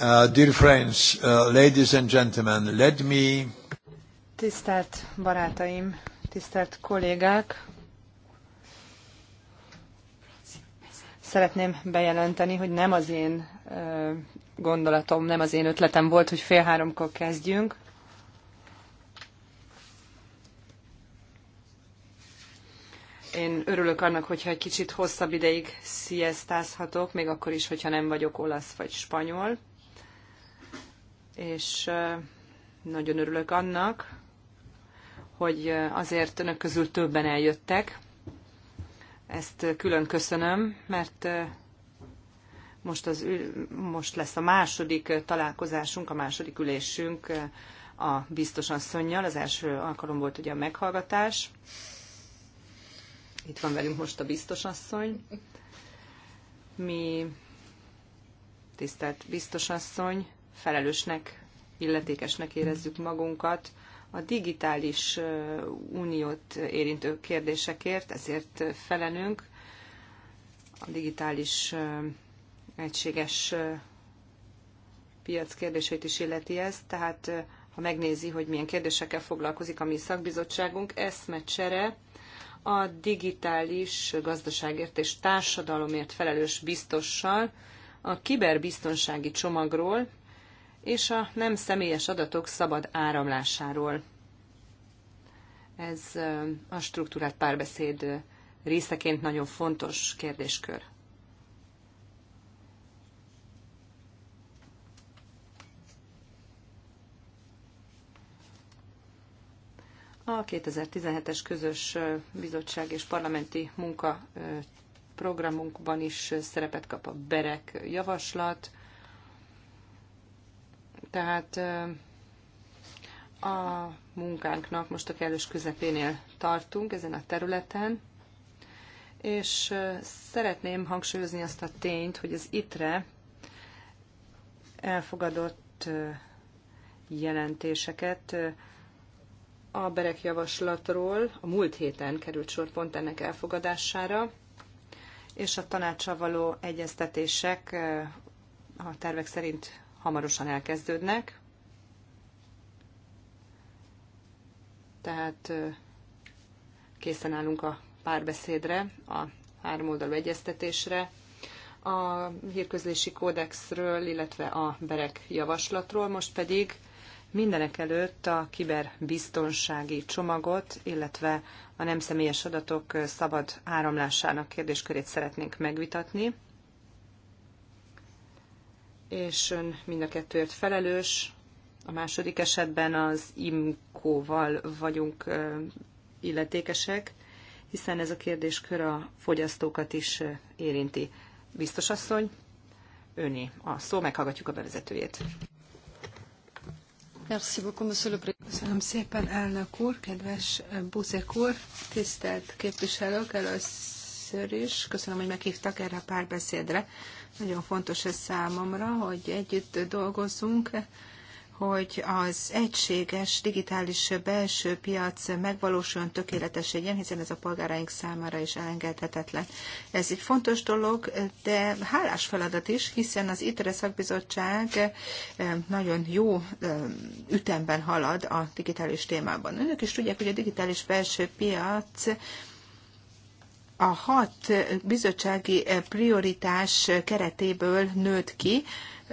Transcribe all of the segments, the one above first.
Uh, dear friends, uh, ladies and gentlemen, let me... Tisztelt barátaim, tisztelt kollégák, szeretném bejelenteni, hogy nem az én gondolatom, nem az én ötletem volt, hogy fél háromkor kezdjünk. Én örülök annak, hogyha egy kicsit hosszabb ideig sziasztázhatok, még akkor is, hogyha nem vagyok olasz vagy spanyol és nagyon örülök annak, hogy azért önök közül többen eljöttek. Ezt külön köszönöm, mert most, az, most lesz a második találkozásunk, a második ülésünk a biztos asszonynal. Az első alkalom volt ugye a meghallgatás. Itt van velünk most a biztos asszony. Mi, tisztelt biztos asszony, felelősnek, illetékesnek érezzük magunkat a digitális uniót érintő kérdésekért, ezért felelünk a digitális egységes piac kérdéseit is illeti ez, tehát ha megnézi, hogy milyen kérdésekkel foglalkozik a mi szakbizottságunk, eszmecsere a digitális gazdaságért és társadalomért felelős biztossal a kiberbiztonsági csomagról, és a nem személyes adatok szabad áramlásáról. Ez a struktúrát párbeszéd részeként nagyon fontos kérdéskör. A 2017-es közös bizottság és parlamenti munka programunkban is szerepet kap a BEREK javaslat, tehát a munkánknak most a kellős közepénél tartunk ezen a területen, és szeretném hangsúlyozni azt a tényt, hogy az ITRE elfogadott jelentéseket a berek javaslatról a múlt héten került sor pont ennek elfogadására, és a tanácsa való egyeztetések a tervek szerint hamarosan elkezdődnek. Tehát készen állunk a párbeszédre, a háromoldalú egyeztetésre, a hírközlési kódexről, illetve a berek javaslatról, most pedig mindenek előtt a kiberbiztonsági csomagot, illetve a nem személyes adatok szabad áramlásának kérdéskörét szeretnénk megvitatni és ön mind a kettőért felelős. A második esetben az IMCO-val vagyunk illetékesek, hiszen ez a kérdéskör a fogyasztókat is érinti. Biztos asszony, öné a szó, meghallgatjuk a bevezetőjét. Köszönöm szépen, elnök úr, kedves Buzek úr, tisztelt képviselők, először is köszönöm, hogy meghívtak erre a párbeszédre. Nagyon fontos ez számomra, hogy együtt dolgozzunk, hogy az egységes digitális belső piac megvalósuljon tökéletességén, hiszen ez a polgáraink számára is elengedhetetlen. Ez egy fontos dolog, de hálás feladat is, hiszen az ITRE szakbizottság eh, nagyon jó eh, ütemben halad a digitális témában. Önök is tudják, hogy a digitális belső piac a hat bizottsági prioritás keretéből nőtt ki.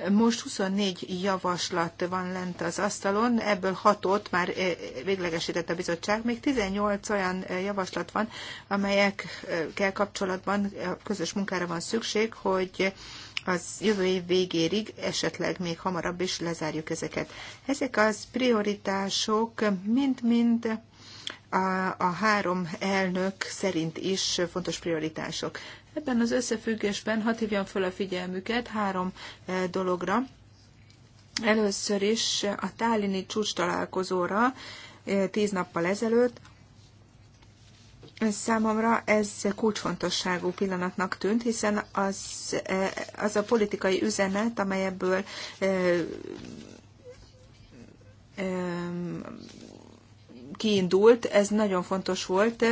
Most 24 javaslat van lent az asztalon, ebből hatot már eh, véglegesített a bizottság, még 18 olyan eh, javaslat van, amelyekkel kapcsolatban eh, közös munkára van szükség, hogy az jövő év végérig, esetleg még hamarabb is lezárjuk ezeket. Ezek az prioritások mind-mind a, a három elnök szerint is fontos prioritások. Ebben az összefüggésben hadd hívjam fel a figyelmüket három e, dologra. Először is a tálini csúcs találkozóra e, tíz nappal ezelőtt. Számomra ez kulcsfontosságú pillanatnak tűnt, hiszen az, e, az a politikai üzenet, amely ebből kiindult, ez nagyon fontos volt.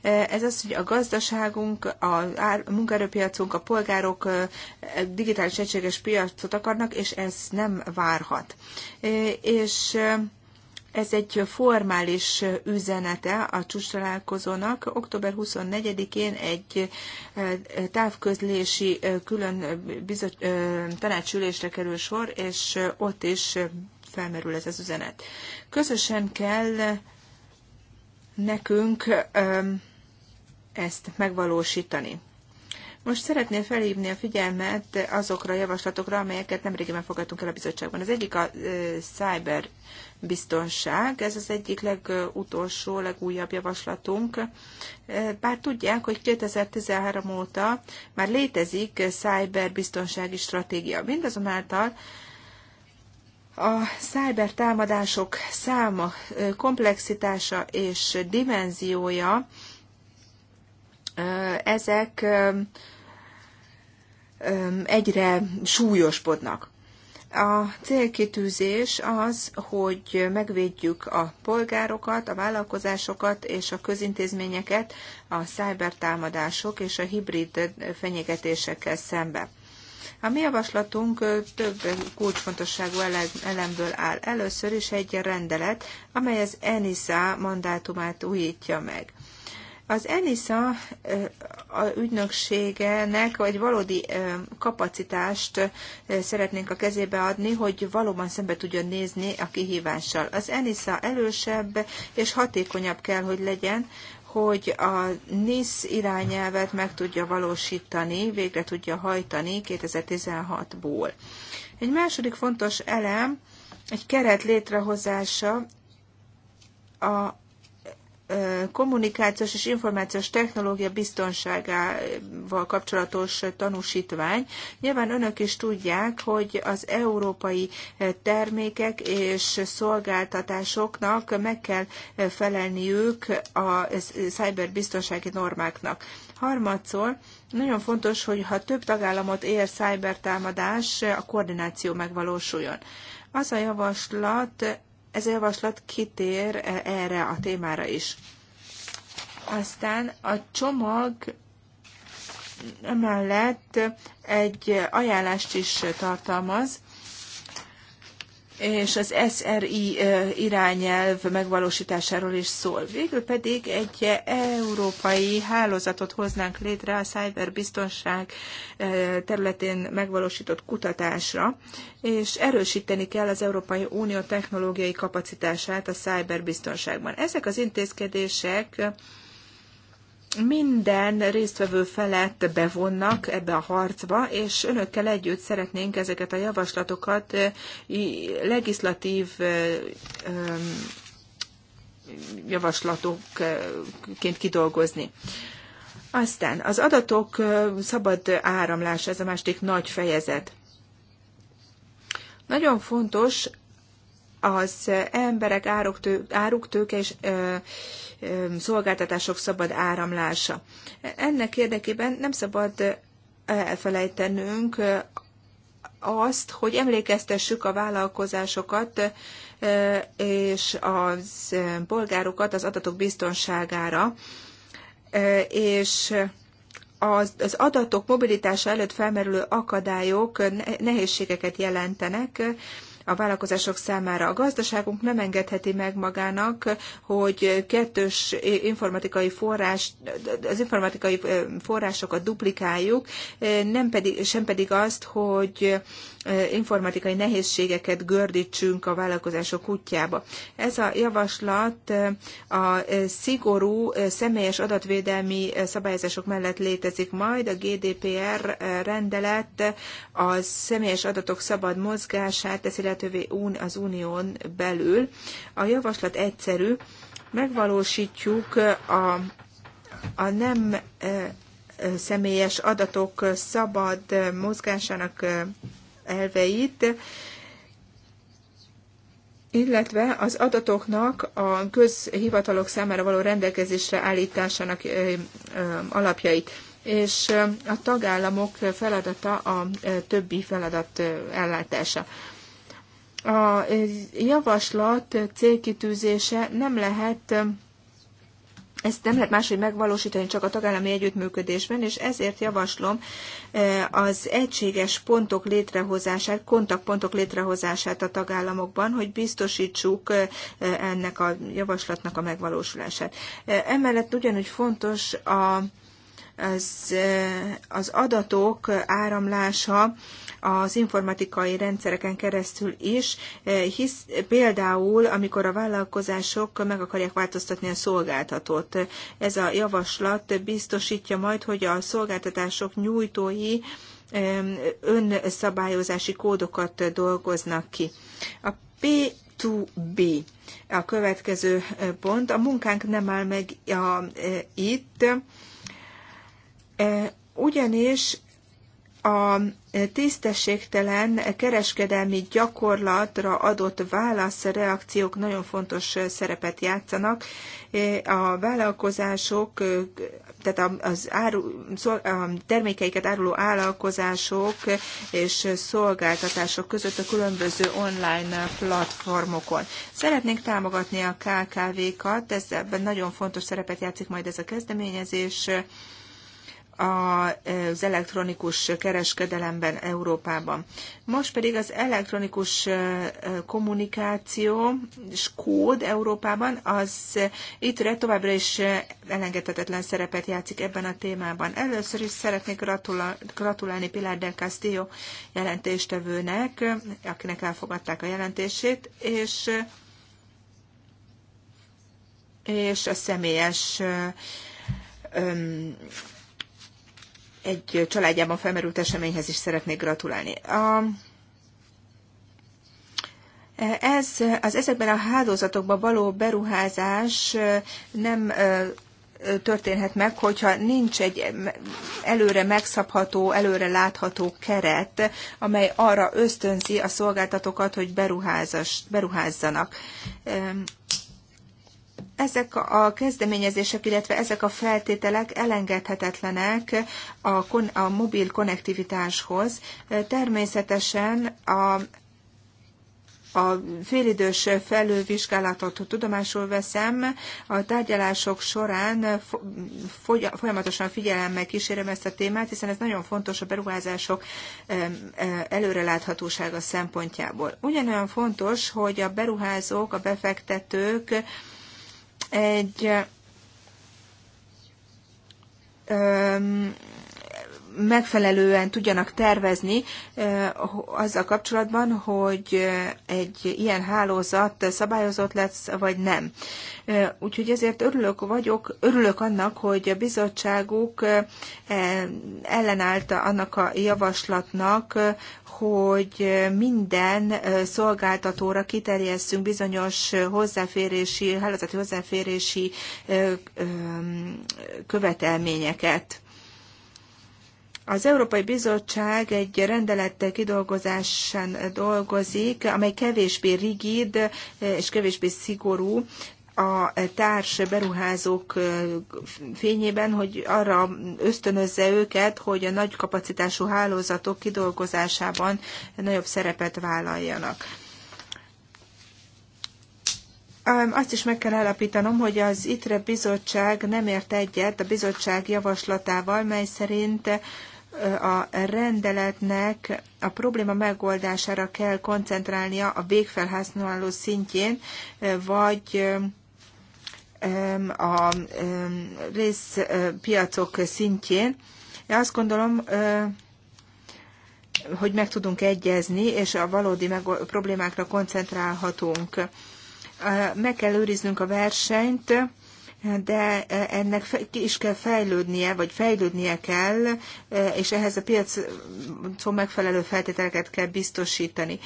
Eh, ez az, hogy a gazdaságunk, a munkaerőpiacunk, a polgárok eh, digitális egységes piacot akarnak, és ez nem várhat. Eh, és ez egy formális üzenete a csúcstalálkozónak. Október 24-én egy távközlési külön bizot, tanácsülésre kerül sor, és ott is felmerül ez az üzenet. Közösen kell nekünk ezt megvalósítani. Most szeretném felhívni a figyelmet azokra a javaslatokra, amelyeket nemrégiben fogadtunk el a bizottságban. Az egyik a cyber biztonság, ez az egyik legutolsó, legújabb javaslatunk. Bár tudják, hogy 2013 óta már létezik cyberbiztonsági stratégia. Mindazonáltal a szájber támadások száma, komplexitása és dimenziója, ezek egyre súlyosbodnak. A célkitűzés az, hogy megvédjük a polgárokat, a vállalkozásokat és a közintézményeket a szájbertámadások és a hibrid fenyegetésekkel szembe. A mi javaslatunk több kulcsfontosságú elemből áll. Először is egy rendelet, amely az ENISA mandátumát újítja meg. Az ENISA a ügynökségenek vagy valódi kapacitást szeretnénk a kezébe adni, hogy valóban szembe tudjon nézni a kihívással. Az ENISA elősebb és hatékonyabb kell, hogy legyen, hogy a NISZ irányelvet meg tudja valósítani, végre tudja hajtani 2016-ból. Egy második fontos elem, egy keret létrehozása a kommunikációs és információs technológia biztonságával kapcsolatos tanúsítvány. Nyilván önök is tudják, hogy az európai termékek és szolgáltatásoknak meg kell felelniük a cyberbiztonsági normáknak. Harmadszor, nagyon fontos, hogy ha több tagállamot ér cybertámadás, a koordináció megvalósuljon. Az a javaslat, ez a javaslat kitér e, erre a témára is. Aztán a csomag emellett egy ajánlást is tartalmaz, és az SRI irányelv megvalósításáról is szól. Végül pedig egy európai hálózatot hoznánk létre a cyberbiztonság területén megvalósított kutatásra, és erősíteni kell az Európai Unió technológiai kapacitását a cyberbiztonságban. Ezek az intézkedések minden résztvevő felett bevonnak ebbe a harcba, és önökkel együtt szeretnénk ezeket a javaslatokat legislatív javaslatokként kidolgozni. Aztán az adatok szabad áramlása, ez a második nagy fejezet. Nagyon fontos az emberek, áruk, és ö, ö, szolgáltatások szabad áramlása. Ennek érdekében nem szabad elfelejtenünk azt, hogy emlékeztessük a vállalkozásokat és az polgárokat az adatok biztonságára, és az, az adatok mobilitása előtt felmerülő akadályok nehézségeket jelentenek, a vállalkozások számára. A gazdaságunk nem engedheti meg magának, hogy kettős informatikai forrás, az informatikai forrásokat duplikáljuk, nem pedig, sem pedig azt, hogy informatikai nehézségeket gördítsünk a vállalkozások útjába. Ez a javaslat a szigorú személyes adatvédelmi szabályozások mellett létezik majd. A GDPR rendelet a személyes adatok szabad mozgását teszi lehetővé az unión belül. A javaslat egyszerű, megvalósítjuk a, a nem személyes adatok szabad mozgásának elveit, illetve az adatoknak a közhivatalok számára való rendelkezésre állításának alapjait és a tagállamok feladata a többi feladat ellátása. A javaslat célkitűzése nem lehet ezt nem lehet máshogy megvalósítani, csak a tagállami együttműködésben, és ezért javaslom eh, az egységes pontok létrehozását, kontaktpontok létrehozását a tagállamokban, hogy biztosítsuk eh, ennek a javaslatnak a megvalósulását. Eh, emellett ugyanúgy fontos a, az, az adatok áramlása az informatikai rendszereken keresztül is, eh, hisz például, amikor a vállalkozások meg akarják változtatni a szolgáltatót. Ez a javaslat biztosítja majd, hogy a szolgáltatások nyújtói önszabályozási kódokat dolgoznak ki. A P2B a következő pont. A munkánk nem áll meg a, e, eh, itt, e, ugyanis a tisztességtelen kereskedelmi gyakorlatra adott válaszreakciók nagyon fontos szerepet játszanak. A vállalkozások, tehát az áru, a termékeiket áruló vállalkozások és szolgáltatások között a különböző online platformokon. Szeretnénk támogatni a KKV-kat, ebben nagyon fontos szerepet játszik majd ez a kezdeményezés az elektronikus kereskedelemben Európában. Most pedig az elektronikus kommunikáció és kód Európában az itt továbbra is elengedhetetlen szerepet játszik ebben a témában. Először is szeretnék gratulálni Pilar del Castillo jelentéstevőnek, akinek elfogadták a jelentését, és és a személyes egy családjában felmerült eseményhez is szeretnék gratulálni. A, ez, az ezekben a hálózatokban való beruházás nem történhet meg, hogyha nincs egy előre megszabható, előre látható keret, amely arra ösztönzi a szolgáltatókat, hogy beruházzanak. Ezek a kezdeményezések, illetve ezek a feltételek elengedhetetlenek a, kon- a mobil konnektivitáshoz. Természetesen a a félidős felülvizsgálatot tudomásul veszem, a tárgyalások során folyamatosan figyelemmel kísérem ezt a témát, hiszen ez nagyon fontos a beruházások e, előreláthatósága szempontjából. Ugyanolyan fontos, hogy a beruházók, a befektetők, egy megfelelően tudjanak tervezni azzal kapcsolatban, hogy egy ilyen hálózat szabályozott lesz, vagy nem. Úgyhogy ezért örülök vagyok, örülök annak, hogy a bizottságuk e, ellenállta annak a javaslatnak, hogy minden szolgáltatóra kiterjesszünk bizonyos hozzáférési, hálózati hozzáférési követelményeket. Az Európai Bizottság egy rendelet kidolgozásán dolgozik, amely kevésbé rigid és kevésbé szigorú a társ beruházók fényében, hogy arra ösztönözze őket, hogy a nagy kapacitású hálózatok kidolgozásában nagyobb szerepet vállaljanak. Azt is meg kell állapítanom, hogy az ITRE bizottság nem ért egyet a bizottság javaslatával, mely szerint a rendeletnek a probléma megoldására kell koncentrálnia a végfelhasználó szintjén, vagy a részpiacok szintjén. Én azt gondolom, hogy meg tudunk egyezni, és a valódi problémákra koncentrálhatunk. Meg kell őriznünk a versenyt, de ennek ki is kell fejlődnie, vagy fejlődnie kell, és ehhez a piacon megfelelő feltételeket kell biztosítani.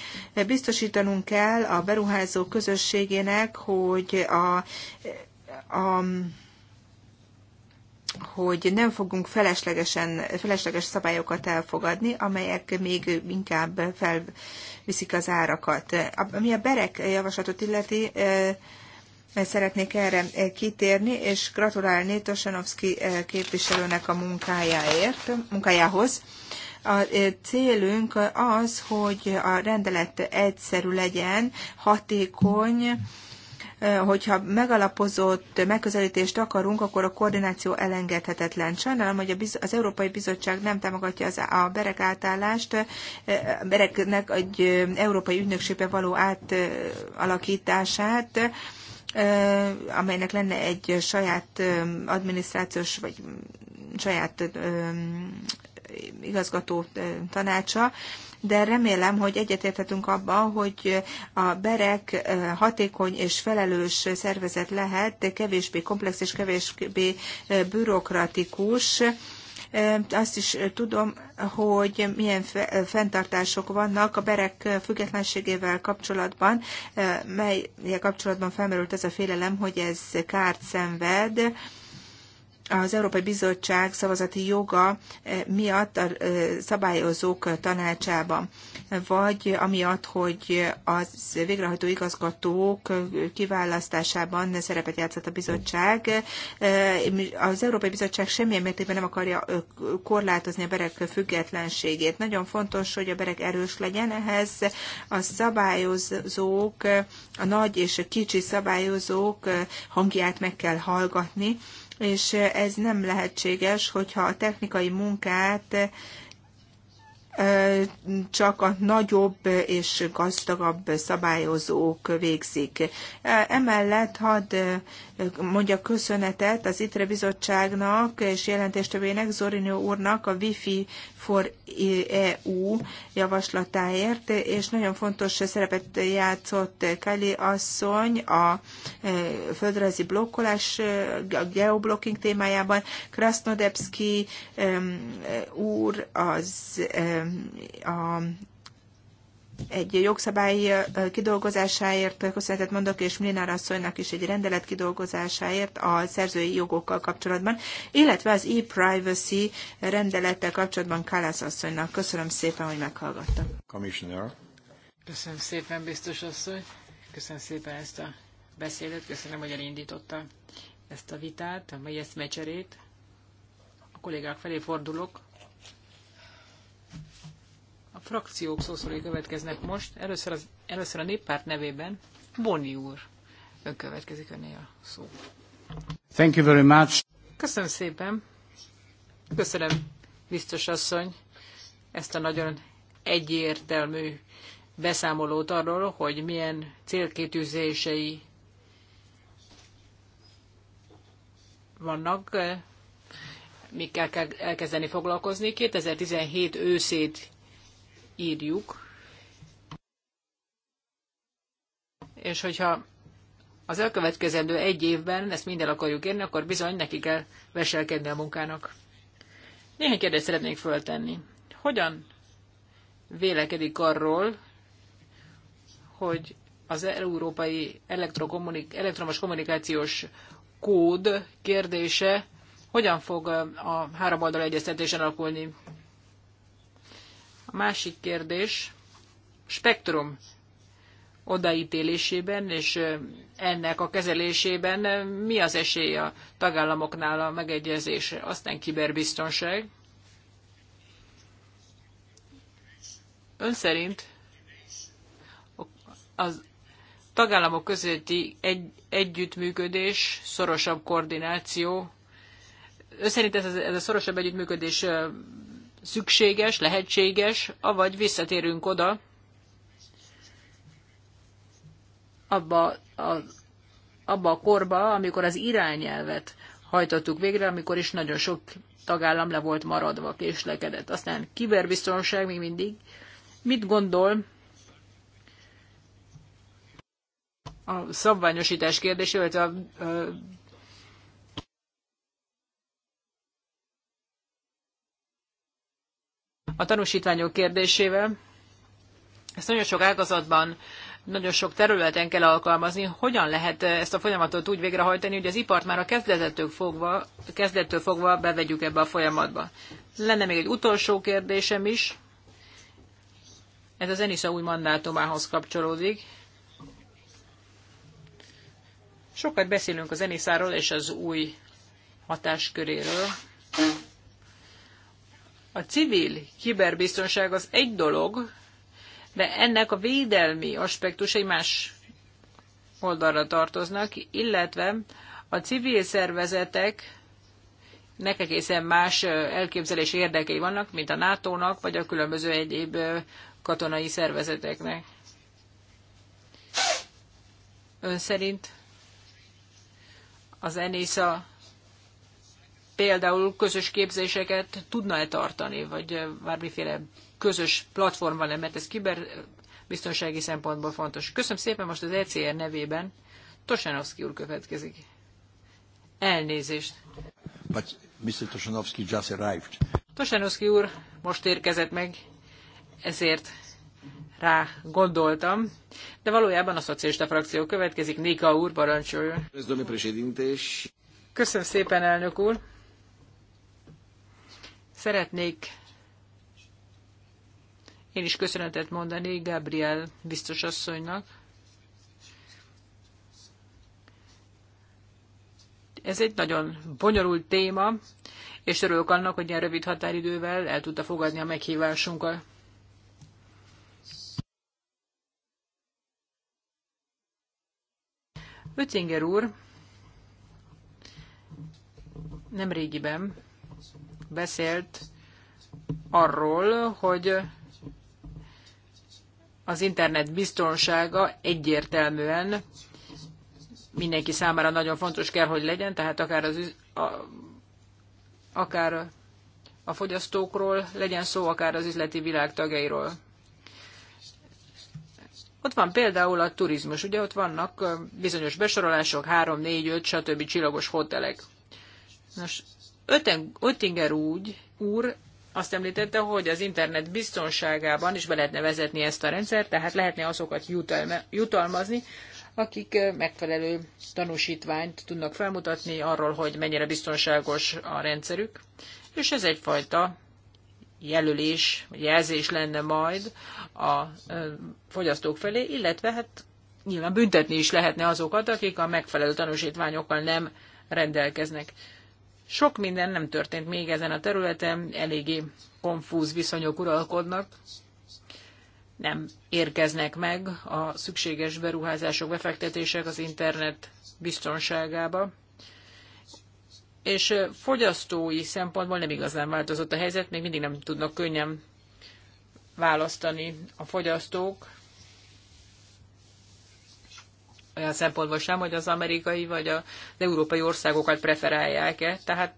Biztosítanunk kell a beruházó közösségének, hogy a, a hogy nem fogunk feleslegesen, felesleges szabályokat elfogadni, amelyek még inkább felviszik az árakat. Ami a berek javaslatot illeti, szeretnék erre eh, kitérni, és gratulálni Tosanovszki eh, képviselőnek a munkájáért, munkájához. A eh, célunk az, hogy a rendelet egyszerű legyen, hatékony, hogyha megalapozott megközelítést akarunk, akkor a koordináció elengedhetetlen. Sajnálom, hogy az Európai Bizottság nem támogatja az, a berek átállást, bereknek egy európai ügynökségbe való átalakítását, amelynek lenne egy saját adminisztrációs vagy saját igazgató tanácsa, de remélem, hogy egyetérthetünk abban, hogy a berek hatékony és felelős szervezet lehet, de kevésbé komplex és kevésbé bürokratikus, azt is tudom, hogy milyen fenntartások vannak a berek függetlenségével kapcsolatban, mely kapcsolatban felmerült ez a félelem, hogy ez kárt szenved, az Európai Bizottság szavazati joga eh, miatt a eh, szabályozók tanácsában, vagy amiatt, hogy az végrehajtó igazgatók eh, kiválasztásában szerepet játszott a bizottság. Az Európai Bizottság semmilyen mértékben nem akarja korlátozni a berek függetlenségét. Nagyon fontos, hogy a berek erős legyen ehhez. A szabályozók, a nagy és a kicsi szabályozók hangját meg kell hallgatni, és ez nem lehetséges, hogyha a technikai munkát csak a nagyobb és gazdagabb szabályozók végzik. Emellett hadd mondja köszönetet az ITRE bizottságnak és jelentéstevőjének Zorinő úrnak a Wi-Fi for EU javaslatáért, és nagyon fontos szerepet játszott Kelly asszony a e, földrajzi blokkolás, a geoblocking témájában, Krasnodebski úr az a egy jogszabály kidolgozásáért köszönetet mondok, és Mlinár asszonynak is egy rendelet kidolgozásáért a szerzői jogokkal kapcsolatban, illetve az e-privacy rendelettel kapcsolatban Kálász asszonynak. Köszönöm szépen, hogy meghallgatta. Commissioner. Köszönöm szépen, biztos asszony. Köszönöm szépen ezt a beszédet, köszönöm, hogy elindította ezt a vitát, a mai eszmecserét. A kollégák felé fordulok frakciók szószorai következnek most. Először, az, először a néppárt nevében Boni úr. Ön következik önnél a szó. Thank you very much. Köszönöm szépen. Köszönöm, biztos asszony, ezt a nagyon egyértelmű beszámolót arról, hogy milyen célkitűzései vannak, mikkel kell elkezdeni foglalkozni. 2017 őszét írjuk, és hogyha az elkövetkezendő egy évben ezt minden akarjuk érni, akkor bizony neki kell veselkedni a munkának. Néhány kérdést szeretnék föltenni. Hogyan vélekedik arról, hogy az európai elektromos kommunikációs kód kérdése hogyan fog a háromoldal egyeztetésen alakulni? másik kérdés, spektrum odaítélésében és ennek a kezelésében mi az esély a tagállamoknál a megegyezésre? Aztán kiberbiztonság. Ön szerint az tagállamok közötti egy, együttműködés, szorosabb koordináció, ön szerint ez, ez a szorosabb együttműködés szükséges, lehetséges, avagy visszatérünk oda, abba a, abba a korba, amikor az irányelvet hajtottuk végre, amikor is nagyon sok tagállam le volt maradva, késlekedett. Aztán kiberbiztonság még mindig. Mit gondol a szabványosítás kérdése, illetve a a tanúsítványok kérdésével. Ezt nagyon sok ágazatban, nagyon sok területen kell alkalmazni. Hogyan lehet ezt a folyamatot úgy végrehajtani, hogy az ipart már a kezdetől fogva, kezdettől fogva bevegyük ebbe a folyamatba? Lenne még egy utolsó kérdésem is. Ez az ENISA új mandátumához kapcsolódik. Sokat beszélünk az ENISA-ról és az új hatásköréről. A civil kiberbiztonság az egy dolog, de ennek a védelmi aspektusai más oldalra tartoznak, illetve a civil szervezetek nek egészen más elképzelés érdekei vannak, mint a NATO-nak, vagy a különböző egyéb katonai szervezeteknek. Ön szerint az ENISA például közös képzéseket tudna-e tartani, vagy bármiféle közös platform van-e, mert ez kiberbiztonsági szempontból fontos. Köszönöm szépen most az ECR nevében. Tosanovszki úr következik. Elnézést. But Mr. Tosanovsky just arrived. Tosanovsky úr most érkezett meg, ezért rá gondoltam, de valójában a szocialista frakció következik. Nika úr, parancsoljon. Köszönöm szépen, elnök úr. Szeretnék én is köszönetet mondani Gabriel biztos asszonynak. Ez egy nagyon bonyolult téma, és örülök annak, hogy ilyen rövid határidővel el tudta fogadni a meghívásunkat. Öttinger úr régiben beszélt arról, hogy az internet biztonsága egyértelműen mindenki számára nagyon fontos kell, hogy legyen, tehát akár, az, a, akár a fogyasztókról legyen szó, akár az üzleti világ tagjairól. Ott van például a turizmus, ugye ott vannak bizonyos besorolások, 3, 4, 5, stb. csillagos hotelek. Nos, Öttinger úgy, úr azt említette, hogy az internet biztonságában is be lehetne vezetni ezt a rendszert, tehát lehetne azokat jutalma, jutalmazni, akik megfelelő tanúsítványt tudnak felmutatni arról, hogy mennyire biztonságos a rendszerük, és ez egyfajta jelölés, jelzés lenne majd a fogyasztók felé, illetve hát nyilván büntetni is lehetne azokat, akik a megfelelő tanúsítványokkal nem rendelkeznek. Sok minden nem történt még ezen a területen, eléggé konfúz viszonyok uralkodnak, nem érkeznek meg a szükséges beruházások, befektetések az internet biztonságába, és fogyasztói szempontból nem igazán változott a helyzet, még mindig nem tudnak könnyen választani a fogyasztók, olyan szempontból sem, hogy az amerikai vagy az európai országokat preferálják-e. Tehát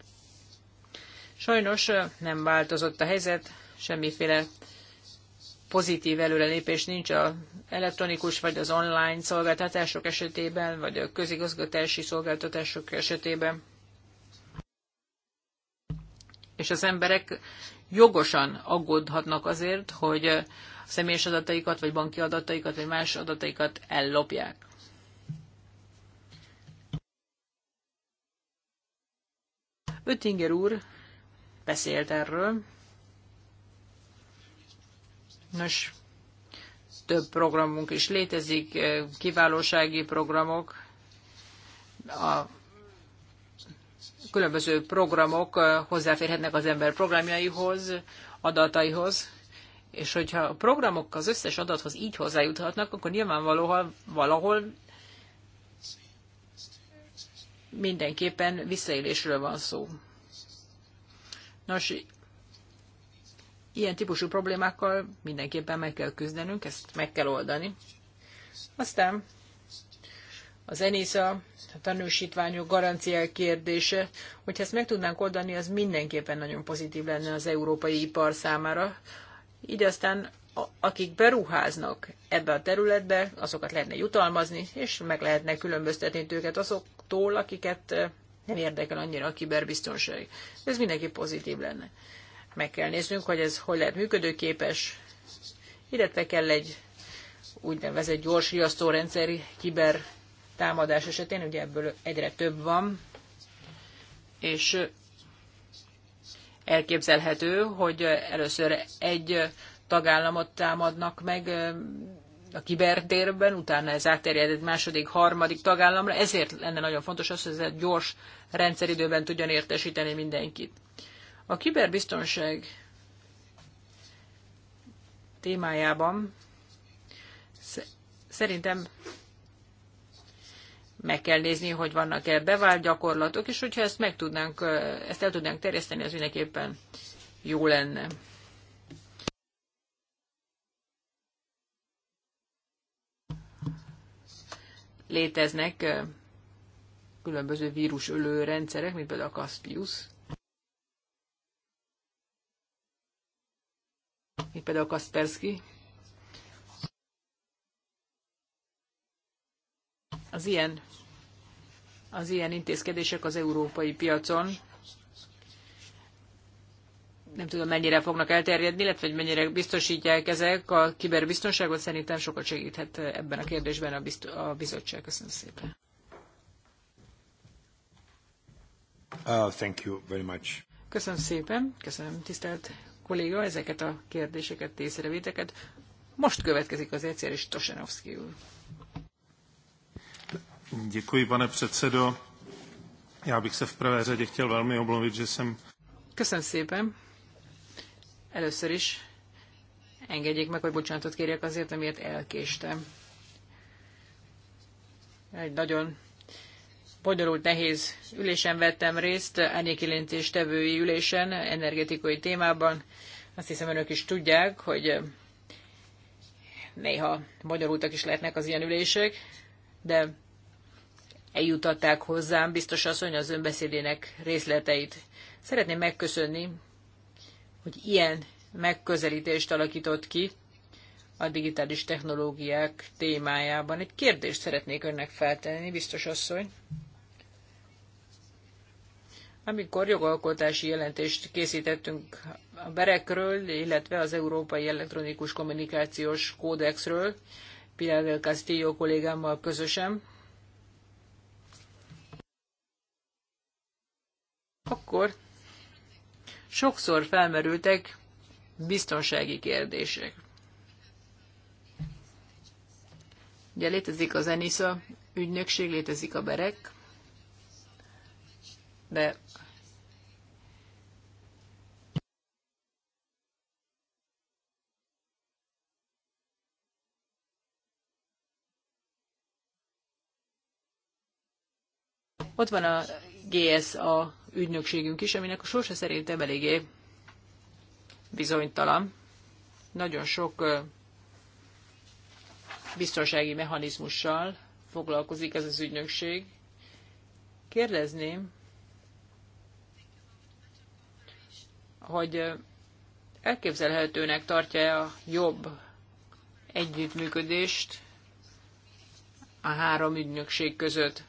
sajnos nem változott a helyzet, semmiféle pozitív előrelépés nincs az elektronikus vagy az online szolgáltatások esetében, vagy a közigazgatási szolgáltatások esetében. És az emberek jogosan aggódhatnak azért, hogy személyes adataikat, vagy banki adataikat, vagy más adataikat ellopják. Öttinger úr beszélt erről. Nos, több programunk is létezik, eh, kiválósági programok, a különböző programok eh, hozzáférhetnek az ember programjaihoz, adataihoz, és hogyha a programok az összes adathoz így hozzájuthatnak, akkor nyilvánvalóan valahol mindenképpen visszaélésről van szó. Nos, ilyen típusú problémákkal mindenképpen meg kell küzdenünk, ezt meg kell oldani. Aztán az ENISA, a tanúsítványok garanciák kérdése, hogyha ezt meg tudnánk oldani, az mindenképpen nagyon pozitív lenne az európai ipar számára. Így aztán akik beruháznak ebbe a területbe, azokat lehetne jutalmazni, és meg lehetne különböztetni őket azoktól, akiket eh, nem érdekel annyira a kiberbiztonság. Ez mindenki pozitív lenne. Meg kell néznünk, hogy ez hogy lehet működőképes, illetve kell egy úgynevezett gyors riasztórendszer kiber támadás esetén, ugye ebből egyre több van, és eh, elképzelhető, hogy eh, először egy tagállamot támadnak meg a kibertérben, utána ez átterjedett második, harmadik tagállamra, ezért lenne nagyon fontos az, hogy ez egy gyors rendszeridőben tudjon értesíteni mindenkit. A kiberbiztonság témájában szerintem meg kell nézni, hogy vannak-e bevált gyakorlatok, és hogyha ezt meg tudnánk, ezt el tudnánk terjeszteni, az mindenképpen jó lenne. léteznek különböző vírusölő rendszerek, mint például a Caspius, mint például a Kaspersky. Az ilyen, az ilyen intézkedések az európai piacon nem tudom mennyire fognak elterjedni, illetve hogy mennyire biztosítják ezek a kiberbiztonságot, szerintem sokat segíthet ebben a kérdésben a, bizt- a bizottság. Köszönöm szépen. Uh, thank you very much. Köszönöm szépen, köszönöm tisztelt kolléga ezeket a kérdéseket, észrevéteket. Most következik az egyszer is Tosanovszki úr. Děkuji, pane předsedo. Já bych se v prvé řadě chtěl velmi omluvit, že jsem... Köszönöm szépen. Először is engedjék meg, hogy bocsánatot kérjek azért, amiért elkéstem. Egy nagyon bonyolult, nehéz ülésen vettem részt, árnyékjelentés tevői ülésen, energetikai témában. Azt hiszem önök is tudják, hogy néha bonyolultak is lehetnek az ilyen ülések, de eljutatták hozzám biztos asszony az önbeszédének részleteit. Szeretném megköszönni hogy ilyen megközelítést alakított ki a digitális technológiák témájában. Egy kérdést szeretnék önnek feltenni, biztos asszony. Amikor jogalkotási jelentést készítettünk a berekről, illetve az Európai Elektronikus Kommunikációs Kódexről, Pilar del Castillo kollégámmal közösen, akkor sokszor felmerültek biztonsági kérdések. Ugye létezik az ENISA ügynökség, létezik a BEREK, de Ott van a GSA ügynökségünk is, aminek a sorsa szerintem eléggé bizonytalan. Nagyon sok biztonsági mechanizmussal foglalkozik ez az ügynökség. Kérdezném, hogy elképzelhetőnek tartja a jobb együttműködést a három ügynökség között,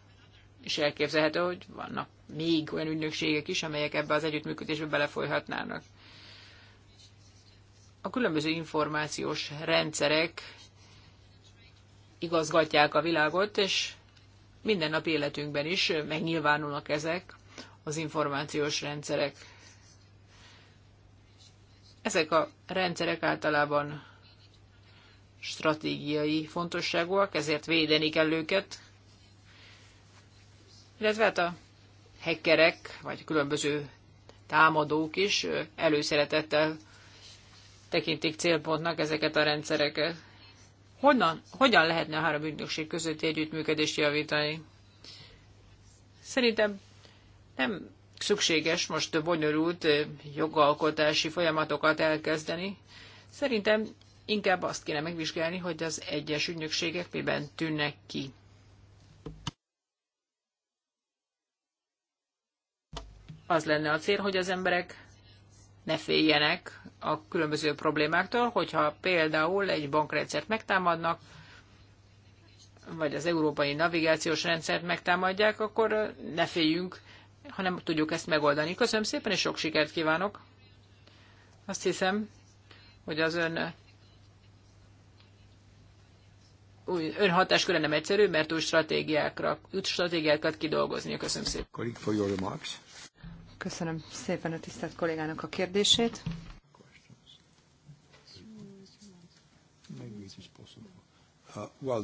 és elképzelhető, hogy vannak még olyan ügynökségek is, amelyek ebbe az együttműködésbe belefolyhatnának. A különböző információs rendszerek igazgatják a világot, és minden nap életünkben is megnyilvánulnak ezek az információs rendszerek. Ezek a rendszerek általában stratégiai fontosságúak, ezért védeni kell őket. Illetve hát a hackerek, vagy különböző támadók is előszeretettel tekintik célpontnak ezeket a rendszereket. Honnan, hogyan lehetne a három ügynökség közötti együttműködést javítani? Szerintem nem szükséges most bonyolult jogalkotási folyamatokat elkezdeni. Szerintem inkább azt kéne megvizsgálni, hogy az egyes ügynökségek miben tűnnek ki. az lenne a cél, hogy az emberek ne féljenek a különböző problémáktól, hogyha például egy bankrendszert megtámadnak, vagy az európai navigációs rendszert megtámadják, akkor ne féljünk, hanem tudjuk ezt megoldani. Köszönöm szépen, és sok sikert kívánok! Azt hiszem, hogy az ön ön hatásköre nem egyszerű, mert új stratégiákra, új stratégiákat kidolgozni. Köszönöm szépen. Köszönöm szépen a tisztelt kollégának a kérdését. Uh,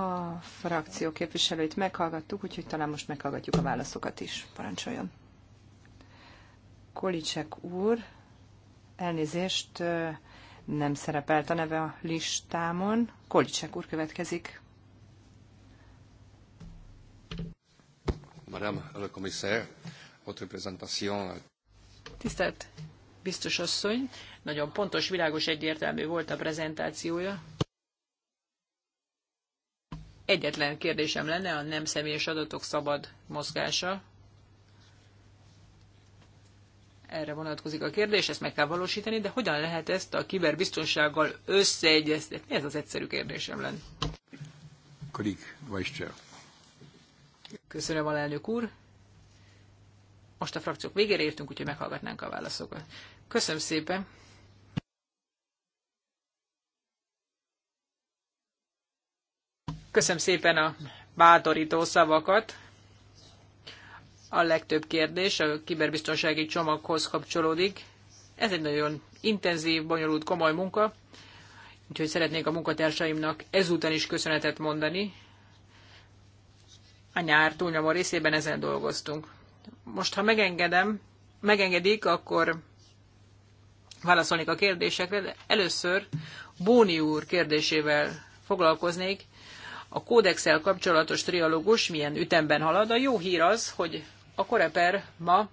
a frakció képviselőit meghallgattuk, úgyhogy talán most meghallgatjuk a válaszokat is. Parancsoljon. Kolicek úr, elnézést, nem szerepelt a neve a listámon. Kolicek úr következik. Madame le Commissaire, votre présentation. Euh, Tisztelt biztos asszony, nagyon pontos, világos, egyértelmű volt a prezentációja. Egyetlen kérdésem lenne a nem személyes adatok szabad mozgása. Erre vonatkozik a kérdés, ezt meg kell valósítani, de hogyan lehet ezt a kiberbiztonsággal összeegyeztetni? Ez az egyszerű kérdésem lenne. Kollég, Vice Köszönöm, alelnök úr. Most a frakciók végére értünk, úgyhogy meghallgatnánk a válaszokat. Köszönöm szépen. Köszönöm szépen a bátorító szavakat. A legtöbb kérdés a kiberbiztonsági csomaghoz kapcsolódik. Ez egy nagyon intenzív, bonyolult, komoly munka, úgyhogy szeretnék a munkatársaimnak ezúton is köszönetet mondani, a nyár túlnyomó részében ezen dolgoztunk. Most, ha megengedem, megengedik, akkor válaszolnék a kérdésekre, de először Bóni úr kérdésével foglalkoznék. A kódexel kapcsolatos trialógus milyen ütemben halad? A jó hír az, hogy a Koreper ma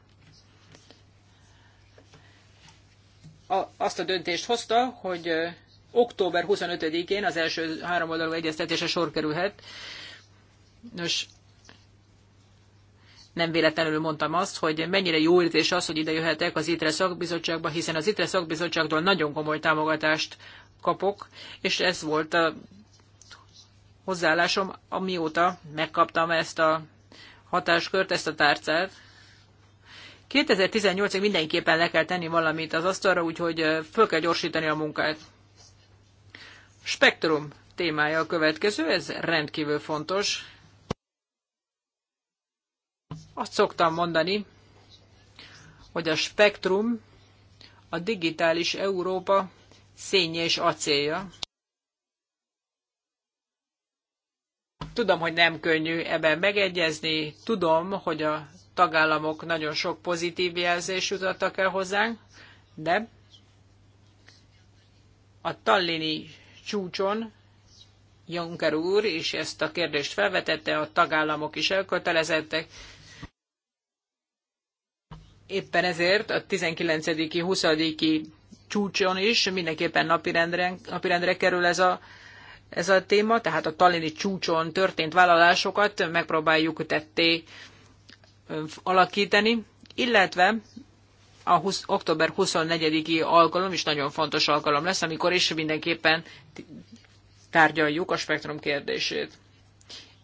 azt a döntést hozta, hogy október 25-én az első három oldalú egyeztetése sor kerülhet. Nos, nem véletlenül mondtam azt, hogy mennyire jó érzés az, hogy ide jöhetek az ITRE szakbizottságba, hiszen az ITRE szakbizottságtól nagyon komoly támogatást kapok, és ez volt a hozzáállásom, amióta megkaptam ezt a hatáskört, ezt a tárcát. 2018-ig mindenképpen le kell tenni valamit az asztalra, úgyhogy föl kell gyorsítani a munkát. Spektrum témája a következő, ez rendkívül fontos. Azt szoktam mondani, hogy a spektrum a digitális Európa szénje és acélja. Tudom, hogy nem könnyű ebben megegyezni, tudom, hogy a tagállamok nagyon sok pozitív jelzés jutottak el hozzánk, de a Tallini csúcson Juncker úr is ezt a kérdést felvetette, a tagállamok is elkötelezettek, éppen ezért a 19 20 csúcson is mindenképpen napirendre, napirendre kerül ez a, ez a téma, tehát a talini csúcson történt vállalásokat megpróbáljuk tetté alakítani, illetve a 20, október 24-i alkalom is nagyon fontos alkalom lesz, amikor is mindenképpen tárgyaljuk a spektrum kérdését.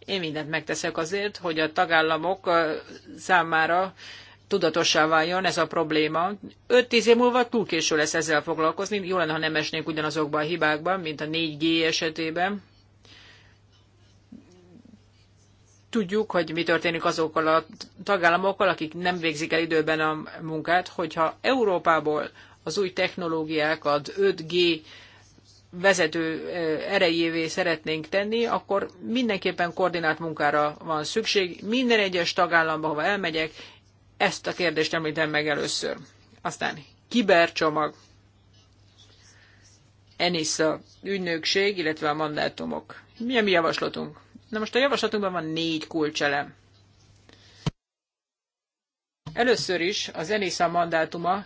Én mindent megteszek azért, hogy a tagállamok számára tudatossá váljon ez a probléma. 5-10 év múlva túl késő lesz ezzel foglalkozni. Jó lenne, ha nem esnénk ugyanazokban a hibákban, mint a 4G esetében. Tudjuk, hogy mi történik azokkal a tagállamokkal, akik nem végzik el időben a munkát, hogyha Európából az új technológiákat 5G vezető erejévé szeretnénk tenni, akkor mindenképpen koordinált munkára van szükség. Minden egyes tagállamba, ha elmegyek, ezt a kérdést említem meg először. Aztán kibercsomag, Enisza ügynökség, illetve a mandátumok. Mi a mi javaslatunk? Na most a javaslatunkban van négy kulcselem. Először is az Enisza mandátuma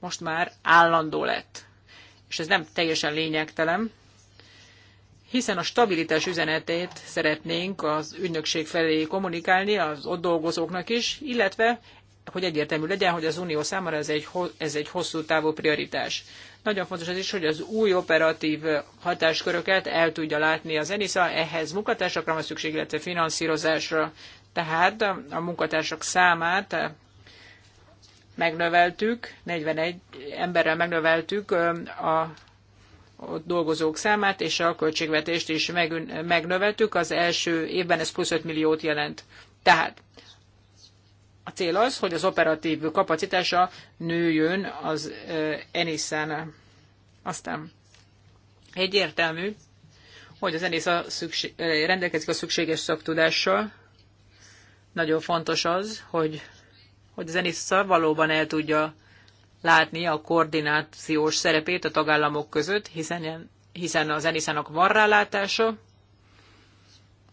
most már állandó lett. És ez nem teljesen lényegtelen hiszen a stabilitás üzenetét szeretnénk az ügynökség felé kommunikálni, az ott dolgozóknak is, illetve hogy egyértelmű legyen, hogy az Unió számára ez egy, ez egy hosszú távú prioritás. Nagyon fontos az is, hogy az új operatív hatásköröket el tudja látni az ENISA, ehhez munkatársakra van szükség, illetve finanszírozásra. Tehát a munkatársak számát megnöveltük, 41 emberrel megnöveltük a ott dolgozók számát, és a költségvetést is megnöveltük. Az első évben ez plusz 5 milliót jelent. Tehát a cél az, hogy az operatív kapacitása nőjön az Enisen. Aztán egyértelmű, hogy az Enisa szükség, rendelkezik a szükséges szaktudással. Nagyon fontos az, hogy, hogy az Enisa valóban el tudja látni a koordinációs szerepét a tagállamok között, hiszen, hiszen az zenészának van rálátása,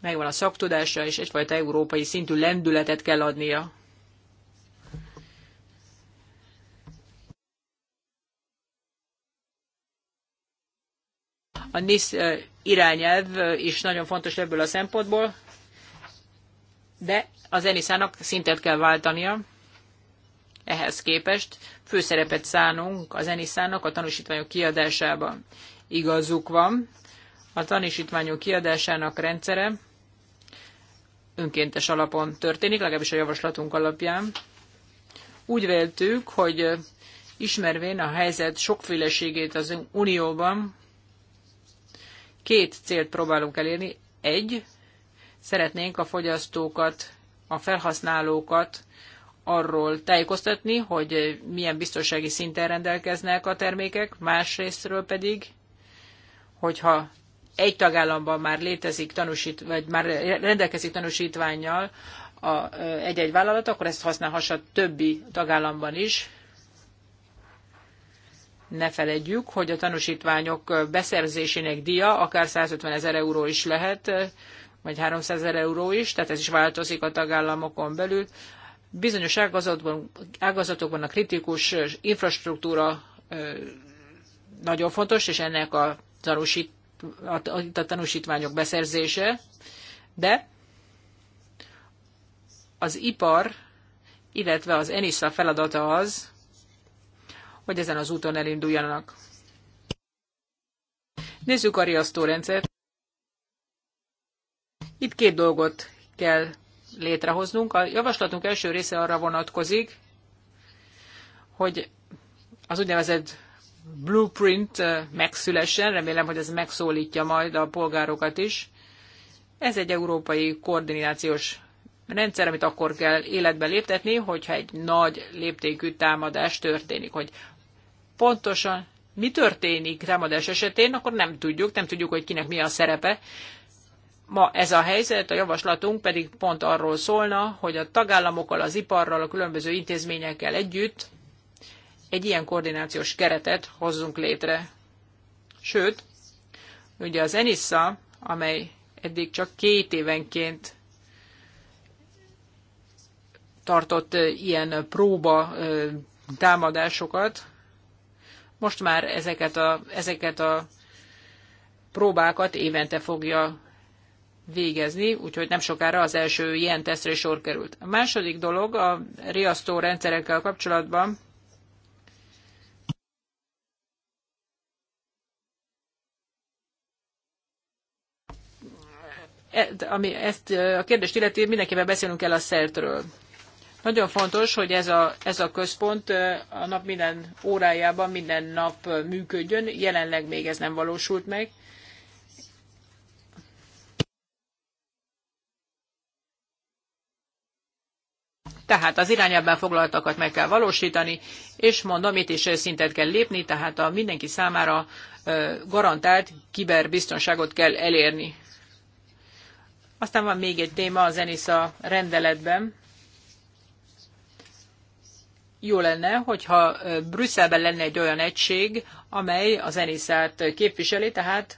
megvan a szaktudása, és egyfajta európai szintű lendületet kell adnia. A NISZ irányelv is nagyon fontos ebből a szempontból, de az Eniszának szintet kell váltania. Ehhez képest főszerepet szánunk a zeniszának a tanúsítványok kiadásában. Igazuk van, a tanúsítványok kiadásának rendszere önkéntes alapon történik, legalábbis a javaslatunk alapján. Úgy véltük, hogy ismervén a helyzet sokféleségét az Unióban két célt próbálunk elérni. Egy, szeretnénk a fogyasztókat, a felhasználókat arról tájékoztatni, hogy milyen biztonsági szinten rendelkeznek a termékek, másrésztről pedig, hogyha egy tagállamban már létezik tanúsít, vagy már rendelkezik tanúsítványjal egy-egy vállalat, akkor ezt használhassa többi tagállamban is. Ne feledjük, hogy a tanúsítványok beszerzésének díja akár 150 ezer euró is lehet, vagy 300 ezer euró is, tehát ez is változik a tagállamokon belül bizonyos ágazatban, ágazatokban a kritikus infrastruktúra nagyon fontos, és ennek a, tanúsít, a tanúsítványok beszerzése, de az ipar, illetve az ENISZA feladata az, hogy ezen az úton elinduljanak. Nézzük a riasztórendszert. Itt két dolgot kell létrehoznunk. A javaslatunk első része arra vonatkozik, hogy az úgynevezett blueprint eh, megszülessen, remélem, hogy ez megszólítja majd a polgárokat is. Ez egy európai koordinációs rendszer, amit akkor kell életbe léptetni, hogyha egy nagy léptékű támadás történik, hogy pontosan mi történik támadás esetén, akkor nem tudjuk, nem tudjuk, hogy kinek mi a szerepe, Ma ez a helyzet, a javaslatunk pedig pont arról szólna, hogy a tagállamokkal, az iparral, a különböző intézményekkel együtt egy ilyen koordinációs keretet hozzunk létre. Sőt, ugye az ENISZA, amely eddig csak két évenként tartott ilyen próba támadásokat, most már ezeket a, ezeket a próbákat évente fogja végezni, úgyhogy nem sokára az első ilyen tesztre sor került. A második dolog a riasztó rendszerekkel kapcsolatban, e, ami ezt e, a kérdést illeti, mindenképpen beszélünk el a szertről. Nagyon fontos, hogy ez a, ez a központ e, a nap minden órájában, minden nap működjön. Jelenleg még ez nem valósult meg. Tehát az irányában foglaltakat meg kell valósítani, és mondom, itt is szintet kell lépni, tehát a mindenki számára garantált kiberbiztonságot kell elérni. Aztán van még egy téma a Zenisza rendeletben. Jó lenne, hogyha Brüsszelben lenne egy olyan egység, amely a Zeniszát képviseli, tehát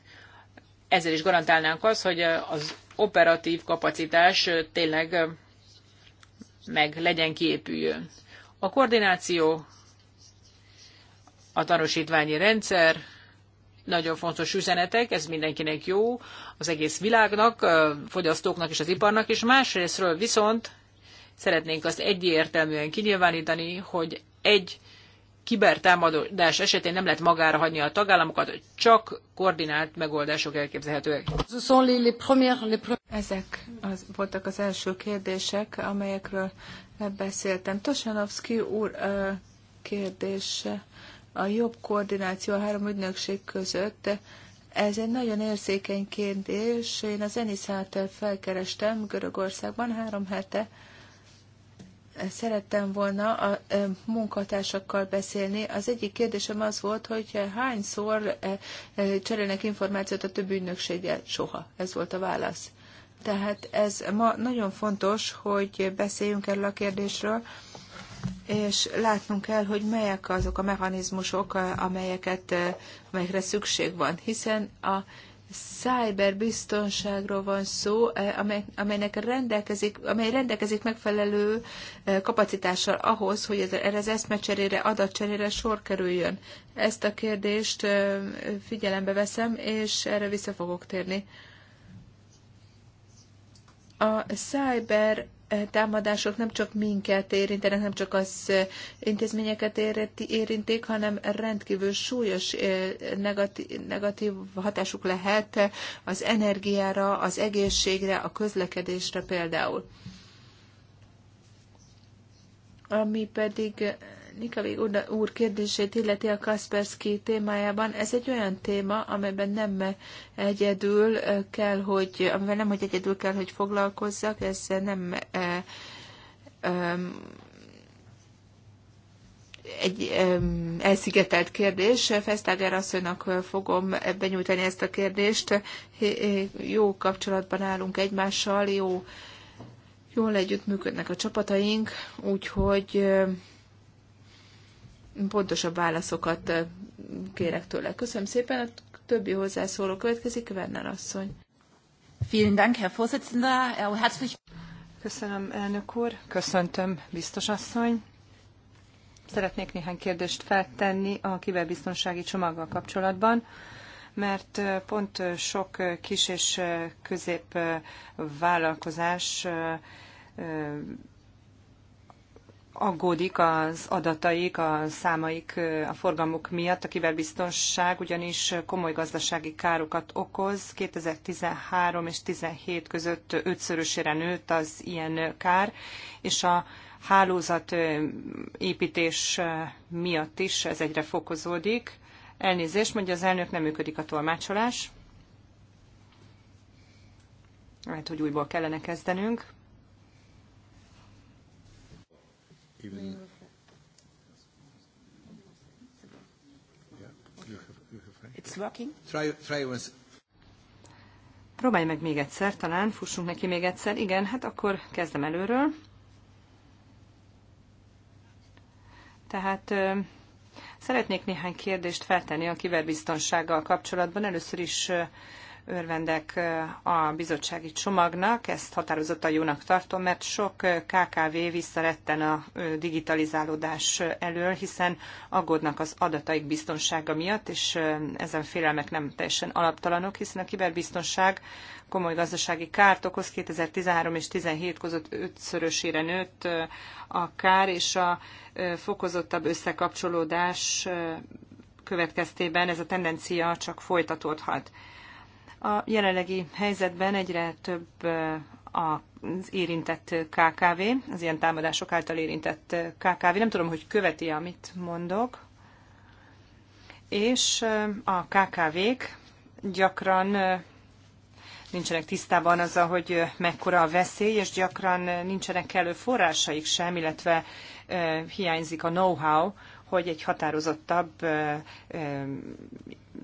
ezzel is garantálnánk azt, hogy az operatív kapacitás tényleg meg legyen kiépüljön. A koordináció, a tanúsítványi rendszer, nagyon fontos üzenetek, ez mindenkinek jó, az egész világnak, a fogyasztóknak és az iparnak, is. másrésztről viszont szeretnénk azt egyértelműen kinyilvánítani, hogy egy kibertámadás esetén nem lehet magára hagyni a tagállamokat, csak koordinált megoldások elképzelhetőek. Ezek az, voltak az első kérdések, amelyekről beszéltem. Tosanovszki úr kérdése a jobb koordináció a három ügynökség között. Ez egy nagyon érzékeny kérdés. Én az Enisát felkerestem Görögországban három hete, szerettem volna a munkatársakkal beszélni. Az egyik kérdésem az volt, hogy hányszor cserélnek információt a több ügynökséggel? Soha. Ez volt a válasz. Tehát ez ma nagyon fontos, hogy beszéljünk erről a kérdésről, és látnunk kell, hogy melyek azok a mechanizmusok, amelyeket, amelyekre szükség van, hiszen a cyberbiztonságról van szó, eh, amely, amelynek rendelkezik, amely rendelkezik megfelelő eh, kapacitással ahhoz, hogy erre az eszmecserére, adatcserére sor kerüljön. Ezt a kérdést eh, figyelembe veszem, és erre vissza fogok térni. A cyber támadások nem csak minket érintenek, nem csak az intézményeket érintik, hanem rendkívül súlyos negatív, negatív hatásuk lehet az energiára, az egészségre, a közlekedésre például. Ami pedig Nikavi úr kérdését illeti a Kaspersky témájában, ez egy olyan téma, amelyben nem egyedül kell, hogy, amivel nem, hogy egyedül kell, hogy foglalkozzak, ez nem e, e, egy um, elszigetelt kérdés. Fesztáger asszonynak fogom benyújtani ezt a kérdést. Jó kapcsolatban állunk egymással, jó, jól együttműködnek a csapataink, úgyhogy um, pontosabb válaszokat kérek tőle. Köszönöm szépen, a többi hozzászóló következik, Werner asszony. Vielen Dank, Herr Vorsitzender. Herzlich... Köszönöm, elnök úr. Köszöntöm, biztos asszony. Szeretnék néhány kérdést feltenni a kiberbiztonsági csomaggal kapcsolatban mert pont sok kis és közép vállalkozás aggódik az adataik, a számaik, a forgalmuk miatt. A kiberbiztonság ugyanis komoly gazdasági károkat okoz. 2013 és 2017 között ötszörösére nőtt az ilyen kár, és a hálózat építés miatt is ez egyre fokozódik. Elnézést, mondja az elnök, nem működik a tolmácsolás. Lehet, hogy újból kellene kezdenünk. even. It's working. Try, try once. Próbálj meg még egyszer, talán fussunk neki még egyszer. Igen, hát akkor kezdem előről. Tehát euh, szeretnék néhány kérdést feltenni a kiberbiztonsággal kapcsolatban. Először is euh, örvendek a bizottsági csomagnak, ezt határozottan jónak tartom, mert sok KKV visszaretten a digitalizálódás elől, hiszen aggódnak az adataik biztonsága miatt, és ezen félelmek nem teljesen alaptalanok, hiszen a kiberbiztonság komoly gazdasági kárt okoz. 2013 és 17 között ötszörösére nőtt a kár, és a fokozottabb összekapcsolódás következtében ez a tendencia csak folytatódhat. A jelenlegi helyzetben egyre több az érintett KKV, az ilyen támadások által érintett KKV. Nem tudom, hogy követi, amit mondok. És a KKV-k gyakran nincsenek tisztában azzal, hogy mekkora a veszély, és gyakran nincsenek elő forrásaik sem, illetve hiányzik a know-how hogy egy határozottabb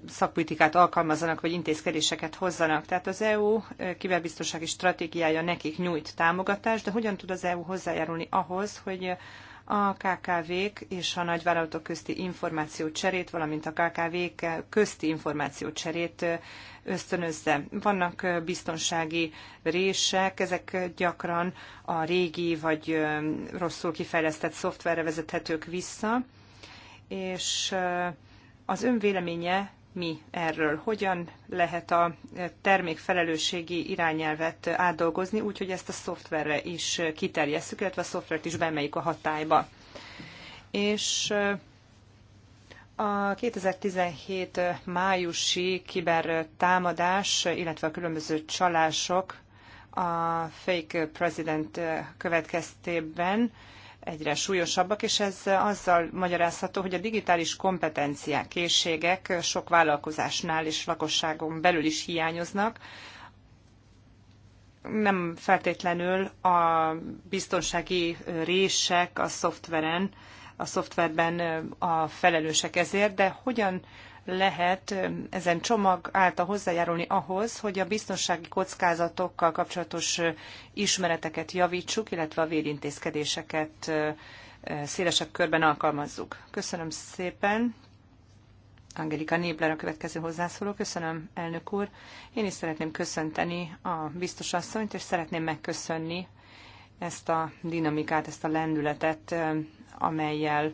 szakpolitikát alkalmazzanak, vagy intézkedéseket hozzanak. Tehát az EU kiberbiztonsági stratégiája nekik nyújt támogatást, de hogyan tud az EU hozzájárulni ahhoz, hogy a KKV-k és a nagyvállalatok közti információcserét, valamint a KKV-k közti információcserét ösztönözze. Vannak biztonsági rések, ezek gyakran a régi vagy rosszul kifejlesztett szoftverre vezethetők vissza, és az ön véleménye mi erről? Hogyan lehet a termékfelelősségi irányelvet átdolgozni, úgy, hogy ezt a szoftverre is kiterjesszük, illetve a szoftvert is bemeljük a hatályba? És a 2017 májusi kibertámadás, illetve a különböző csalások a fake president következtében egyre súlyosabbak, és ez azzal magyarázható, hogy a digitális kompetenciák, készségek sok vállalkozásnál és lakosságon belül is hiányoznak, nem feltétlenül a biztonsági rések a szoftveren, a szoftverben a felelősek ezért, de hogyan lehet ezen csomag által hozzájárulni ahhoz, hogy a biztonsági kockázatokkal kapcsolatos ismereteket javítsuk, illetve a védintézkedéseket szélesebb körben alkalmazzuk. Köszönöm szépen. Angelika Nébler a következő hozzászóló. Köszönöm, elnök úr. Én is szeretném köszönteni a biztos asszonyt, és szeretném megköszönni ezt a dinamikát, ezt a lendületet, amelyel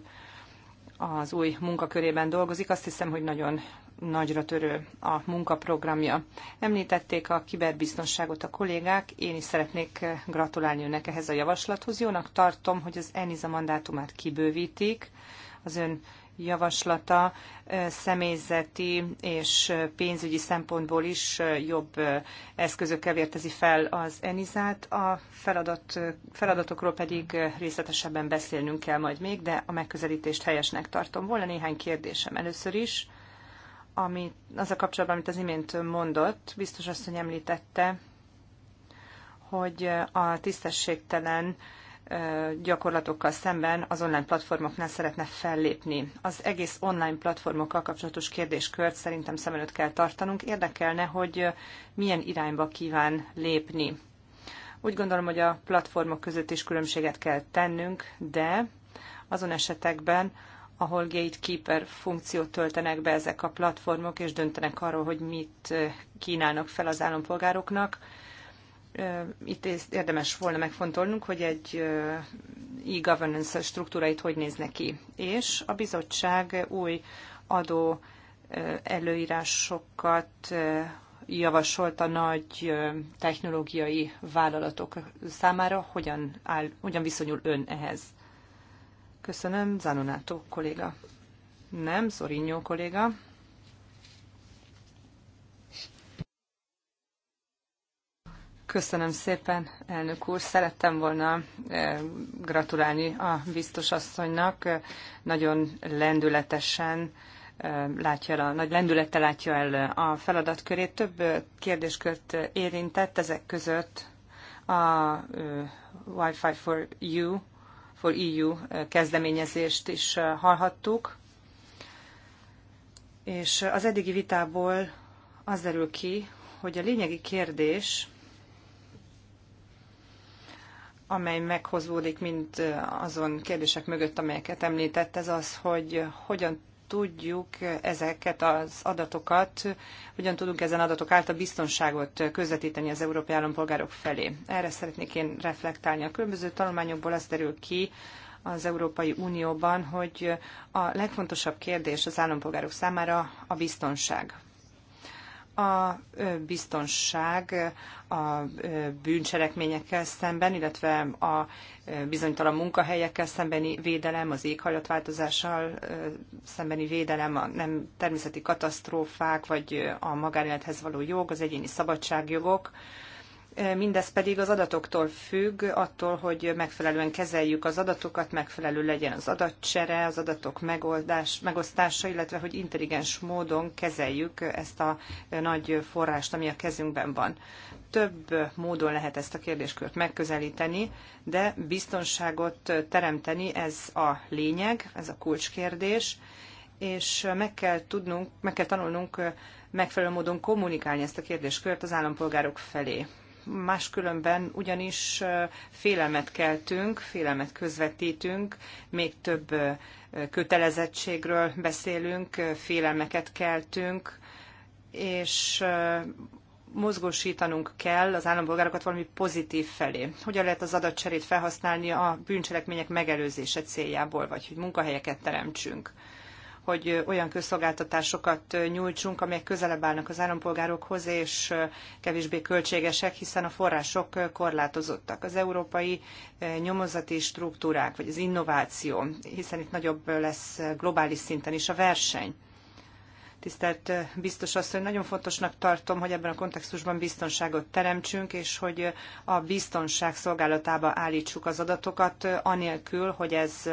az új munkakörében dolgozik, azt hiszem, hogy nagyon nagyra törő a munkaprogramja. Említették a kiberbiztonságot a kollégák, én is szeretnék gratulálni önnek ehhez a javaslathoz. Jónak tartom, hogy az ENISA mandátumát kibővítik, az ön javaslata személyzeti és pénzügyi szempontból is jobb eszközökkel vértezi fel az Enizát. A feladat, feladatokról pedig részletesebben beszélnünk kell majd még, de a megközelítést helyesnek tartom. Volna néhány kérdésem először is, ami, az a kapcsolatban, amit az imént mondott, biztos asszony említette, hogy a tisztességtelen gyakorlatokkal szemben az online platformoknál szeretne fellépni. Az egész online platformokkal kapcsolatos kérdéskört szerintem szem előtt kell tartanunk. Érdekelne, hogy milyen irányba kíván lépni. Úgy gondolom, hogy a platformok között is különbséget kell tennünk, de azon esetekben, ahol gatekeeper funkciót töltenek be ezek a platformok, és döntenek arról, hogy mit kínálnak fel az állampolgároknak, itt érdemes volna megfontolnunk, hogy egy e-governance struktúrait hogy néznek ki. És a bizottság új adó előírásokat javasolt a nagy technológiai vállalatok számára. Hogyan, áll, hogyan viszonyul ön ehhez? Köszönöm, Zanonátó kolléga. Nem, Zorinyó kolléga. Köszönöm szépen, elnök úr. Szerettem volna eh, gratulálni a biztos asszonynak. Nagyon lendületesen eh, látja el, a, nagy lendülettel látja el a feladatkörét. Több eh, kérdéskört érintett, ezek között a Wi-Fi for EU, for EU kezdeményezést is hallhattuk. És az eddigi vitából az derül ki, hogy a lényegi kérdés, amely meghozódik mind azon kérdések mögött, amelyeket említett, ez az, hogy hogyan tudjuk ezeket az adatokat, hogyan tudunk ezen adatok által biztonságot közvetíteni az európai állampolgárok felé. Erre szeretnék én reflektálni. A különböző tanulmányokból az derül ki, az Európai Unióban, hogy a legfontosabb kérdés az állampolgárok számára a biztonság a biztonság a bűncselekményekkel szemben, illetve a bizonytalan munkahelyekkel szembeni védelem, az éghajlatváltozással szembeni védelem, a nem természeti katasztrófák, vagy a magánélethez való jog, az egyéni szabadságjogok, Mindez pedig az adatoktól függ, attól, hogy megfelelően kezeljük az adatokat, megfelelő legyen az adatcsere, az adatok megoldás, megosztása, illetve hogy intelligens módon kezeljük ezt a nagy forrást, ami a kezünkben van. Több módon lehet ezt a kérdéskört megközelíteni, de biztonságot teremteni ez a lényeg, ez a kulcskérdés, és meg kell tudnunk, meg kell tanulnunk megfelelő módon kommunikálni ezt a kérdéskört az állampolgárok felé máskülönben ugyanis félelmet keltünk, félelmet közvetítünk, még több kötelezettségről beszélünk, félelmeket keltünk, és mozgósítanunk kell az állampolgárokat valami pozitív felé. Hogyan lehet az adatcserét felhasználni a bűncselekmények megelőzése céljából, vagy hogy munkahelyeket teremtsünk? hogy olyan közszolgáltatásokat nyújtsunk, amelyek közelebb állnak az állampolgárokhoz, és kevésbé költségesek, hiszen a források korlátozottak. Az európai eh, nyomozati struktúrák, vagy az innováció, hiszen itt nagyobb lesz globális szinten is a verseny. Tisztelt biztos asszony, nagyon fontosnak tartom, hogy ebben a kontextusban biztonságot teremtsünk, és hogy a biztonság szolgálatába állítsuk az adatokat, anélkül, hogy ez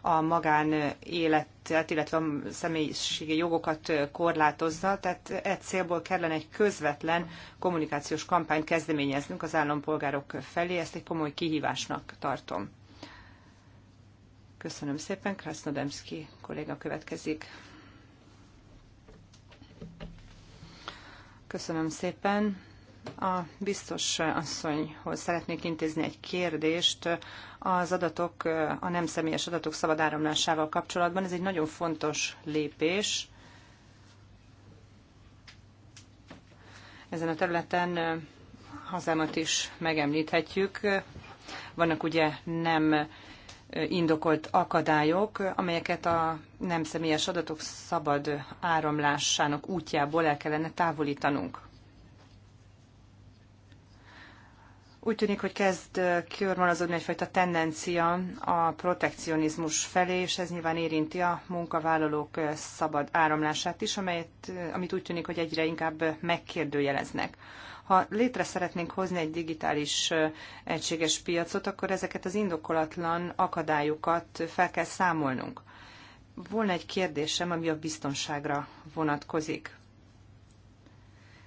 a magánéletet, illetve a személyiségi jogokat korlátozza. Tehát egy célból kellene egy közvetlen kommunikációs kampányt kezdeményeznünk az állampolgárok felé. Ezt egy komoly kihívásnak tartom. Köszönöm szépen, Krasznodemszki kolléga következik. Köszönöm szépen. A biztos asszonyhoz szeretnék intézni egy kérdést az adatok, a nem személyes adatok szabad áramlásával kapcsolatban. Ez egy nagyon fontos lépés. Ezen a területen hazámat is megemlíthetjük. Vannak ugye nem indokolt akadályok, amelyeket a nem személyes adatok szabad áramlásának útjából el kellene távolítanunk. Úgy tűnik, hogy kezd kiormalazódni egyfajta tendencia a protekcionizmus felé, és ez nyilván érinti a munkavállalók szabad áramlását is, amelyet, amit úgy tűnik, hogy egyre inkább megkérdőjeleznek. Ha létre szeretnénk hozni egy digitális egységes piacot, akkor ezeket az indokolatlan akadályokat fel kell számolnunk. Volna egy kérdésem, ami a biztonságra vonatkozik.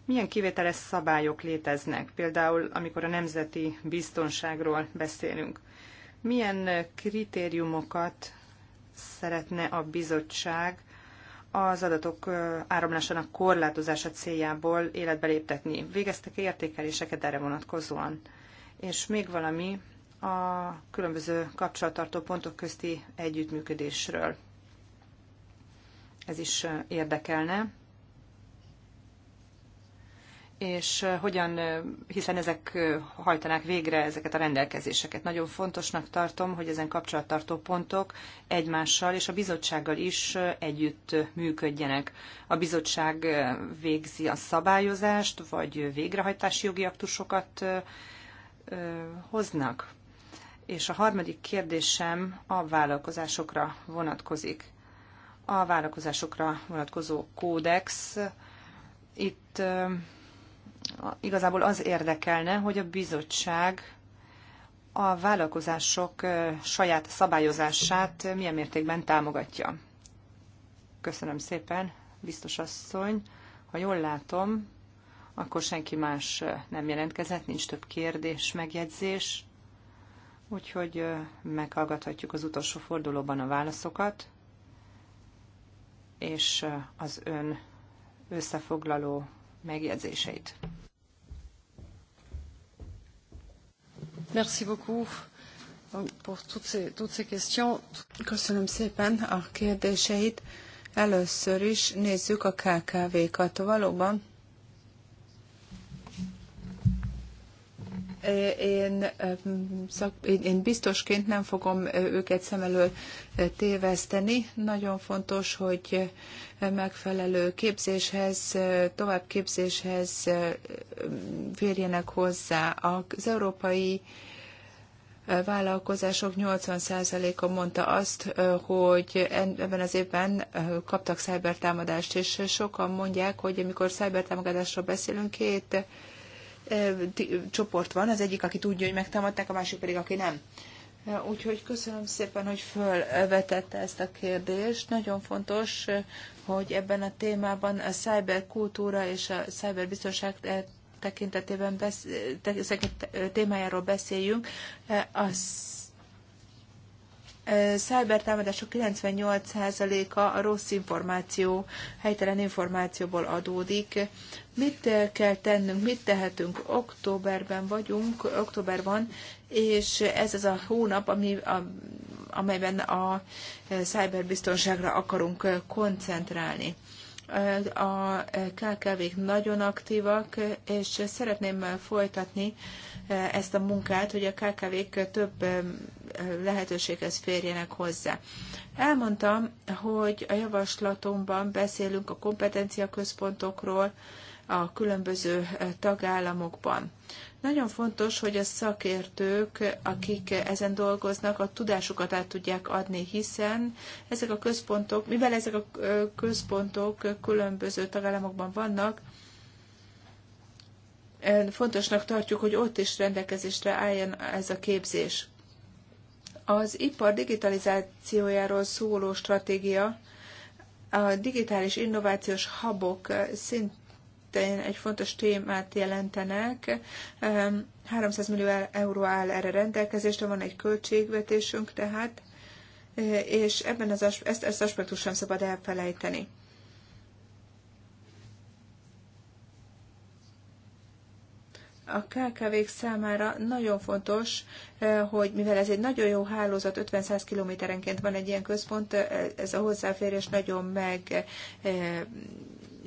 Milyen kivételes szabályok léteznek, például amikor a nemzeti biztonságról beszélünk? Milyen kritériumokat szeretne a bizottság az adatok áramlásának korlátozása céljából életbe léptetni. Végeztek értékeléseket erre vonatkozóan. És még valami a különböző kapcsolattartó pontok közti együttműködésről. Ez is érdekelne és hogyan, hiszen ezek hajtanák végre ezeket a rendelkezéseket. Nagyon fontosnak tartom, hogy ezen kapcsolattartó pontok egymással és a bizottsággal is együtt működjenek. A bizottság végzi a szabályozást, vagy végrehajtási jogi aktusokat hoznak. És a harmadik kérdésem a vállalkozásokra vonatkozik. A vállalkozásokra vonatkozó kódex. Itt igazából az érdekelne, hogy a bizottság a vállalkozások saját szabályozását milyen mértékben támogatja. Köszönöm szépen, biztos asszony. Ha jól látom, akkor senki más nem jelentkezett, nincs több kérdés, megjegyzés. Úgyhogy meghallgathatjuk az utolsó fordulóban a válaszokat, és az ön összefoglaló megjegyzéseit. Merci beaucoup pour toutes ces, toutes ces questions. Köszönöm szépen a kérdéseit. Először is nézzük a KKV-kat. Valóban én, szak, én biztosként nem fogom őket szem elől téveszteni. Nagyon fontos, hogy megfelelő képzéshez, továbbképzéshez férjenek hozzá. Az európai vállalkozások 80%-a mondta azt, hogy ebben az évben kaptak szájbertámadást, és sokan mondják, hogy amikor szájbertámadásról beszélünk, két csoport van, az egyik, aki tudja, hogy megtámadták, a másik pedig, aki nem. Úgyhogy köszönöm szépen, hogy fölvetette ezt a kérdést. Nagyon fontos, hogy ebben a témában a cyberkultúra és a cyberbiztonság tekintetében besz- te- témájáról beszéljünk. A cyber támadások 98%-a a rossz információ, helytelen információból adódik. Mit kell tennünk, mit tehetünk? Októberben vagyunk, októberban, és ez az a hónap, ami, a, amelyben a szájberbiztonságra akarunk koncentrálni. A KKV-k nagyon aktívak, és szeretném folytatni ezt a munkát, hogy a KKV-k több lehetőséghez férjenek hozzá. Elmondtam, hogy a javaslatomban beszélünk a kompetenciaközpontokról a különböző eh, tagállamokban. Nagyon fontos, hogy a szakértők, akik ezen dolgoznak, a tudásukat át tudják adni, hiszen ezek a központok, mivel ezek a eh, központok különböző tagállamokban vannak, eh, fontosnak tartjuk, hogy ott is rendelkezésre álljon ez a képzés. Az ipar digitalizációjáról szóló stratégia a digitális innovációs habok szintén egy fontos témát jelentenek. 300 ehm, millió euró áll erre rendelkezésre, van egy költségvetésünk tehát, e, és ebben az, ezt, ezt aspektus sem szabad elfelejteni. a kkv számára nagyon fontos, eh, hogy mivel ez egy nagyon jó hálózat, 50-100 kilométerenként van egy ilyen központ, eh, ez a hozzáférés nagyon meg eh,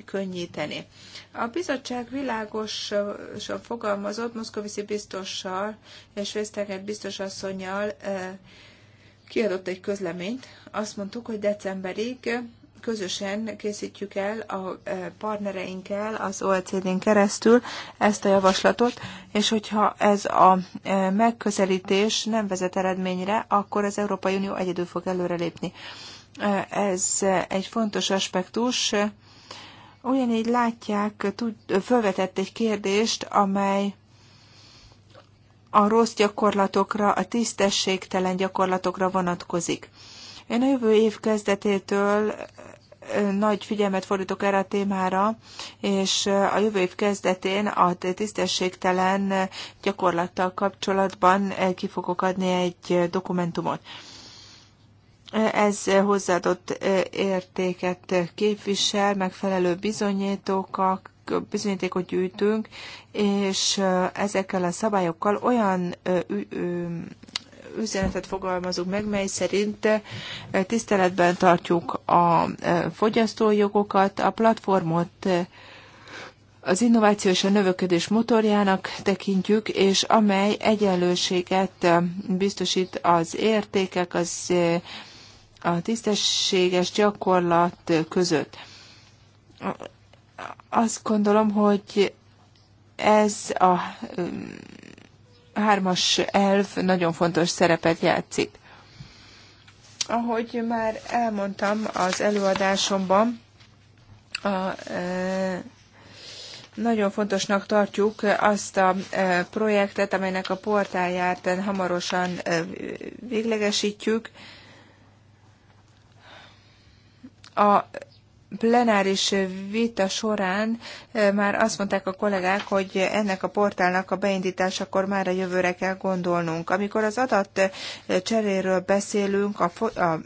könnyíteni. A bizottság világosan fogalmazott Moszkoviszi biztossal és Veszteged biztosasszonyjal kiadott egy közleményt. Azt mondtuk, hogy decemberig közösen készítjük el a eh, partnereinkkel az OECD-n keresztül ezt a javaslatot, és hogyha ez a eh, megközelítés nem vezet eredményre, akkor az Európai Unió egyedül fog előrelépni. Eh, ez egy fontos aspektus. Ugyanígy látják, felvetett egy kérdést, amely a rossz gyakorlatokra, a tisztességtelen gyakorlatokra vonatkozik. Én a jövő év kezdetétől nagy figyelmet fordítok erre a témára, és a jövő év kezdetén a tisztességtelen gyakorlattal kapcsolatban ki fogok adni egy dokumentumot. Ez hozzáadott értéket képvisel, megfelelő bizonyítókak, bizonyítékot gyűjtünk, és ezekkel a szabályokkal olyan üzenetet fogalmazunk meg, mely szerint eh, tiszteletben tartjuk a eh, fogyasztójogokat, a platformot eh, az innováció és a növekedés motorjának tekintjük, és amely egyenlőséget biztosít az értékek, az a tisztességes gyakorlat között. Azt gondolom, hogy ez a hármas elv nagyon fontos szerepet játszik. Ahogy már elmondtam az előadásomban, a, e, nagyon fontosnak tartjuk azt a e, projektet, amelynek a portáját hamarosan e, véglegesítjük. A plenáris vita során már azt mondták a kollégák, hogy ennek a portálnak a beindításakor már a jövőre kell gondolnunk. Amikor az adat cseréről beszélünk, a, a,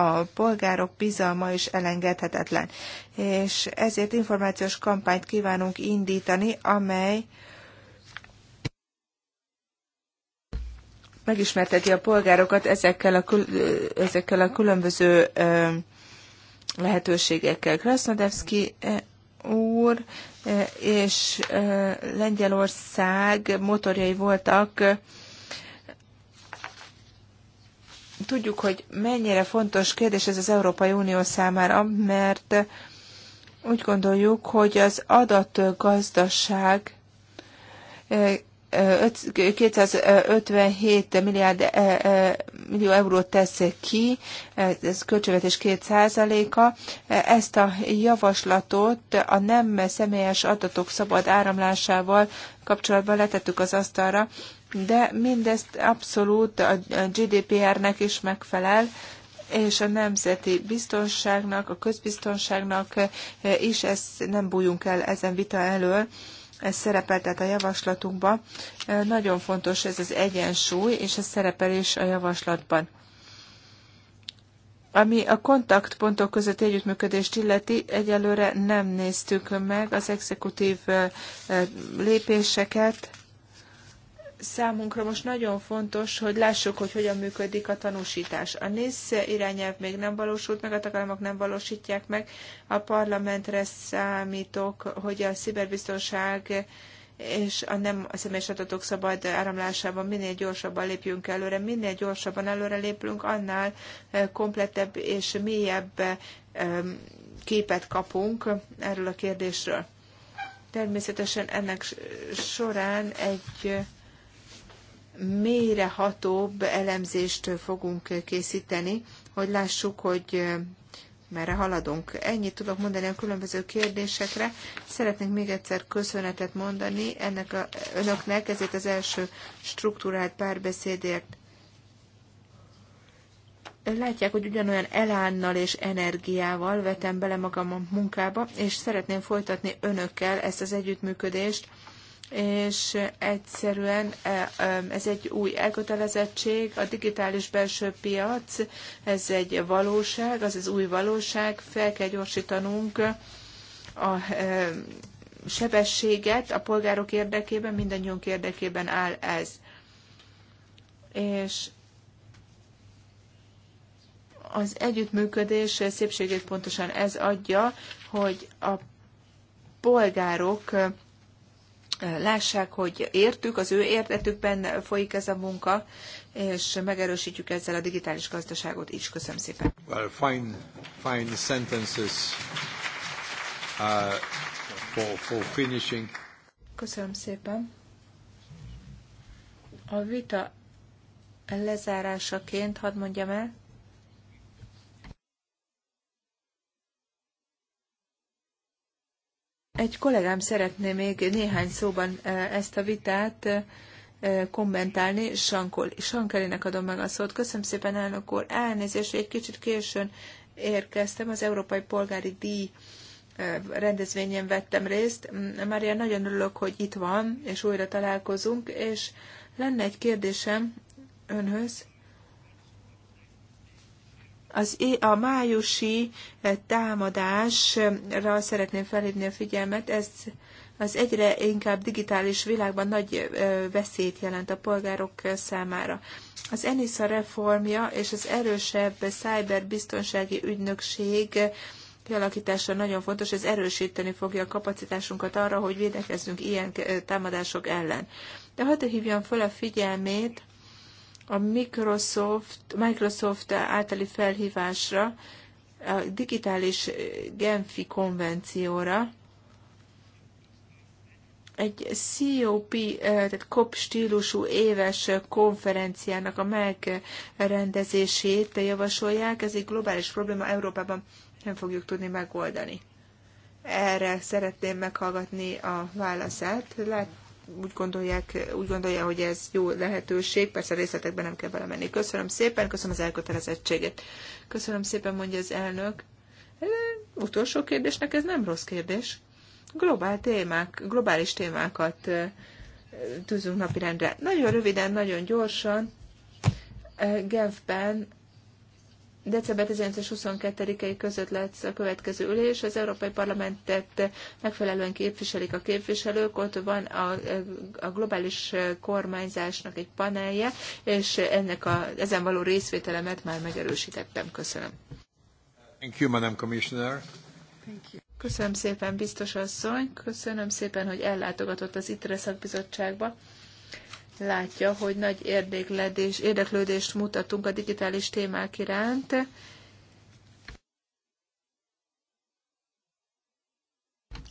a polgárok bizalma is elengedhetetlen. És ezért információs kampányt kívánunk indítani, amely megismerteti a polgárokat ezekkel a, kül ezekkel a különböző lehetőségekkel. Krasznodevszki eh, úr eh, és eh, Lengyelország motorjai voltak. Tudjuk, hogy mennyire fontos kérdés ez az Európai Unió számára, mert úgy gondoljuk, hogy az adatgazdaság 257 milliárd eh, eh, millió eurót tesz ki, eh, ez költségvetés 2%-a. Ezt a javaslatot a nem személyes adatok szabad áramlásával kapcsolatban letettük az asztalra, de mindezt abszolút a GDPR-nek is megfelel, és a nemzeti biztonságnak, a közbiztonságnak is, ezt nem bújunk el ezen vita elől ez szerepel tehát a javaslatunkban. Nagyon fontos ez az egyensúly, és ez szerepel is a javaslatban. Ami a kontaktpontok közötti együttműködést illeti, egyelőre nem néztük meg az exekutív lépéseket, számunkra most nagyon fontos, hogy lássuk, hogy hogyan működik a tanúsítás. A NISZ irányelv még nem valósult meg, a tagállamok nem valósítják meg. A parlamentre számítok, hogy a sziberbiztonság és a nem a személyes adatok szabad áramlásában minél gyorsabban lépjünk előre, minél gyorsabban előre lépünk, annál komplettebb és mélyebb képet kapunk erről a kérdésről. Természetesen ennek során egy mélyrehatóbb elemzést fogunk készíteni, hogy lássuk, hogy merre haladunk. Ennyit tudok mondani a különböző kérdésekre. Szeretnék még egyszer köszönetet mondani ennek a, önöknek ezért az első struktúrált párbeszédért. Látják, hogy ugyanolyan elánnal és energiával vetem bele magam a munkába, és szeretném folytatni önökkel ezt az együttműködést és egyszerűen e, e, ez egy új elkötelezettség, a digitális belső piac, ez egy valóság, az az új valóság, fel kell gyorsítanunk a e, sebességet a polgárok érdekében, mindannyiunk érdekében áll ez. És az együttműködés szépségét pontosan ez adja, hogy a polgárok lássák, hogy értük, az ő értetükben folyik ez a munka, és megerősítjük ezzel a digitális gazdaságot is. Köszönöm szépen. Well, fine, fine sentences uh, for, for finishing. Köszönöm szépen. A vita lezárásaként hadd mondjam el, Egy kollégám szeretné még néhány szóban e, ezt a vitát e, e, kommentálni. Sankol, Sankelinek adom meg a szót. Köszönöm szépen, elnök úr. Elnézést, egy kicsit későn érkeztem. Az Európai Polgári Díj rendezvényen vettem részt. Már ilyen nagyon örülök, hogy itt van, és újra találkozunk, és lenne egy kérdésem önhöz. Az, a májusi eh, támadásra szeretném felhívni a figyelmet, ez az egyre inkább digitális világban nagy eh, veszélyt jelent a polgárok eh, számára. Az ENISA reformja és az erősebb cyberbiztonsági ügynökség kialakítása nagyon fontos, ez erősíteni fogja a kapacitásunkat arra, hogy védekezzünk ilyen támadások ellen. De hadd hívjam fel a figyelmét a Microsoft, Microsoft általi felhívásra, a digitális Genfi konvencióra, egy COP, eh, tehát COP stílusú éves konferenciának a megrendezését javasolják. Ez egy globális probléma, Európában nem fogjuk tudni megoldani. Erre szeretném meghallgatni a válaszát. Lát, úgy, gondolják, úgy gondolja, hogy ez jó lehetőség, persze részletekben nem kell belemenni. Köszönöm szépen, köszönöm az elkötelezettséget. Köszönöm szépen, mondja az elnök. Utolsó kérdésnek ez nem rossz kérdés. Globál témák, globális témákat tűzünk napirendre. Nagyon röviden, nagyon gyorsan. Genfben december 19 22-i között lesz a következő ülés. Az Európai Parlamentet megfelelően képviselik a képviselők, ott van a, a globális kormányzásnak egy panelje, és ennek a, ezen való részvételemet már megerősítettem. Köszönöm. Thank you, Madam Commissioner. Thank you. Köszönöm szépen, biztos asszony, köszönöm szépen, hogy ellátogatott az ITRE szakbizottságba látja, hogy nagy érdeklődés, érdeklődést mutatunk a digitális témák iránt.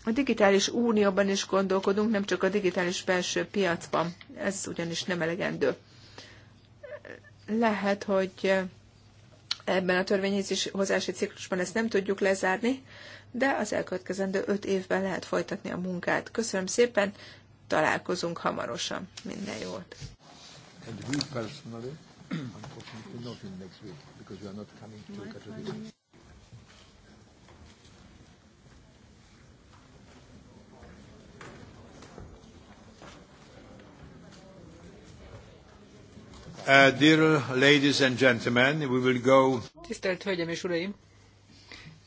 A digitális unióban is gondolkodunk, nem csak a digitális belső piacban. Ez ugyanis nem elegendő. Lehet, hogy ebben a törvényhozási ciklusban ezt nem tudjuk lezárni, de az elkövetkezendő öt évben lehet folytatni a munkát. Köszönöm szépen, találkozunk hamarosan. Minden jót! Uh, dear ladies and gentlemen, we will go... Tisztelt Hölgyeim és Uraim!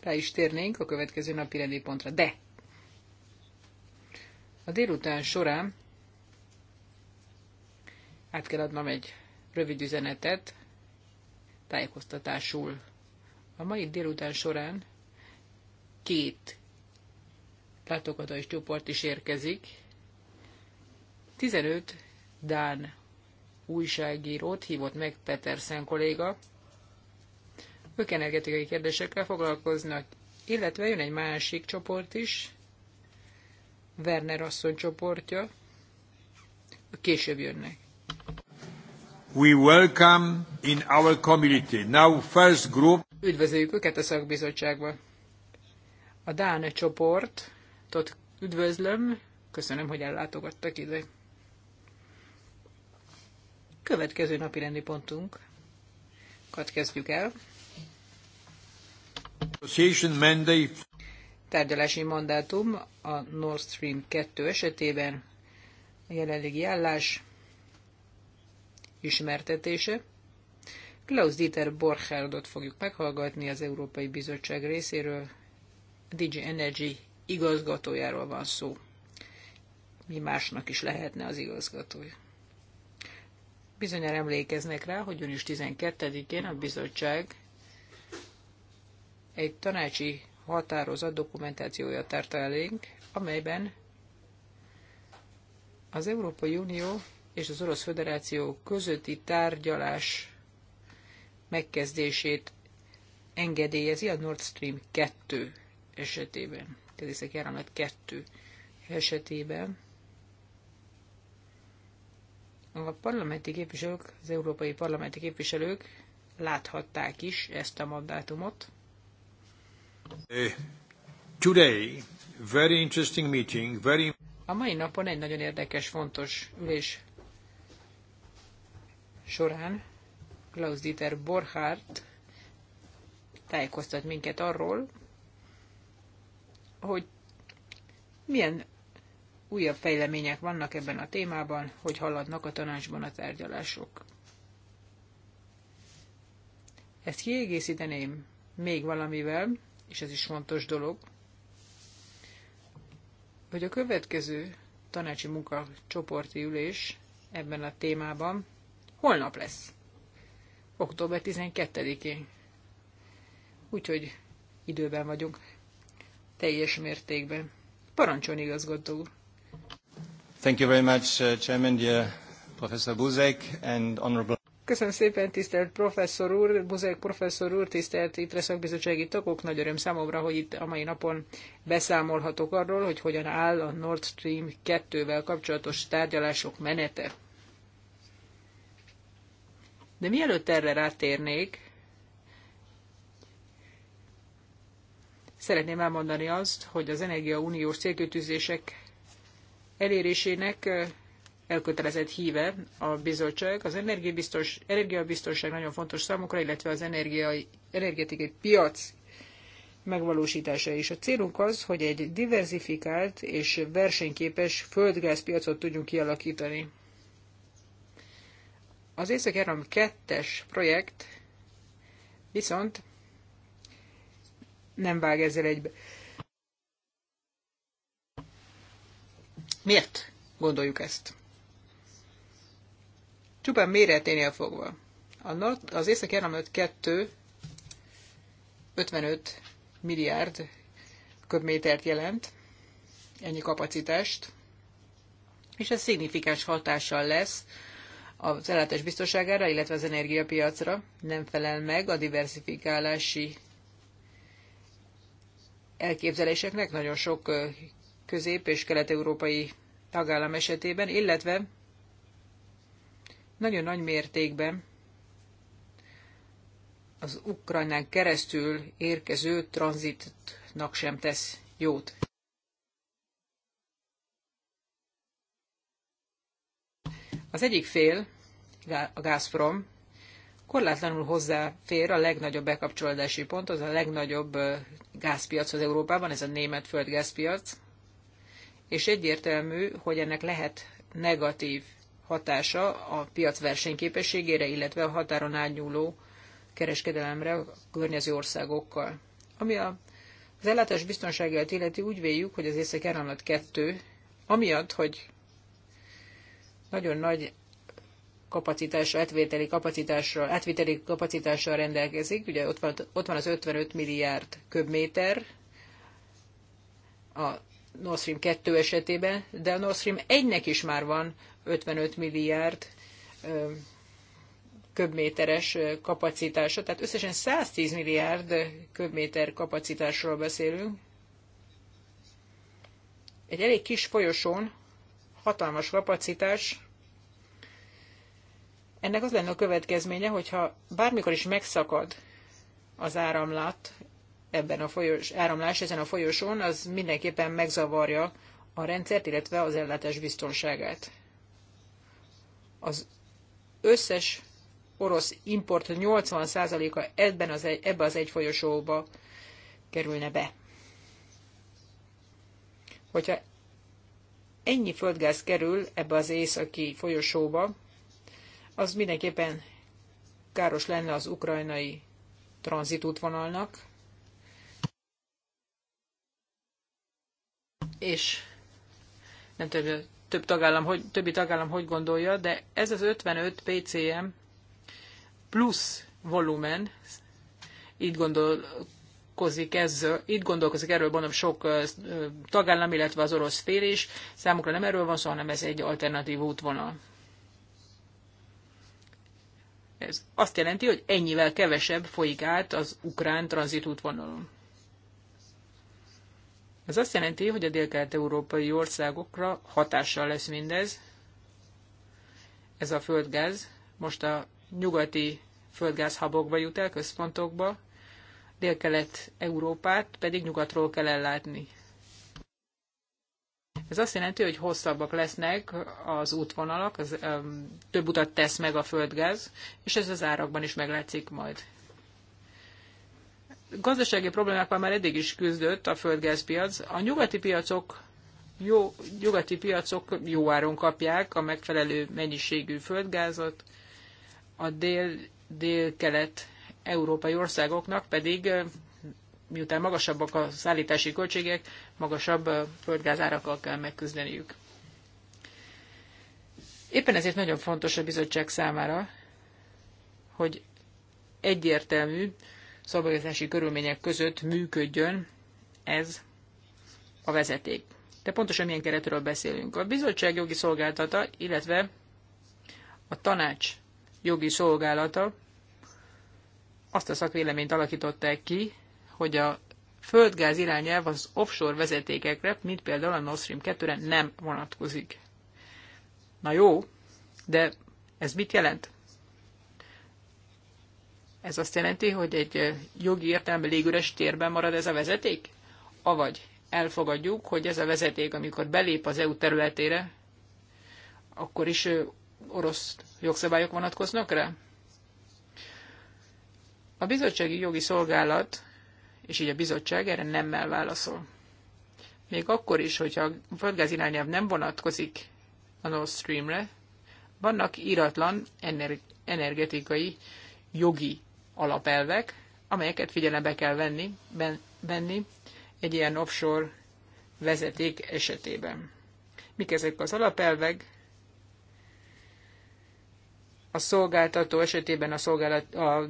Rá is térnénk a következő napi rendi pontra, de a délután során át kell adnom egy rövid üzenetet, tájékoztatásul. A mai délután során két látogatói csoport is érkezik. 15 Dán újságírót hívott meg Petersen kolléga. Ők energetikai kérdésekkel foglalkoznak, illetve jön egy másik csoport is, Werner asszony csoportja. Később jönnek. We welcome in our community. Now first group. Üdvözöljük őket a szakbizottságba. A Dán csoportot üdvözlöm. Köszönöm, hogy ellátogattak ide. Következő napi rendi pontunkat kezdjük el. Association mandate tárgyalási mandátum a Nord Stream 2 esetében a jelenlegi állás ismertetése. Klaus Dieter Borchardot fogjuk meghallgatni az Európai Bizottság részéről. A DG Energy igazgatójáról van szó. Mi másnak is lehetne az igazgatója. Bizonyára emlékeznek rá, hogy június 12-én a bizottság egy tanácsi határozat dokumentációja tárta elénk, amelyben az Európai Unió és az Orosz Föderáció közötti tárgyalás megkezdését engedélyezi a Nord Stream 2 esetében. Kedészek Áramlat 2 esetében. A parlamenti képviselők, az európai parlamenti képviselők láthatták is ezt a mandátumot. Eh, a mai napon egy nagyon érdekes, fontos ülés során Klaus Dieter Borchardt tájékoztat minket arról, hogy milyen újabb fejlemények vannak ebben a témában, hogy haladnak a tanácsban a tárgyalások. Ezt kiegészíteném még valamivel, és ez is fontos dolog, hogy a következő tanácsi munkacsoporti ülés ebben a témában holnap lesz. Október 12-én. Úgyhogy időben vagyunk. Teljes mértékben. Parancsolni igazgató úr. Thank you very much, uh, Chairman, dear Professor Buzek and Honorable Köszönöm szépen, tisztelt professzor úr, Buzek professzor úr, tisztelt itt szakbizottsági tagok. Nagy öröm számomra, hogy itt a mai napon beszámolhatok arról, hogy hogyan áll a Nord Stream 2-vel kapcsolatos tárgyalások menete. De mielőtt erre rátérnék, szeretném elmondani azt, hogy az Uniós célkötűzések elérésének elkötelezett híve a bizottság. Az energiabiztos, energiabiztonság nagyon fontos számukra, illetve az energiai, energetikai piac megvalósítása is. A célunk az, hogy egy diversifikált és versenyképes földgázpiacot tudjunk kialakítani. Az észak 2-es projekt viszont nem vág ezzel egybe. Miért gondoljuk ezt? Csupán méreténél fogva. A Nord, az északi áramlat 2 55 milliárd köbmétert jelent, ennyi kapacitást, és ez szignifikáns hatással lesz az ellátás biztonságára, illetve az energiapiacra. Nem felel meg a diversifikálási elképzeléseknek nagyon sok közép- és kelet-európai tagállam esetében, illetve nagyon nagy mértékben az Ukrajnán keresztül érkező tranzitnak sem tesz jót. Az egyik fél, a Gazprom, korlátlanul hozzáfér a legnagyobb bekapcsolódási pont, az a legnagyobb gázpiac az Európában, ez a német földgázpiac, és egyértelmű, hogy ennek lehet negatív hatása a piac versenyképességére, illetve a határon átnyúló kereskedelemre a környező országokkal. Ami a, az ellátás biztonságát illeti, úgy véljük, hogy az észak áramlat 2, amiatt, hogy nagyon nagy kapacitásra, átvételi kapacitásra, átvételi kapacitással rendelkezik, ugye ott van, ott van az 55 milliárd köbméter a Nord Stream 2 esetében, de a Nord Stream 1-nek is már van 55 milliárd köbméteres kapacitása, tehát összesen 110 milliárd köbméter kapacitásról beszélünk. Egy elég kis folyosón hatalmas kapacitás. Ennek az lenne a következménye, hogyha bármikor is megszakad az áramlat, ebben a folyos, áramlás ezen a folyosón, az mindenképpen megzavarja a rendszert, illetve az ellátás biztonságát. Az összes orosz import 80%-a ebben az egy, ebbe az egy folyosóba kerülne be. Hogyha ennyi földgáz kerül ebbe az északi folyosóba, az mindenképpen káros lenne az ukrajnai tranzitútvonalnak, és nem tudom, több tagállam, hogy, többi tagállam hogy gondolja, de ez az 55 PCM plusz volumen, így gondolkozik, ez, itt gondolkozik erről mondom sok tagállam, illetve az orosz fél is. Számukra nem erről van szó, hanem ez egy alternatív útvonal. Ez azt jelenti, hogy ennyivel kevesebb folyik át az ukrán tranzitútvonalon. Ez azt jelenti, hogy a délkelet-európai országokra hatással lesz mindez. Ez a földgáz most a nyugati földgázhabokba jut el, központokba, délkelet-európát pedig nyugatról kell ellátni. Ez azt jelenti, hogy hosszabbak lesznek az útvonalak, az, öm, több utat tesz meg a földgáz, és ez az árakban is meglátszik majd gazdasági problémákkal már eddig is küzdött a földgázpiac. A nyugati piacok jó, nyugati piacok jó áron kapják a megfelelő mennyiségű földgázat, a dél, dél-kelet európai országoknak pedig, miután magasabbak a szállítási költségek, magasabb földgázárakkal kell megküzdeniük. Éppen ezért nagyon fontos a bizottság számára, hogy egyértelmű szabályozási körülmények között működjön ez a vezeték. De pontosan milyen keretről beszélünk? A bizottság jogi szolgáltata, illetve a tanács jogi szolgálata azt a szakvéleményt alakították ki, hogy a földgáz irányelv az offshore vezetékekre, mint például a Nord Stream 2-re nem vonatkozik. Na jó, de ez mit jelent? Ez azt jelenti, hogy egy eh, jogi értelme légüres térben marad ez a vezeték? Avagy elfogadjuk, hogy ez a vezeték, amikor belép az EU területére, akkor is eh, orosz jogszabályok vonatkoznak rá? A bizottsági jogi szolgálat, és így a bizottság erre nemmel válaszol. Még akkor is, hogyha a földgáz irányelv nem vonatkozik a Nord Streamre, vannak íratlan energetikai jogi alapelvek, amelyeket figyelembe kell venni, ben, venni egy ilyen offshore vezeték esetében. Mik ezek az alapelvek? A szolgáltató esetében a, szolgálat, a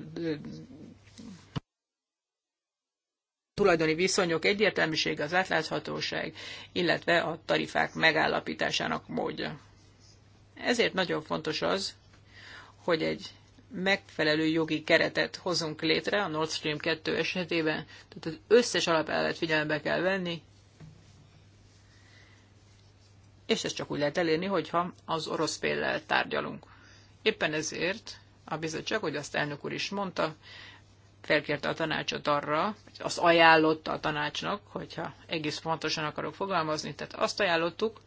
tulajdoni viszonyok egyértelműsége, az átláthatóság, illetve a tarifák megállapításának módja. Ezért nagyon fontos az, hogy egy megfelelő jogi keretet hozunk létre a Nord Stream 2 esetében, tehát az összes alapelvet figyelembe kell venni, és ezt csak úgy lehet elérni, hogyha az orosz féllel tárgyalunk. Éppen ezért a bizottság, hogy azt elnök úr is mondta, felkérte a tanácsot arra, azt ajánlotta a tanácsnak, hogyha egész pontosan akarok fogalmazni, tehát azt ajánlottuk,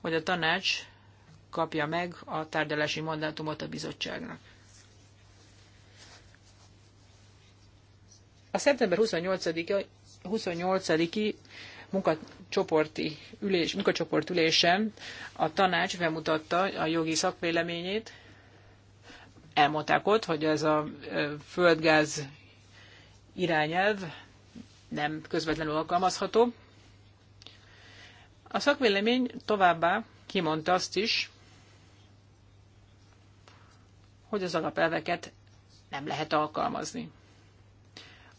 hogy a tanács kapja meg a tárgyalási mandátumot a bizottságnak. A szeptember 28-i 28 munkacsoporti munkacsoport ülésen a tanács bemutatta a jogi szakvéleményét. Elmondták ott, hogy ez a földgáz irányelv nem közvetlenül alkalmazható. A szakvélemény továbbá kimondta azt is, hogy az alapelveket nem lehet alkalmazni.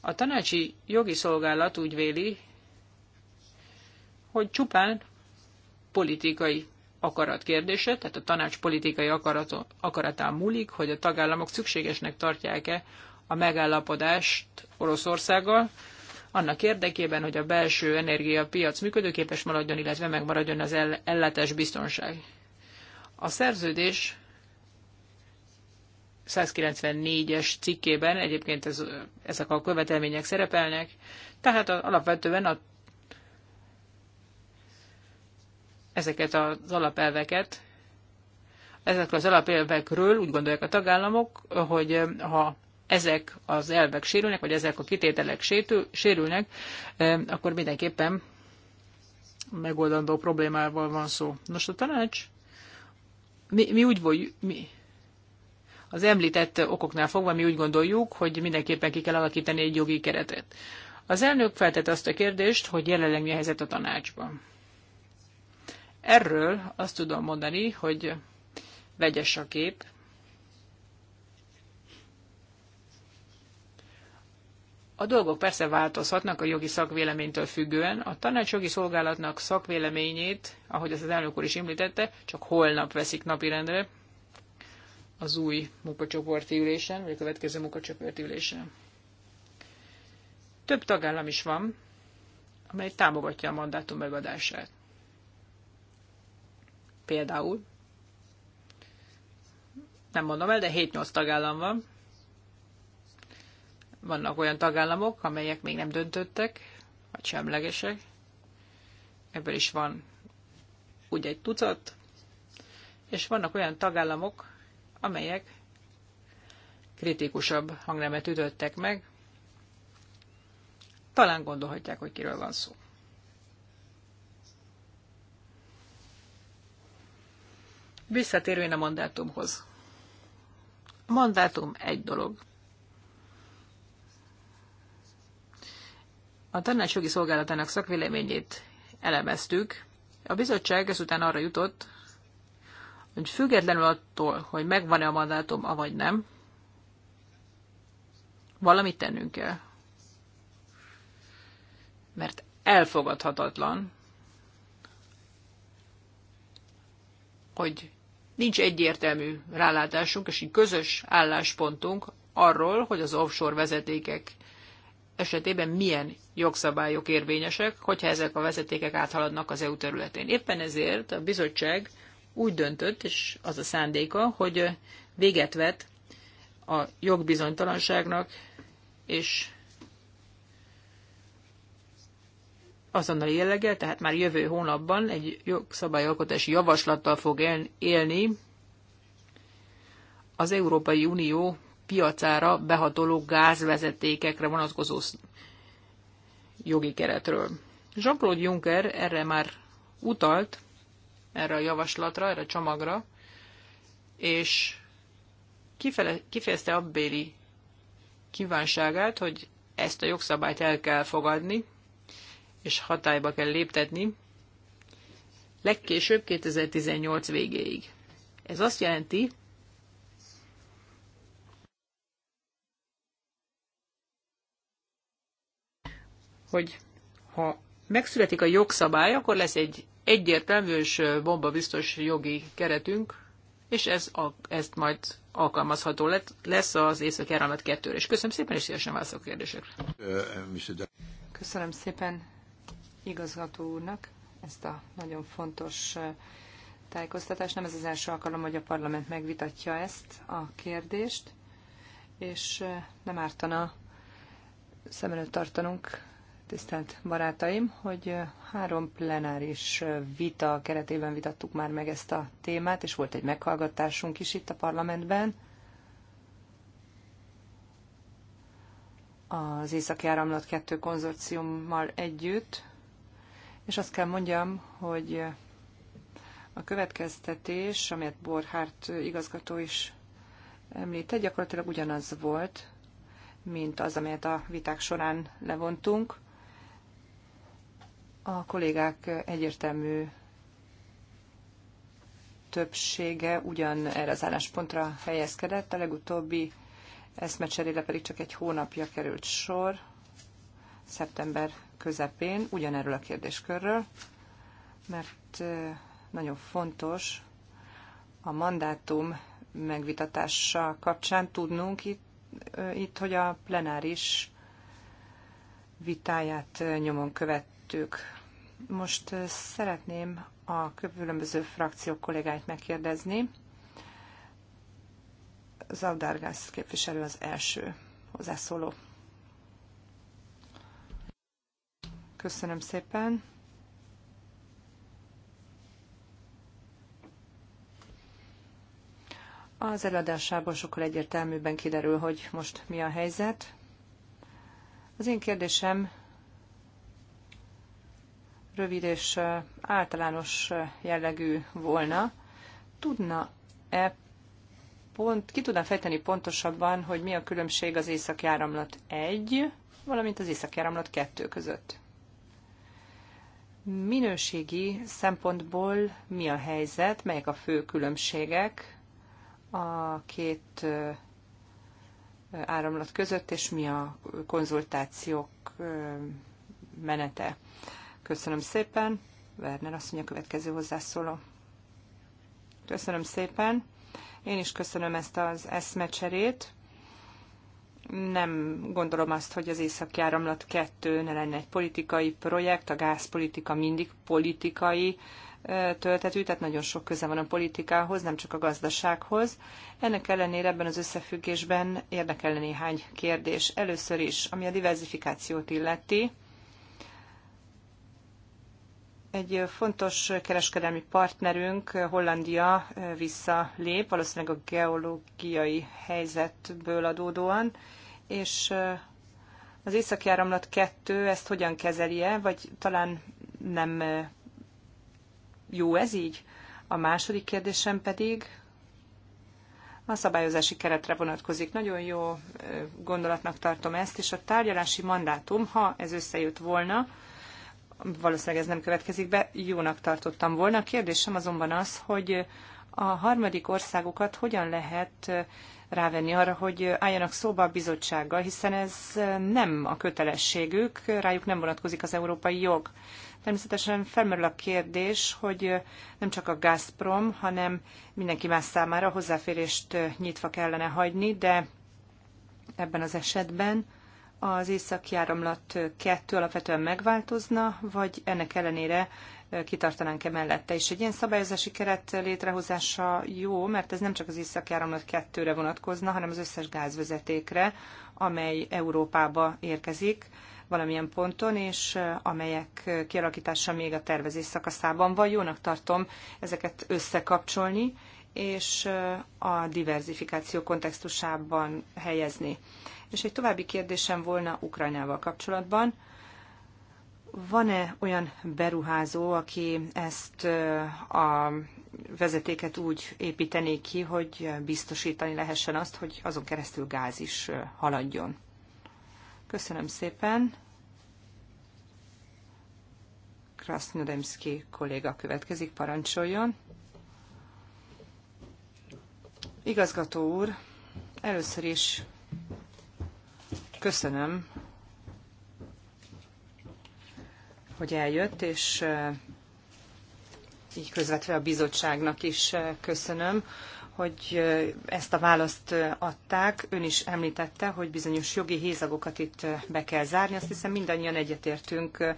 A tanácsi jogi szolgálat úgy véli, hogy csupán politikai akarat kérdése, tehát a tanács politikai akarat, akaratán múlik, hogy a tagállamok szükségesnek tartják-e a megállapodást Oroszországgal, annak érdekében, hogy a belső energiapiac működőképes maradjon, illetve megmaradjon az ellátás biztonság. A szerződés 194-es cikkében, egyébként ez, ezek a követelmények szerepelnek, tehát alapvetően a, ezeket az alapelveket, ezekről az alapelvekről úgy gondolják a tagállamok, hogy ha ezek az elvek sérülnek, vagy ezek a kitételek sérülnek, akkor mindenképpen megoldandó problémával van szó. Nos, a tanács, mi, mi úgy vagy, mi, az említett okoknál fogva mi úgy gondoljuk, hogy mindenképpen ki kell alakítani egy jogi keretet. Az elnök feltette azt a kérdést, hogy jelenleg mi a helyzet a tanácsban. Erről azt tudom mondani, hogy vegyes a kép. A dolgok persze változhatnak a jogi szakvéleménytől függően. A tanács jogi szolgálatnak szakvéleményét, ahogy az elnök úr is említette, csak holnap veszik napirendre az új munkacsoporti ülésen, vagy a következő munkacsoporti ülésen. Több tagállam is van, amely támogatja a mandátum megadását. Például, nem mondom el, de 7-8 tagállam van. Vannak olyan tagállamok, amelyek még nem döntöttek, vagy semlegesek. Ebből is van úgy egy tucat, és vannak olyan tagállamok, amelyek kritikusabb hangnemet ütöttek meg. Talán gondolhatják, hogy kiről van szó. Visszatérvén a mandátumhoz. A mandátum egy dolog. A tanácsjogi szolgálatának szakvéleményét elemeztük. A bizottság ezután arra jutott, hogy függetlenül attól, hogy megvan-e a mandátum, avagy nem, valamit tennünk kell. Mert elfogadhatatlan, hogy nincs egyértelmű rálátásunk, és egy közös álláspontunk arról, hogy az offshore vezetékek esetében milyen jogszabályok érvényesek, hogyha ezek a vezetékek áthaladnak az EU területén. Éppen ezért a bizottság úgy döntött, és az a szándéka, hogy véget vet a jogbizonytalanságnak, és azonnali jelleggel, tehát már jövő hónapban egy jogszabályalkotási javaslattal fog élni az Európai Unió piacára behatoló gázvezetékekre vonatkozó jogi keretről. Jean-Claude Juncker erre már utalt, erre a javaslatra, erre a csomagra, és kifele, kifejezte abbéli kívánságát, hogy ezt a jogszabályt el kell fogadni, és hatályba kell léptetni, legkésőbb 2018 végéig. Ez azt jelenti, hogy ha megszületik a jogszabály, akkor lesz egy egyértelmű és bombabiztos jogi keretünk, és ez a, ezt majd alkalmazható lett, lesz az északi áramlat kettőre. És köszönöm szépen, és szívesen válaszolok kérdésekre. Köszönöm szépen igazgató úrnak ezt a nagyon fontos tájékoztatást. Nem ez az első alkalom, hogy a parlament megvitatja ezt a kérdést, és nem ártana szem előtt tartanunk tisztelt barátaim, hogy három plenáris vita keretében vitattuk már meg ezt a témát, és volt egy meghallgatásunk is itt a parlamentben. Az Északi Áramlat 2 konzorciummal együtt, és azt kell mondjam, hogy a következtetés, amelyet Borhárt igazgató is említett, gyakorlatilag ugyanaz volt, mint az, amelyet a viták során levontunk. A kollégák egyértelmű többsége ugyan erre az álláspontra helyezkedett, a legutóbbi eszmecserére pedig csak egy hónapja került sor, szeptember közepén, ugyanerről a kérdéskörről, mert nagyon fontos a mandátum megvitatása kapcsán tudnunk itt, itt hogy a plenáris vitáját nyomon követ tettük. Most szeretném a különböző frakciók kollégáit megkérdezni. Zaudárgász képviselő az első hozzászóló. Köszönöm szépen. Az előadásából sokkal egyértelműbben kiderül, hogy most mi a helyzet. Az én kérdésem rövid és általános jellegű volna. Tudna-e pont, ki tudná fejteni pontosabban, hogy mi a különbség az északjáramlat 1, valamint az északjáramlat 2 között? Minőségi szempontból mi a helyzet, melyek a fő különbségek a két áramlat között, és mi a konzultációk menete. Köszönöm szépen. Werner azt mondja, következő hozzászóló. Köszönöm szépen. Én is köszönöm ezt az eszmecserét. Nem gondolom azt, hogy az északi áramlat 2 ne lenne egy politikai projekt, a gázpolitika mindig politikai töltetű, tehát nagyon sok köze van a politikához, nem csak a gazdasághoz. Ennek ellenére ebben az összefüggésben érdekelne néhány kérdés. Először is, ami a diversifikációt illeti, egy fontos kereskedelmi partnerünk, Hollandia visszalép, valószínűleg a geológiai helyzetből adódóan, és az északi áramlat kettő ezt hogyan kezelje, vagy talán nem jó ez így? A második kérdésem pedig a szabályozási keretre vonatkozik. Nagyon jó gondolatnak tartom ezt, és a tárgyalási mandátum, ha ez összejött volna, valószínűleg ez nem következik be, jónak tartottam volna. A kérdésem azonban az, hogy a harmadik országokat hogyan lehet rávenni arra, hogy álljanak szóba a bizottsággal, hiszen ez nem a kötelességük, rájuk nem vonatkozik az európai jog. Természetesen felmerül a kérdés, hogy nem csak a Gazprom, hanem mindenki más számára hozzáférést nyitva kellene hagyni, de ebben az esetben az északi áramlat 2 alapvetően megváltozna, vagy ennek ellenére kitartanánk -e mellette. És egy ilyen szabályozási keret létrehozása jó, mert ez nem csak az északi áramlat 2-re vonatkozna, hanem az összes gázvezetékre, amely Európába érkezik valamilyen ponton, és amelyek kialakítása még a tervezés szakaszában van. Jónak tartom ezeket összekapcsolni, és a diversifikáció kontextusában helyezni. És egy további kérdésem volna Ukrajnával kapcsolatban. Van-e olyan beruházó, aki ezt a vezetéket úgy építené ki, hogy biztosítani lehessen azt, hogy azon keresztül gáz is haladjon? Köszönöm szépen. Krasznodemszki kolléga következik, parancsoljon. Igazgató úr, először is köszönöm, hogy eljött, és eh, így közvetve a bizottságnak is eh, köszönöm hogy ezt a választ adták. Ön is említette, hogy bizonyos jogi hézagokat itt be kell zárni. Azt hiszem mindannyian egyetértünk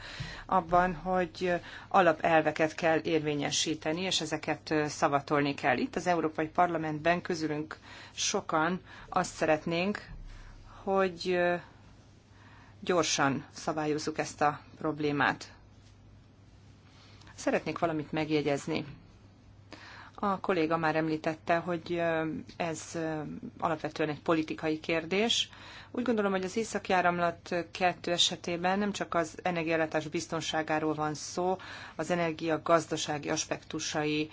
abban, hogy alapelveket kell érvényesíteni, és ezeket szavatolni kell. Itt az Európai Parlamentben közülünk sokan azt szeretnénk, hogy gyorsan szabályozzuk ezt a problémát. Szeretnék valamit megjegyezni a kolléga már említette, hogy ez alapvetően egy politikai kérdés. Úgy gondolom, hogy az északjáramlat kettő esetében nem csak az energiállátás biztonságáról van szó, az energia gazdasági aspektusai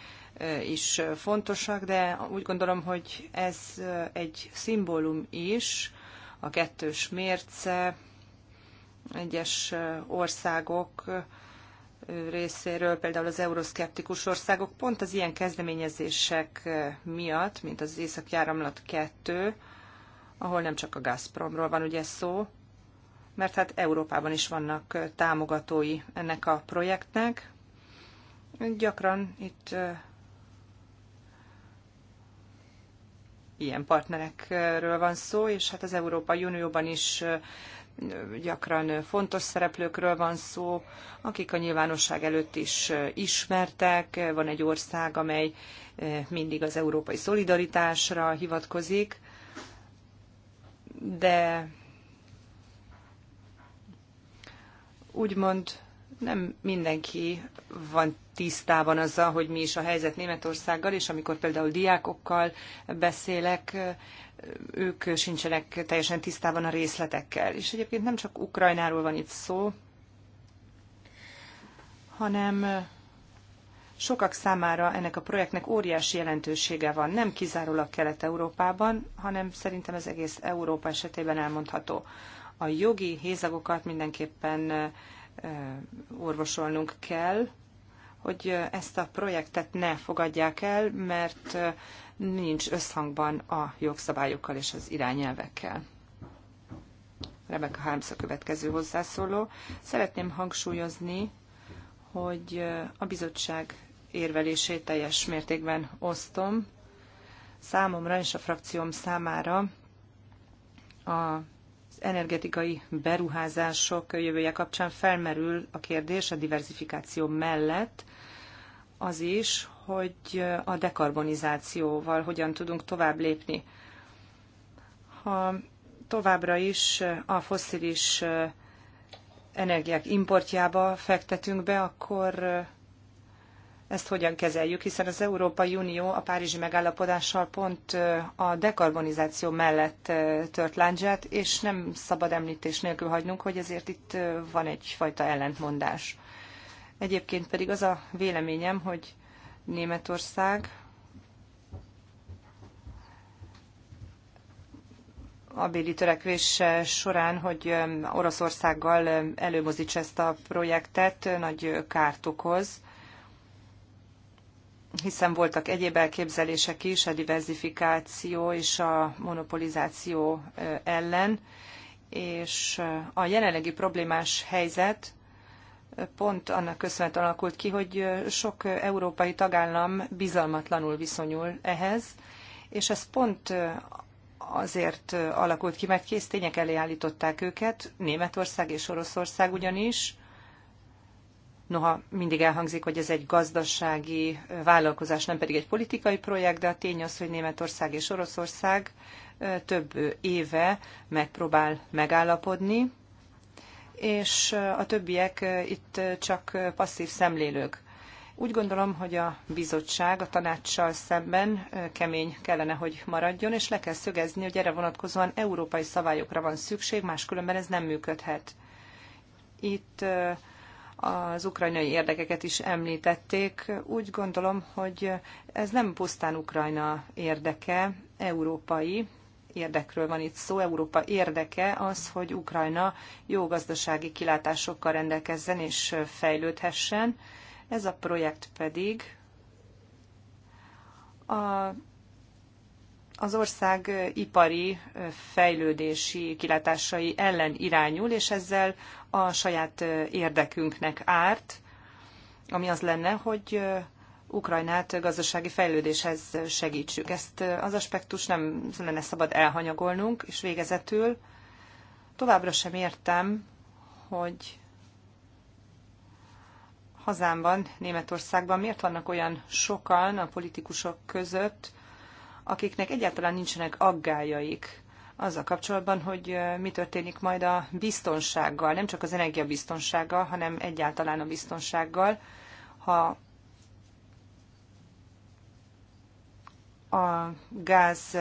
is fontosak, de úgy gondolom, hogy ez egy szimbólum is, a kettős mérce, egyes országok részéről, például az euroszkeptikus országok pont az ilyen kezdeményezések miatt, mint az Északjáramlat 2, ahol nem csak a Gazpromról van ugye szó, mert hát Európában is vannak támogatói ennek a projektnek. Gyakran itt ilyen partnerekről van szó, és hát az Európai Unióban is gyakran fontos szereplőkről van szó, akik a nyilvánosság előtt is ismertek. Van egy ország, amely eh, mindig az európai szolidaritásra hivatkozik, de úgymond nem mindenki van tisztában azzal, hogy mi is a helyzet Németországgal, és amikor például diákokkal beszélek, ők sincsenek teljesen tisztában a részletekkel. És egyébként nem csak Ukrajnáról van itt szó, hanem sokak számára ennek a projektnek óriási jelentősége van, nem kizárólag Kelet-Európában, hanem szerintem ez egész Európa esetében elmondható. A jogi hézagokat mindenképpen orvosolnunk kell, hogy ezt a projektet ne fogadják el, mert nincs összhangban a jogszabályokkal és az irányelvekkel. Rebecca Harms a következő hozzászóló. Szeretném hangsúlyozni, hogy a bizottság érvelését teljes mértékben osztom. Számomra és a frakcióm számára a energetikai beruházások jövője kapcsán felmerül a kérdés a diversifikáció mellett az is, hogy a dekarbonizációval hogyan tudunk tovább lépni. Ha továbbra is a fosszilis energiák importjába fektetünk be, akkor ezt hogyan kezeljük, hiszen az Európai Unió a Párizsi megállapodással pont a dekarbonizáció mellett tört láncsát, és nem szabad említés nélkül hagynunk, hogy ezért itt van egyfajta ellentmondás. Egyébként pedig az a véleményem, hogy Németország abéli törekvés során, hogy Oroszországgal előmozdítsa ezt a projektet, nagy kárt okoz hiszen voltak egyéb elképzelések is a diversifikáció és a monopolizáció ellen, és a jelenlegi problémás helyzet pont annak köszönhetően alakult ki, hogy sok európai tagállam bizalmatlanul viszonyul ehhez, és ez pont azért alakult ki, mert kész tények elé állították őket, Németország és Oroszország ugyanis, Noha mindig elhangzik, hogy ez egy gazdasági vállalkozás, nem pedig egy politikai projekt, de a tény az, hogy Németország és Oroszország több éve megpróbál megállapodni, és a többiek itt csak passzív szemlélők. Úgy gondolom, hogy a bizottság a tanácssal szemben kemény kellene, hogy maradjon, és le kell szögezni, hogy erre vonatkozóan európai szabályokra van szükség, máskülönben ez nem működhet. Itt az ukrajnai érdekeket is említették. Úgy gondolom, hogy ez nem pusztán Ukrajna érdeke, európai érdekről van itt szó. Európa érdeke az, hogy Ukrajna jó gazdasági kilátásokkal rendelkezzen és fejlődhessen. Ez a projekt pedig a az ország ipari fejlődési kilátásai ellen irányul, és ezzel a saját érdekünknek árt, ami az lenne, hogy Ukrajnát gazdasági fejlődéshez segítsük. Ezt az aspektus nem lenne szabad elhanyagolnunk, és végezetül továbbra sem értem, hogy hazámban, Németországban miért vannak olyan sokan a politikusok között, akiknek egyáltalán nincsenek aggájaik azzal kapcsolatban, hogy mi történik majd a biztonsággal, nem csak az energiabiztonsággal, hanem egyáltalán a biztonsággal, ha a gáz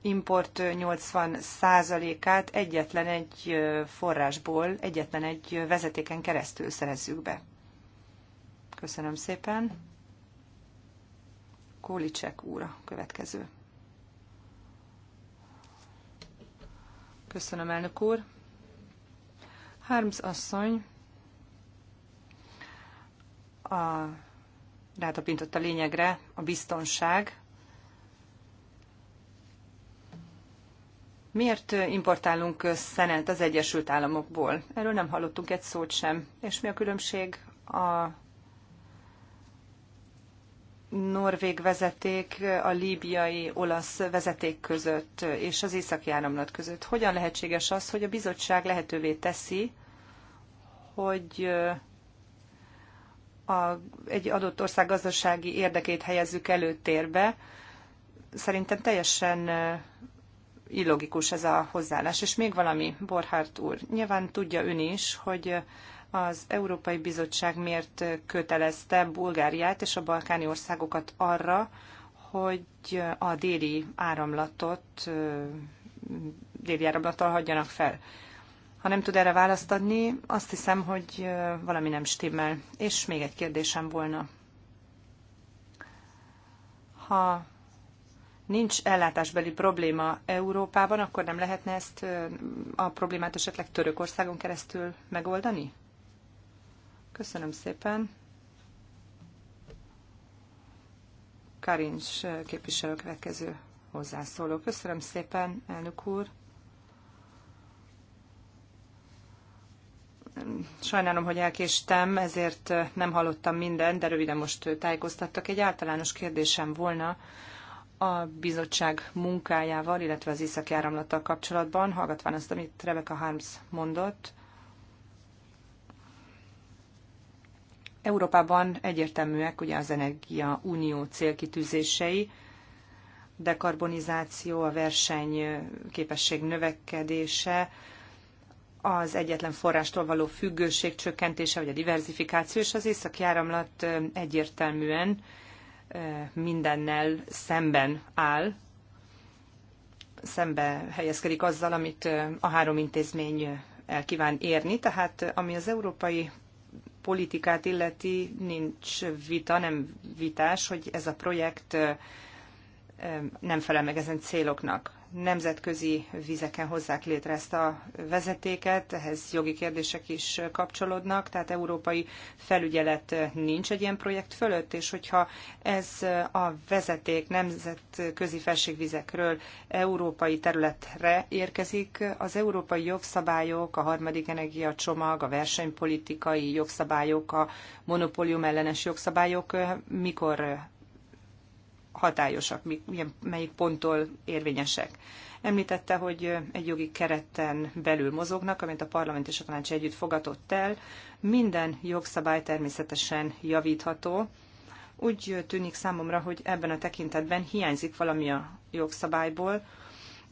import 80%-át egyetlen egy forrásból, egyetlen egy vezetéken keresztül szerezzük be. Köszönöm szépen. Kólicsek úra következő. Köszönöm, elnök úr. Harms asszony a, rátapintott a lényegre, a biztonság. Miért importálunk szenet az Egyesült Államokból? Erről nem hallottunk egy szót sem. És mi a különbség a norvég vezeték a líbiai olasz vezeték között és az északi áramlat között. Hogyan lehetséges az, hogy a bizottság lehetővé teszi, hogy a, egy adott ország gazdasági érdekét helyezzük előtérbe. Szerintem teljesen illogikus ez a hozzáállás. És még valami, Borhárt úr, nyilván tudja ön is, hogy az Európai Bizottság miért kötelezte Bulgáriát és a balkáni országokat arra, hogy a déli áramlatot, déli áramlattal hagyjanak fel. Ha nem tud erre választ adni, azt hiszem, hogy valami nem stimmel. És még egy kérdésem volna. Ha nincs ellátásbeli probléma Európában, akkor nem lehetne ezt a problémát esetleg Törökországon keresztül megoldani? Köszönöm szépen. Karincs képviselő következő hozzászóló. Köszönöm szépen, elnök úr. Sajnálom, hogy elkéstem, ezért nem hallottam mindent, de röviden most tájékoztattak. Egy általános kérdésem volna a bizottság munkájával, illetve az északi áramlattal kapcsolatban, hallgatván azt, amit Rebecca Harms mondott. Európában egyértelműek ugye az Energia Unió célkitűzései, dekarbonizáció, a versenyképesség növekedése, az egyetlen forrástól való függőség csökkentése, vagy a diversifikáció, és az északi áramlat egyértelműen mindennel szemben áll, szembe helyezkedik azzal, amit a három intézmény el kíván érni, tehát ami az Európai politikát illeti, nincs vita, nem vitás, hogy ez a projekt nem felel meg ezen céloknak nemzetközi vizeken hozzák létre ezt a vezetéket, ehhez jogi kérdések is kapcsolódnak, tehát európai felügyelet nincs egy ilyen projekt fölött, és hogyha ez a vezeték nemzetközi felségvizekről európai területre érkezik, az európai jogszabályok, a harmadik energiacsomag, a versenypolitikai jogszabályok, a monopólium ellenes jogszabályok mikor hatályosak, milyen, melyik ponttól érvényesek. Említette, hogy egy jogi kereten belül mozognak, amit a parlament és a tanács együtt fogadott el. Minden jogszabály természetesen javítható. Úgy tűnik számomra, hogy ebben a tekintetben hiányzik valami a jogszabályból,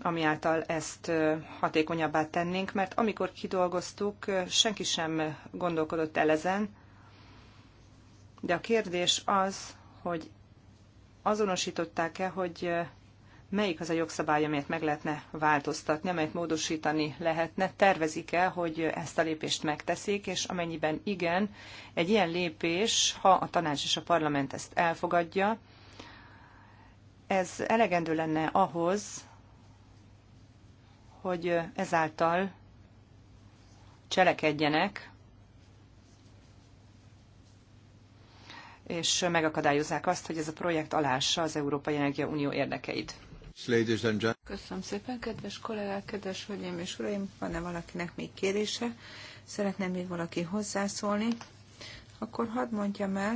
ami által ezt hatékonyabbá tennénk, mert amikor kidolgoztuk, senki sem gondolkodott el ezen, de a kérdés az, hogy azonosították-e, hogy melyik az a jogszabály, amelyet meg lehetne változtatni, amelyet módosítani lehetne? Tervezik-e, hogy ezt a lépést megteszik, és amennyiben igen, egy ilyen lépés, ha a tanács és a parlament ezt elfogadja, ez elegendő lenne ahhoz, hogy ezáltal cselekedjenek és megakadályozzák azt, hogy ez a projekt alássa az Európai Energia Unió érdekeit. Köszönöm szépen, kedves kollégák, kedves hölgyeim és uraim, van-e valakinek még kérése? Szeretném még valaki hozzászólni? Akkor hadd mondjam el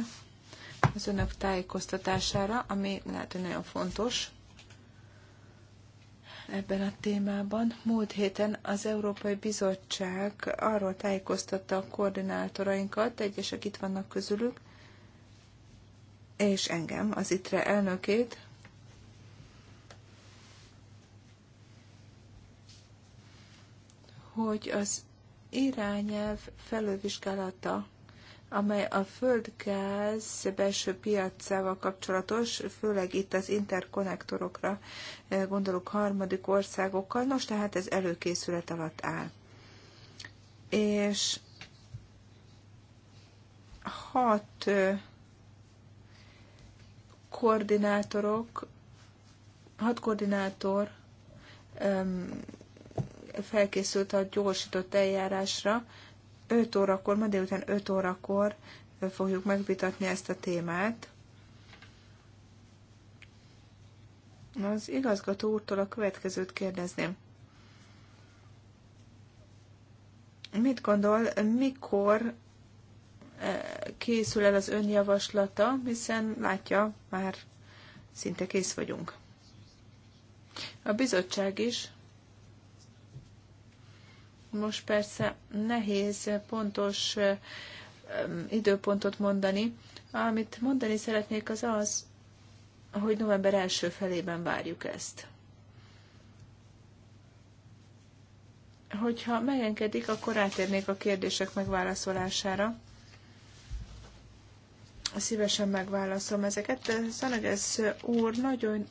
az önök tájékoztatására, ami lehet, hogy nagyon fontos, ebben a témában. Múlt héten az Európai Bizottság arról tájékoztatta a koordinátorainkat, egyesek itt vannak közülük, és engem, az ITRE elnökét, hogy az irányelv felülvizsgálata, amely a földgáz belső piacával kapcsolatos, főleg itt az interkonnektorokra eh, gondolok harmadik országokkal, nos, tehát ez előkészület alatt áll. És hat eh, koordinátorok, hat koordinátor felkészült a gyorsított eljárásra. 5 órakor, ma délután 5 órakor fogjuk megvitatni ezt a témát. Az igazgató úrtól a következőt kérdezném. Mit gondol, mikor készül el az önjavaslata, hiszen látja, már szinte kész vagyunk. A bizottság is. Most persze nehéz pontos időpontot mondani. Amit mondani szeretnék az az, hogy november első felében várjuk ezt. Hogyha megengedik, akkor átérnék a kérdések megválaszolására szívesen megválaszolom ezeket. Szanagesz úr nagyon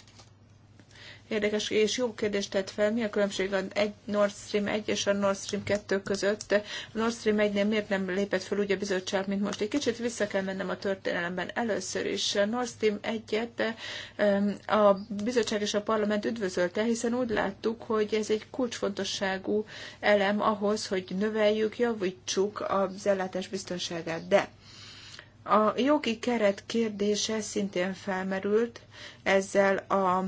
érdekes és jó kérdést tett fel, mi a különbség a egy Nord Stream 1 és a Nord Stream 2 között. A Nord Stream 1-nél miért nem lépett fel úgy a bizottság, mint most? Egy kicsit vissza kell mennem a történelemben. Először is a Nord Stream 1-et a bizottság és a parlament üdvözölte, hiszen úgy láttuk, hogy ez egy kulcsfontosságú elem ahhoz, hogy növeljük, javítsuk az ellátás biztonságát. De a jogi keret kérdése szintén felmerült ezzel a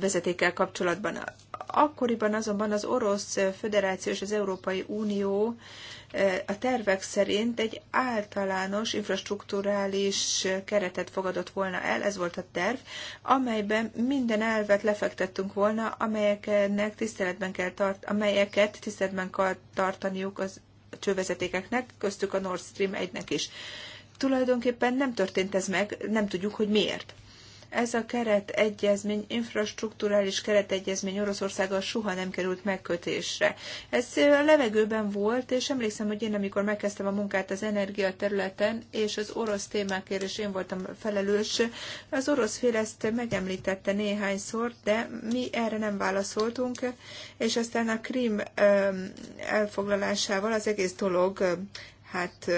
vezetékkel kapcsolatban. Akkoriban azonban az Orosz Föderáció és az Európai Unió a tervek szerint egy általános infrastruktúrális keretet fogadott volna el, ez volt a terv, amelyben minden elvet lefektettünk volna, amelyeknek tiszteletben kell tart, amelyeket tiszteletben kell tartaniuk az csővezetékeknek, köztük a Nord Stream 1-nek is. Tulajdonképpen nem történt ez meg, nem tudjuk, hogy miért. Ez a keretegyezmény, infrastruktúrális keretegyezmény Oroszországgal soha nem került megkötésre. Ez a levegőben volt, és emlékszem, hogy én amikor megkezdtem a munkát az energia területen, és az orosz témákért is én voltam felelős, az orosz fél ezt megemlítette néhányszor, de mi erre nem válaszoltunk, és aztán a Krim elfoglalásával az egész dolog, hát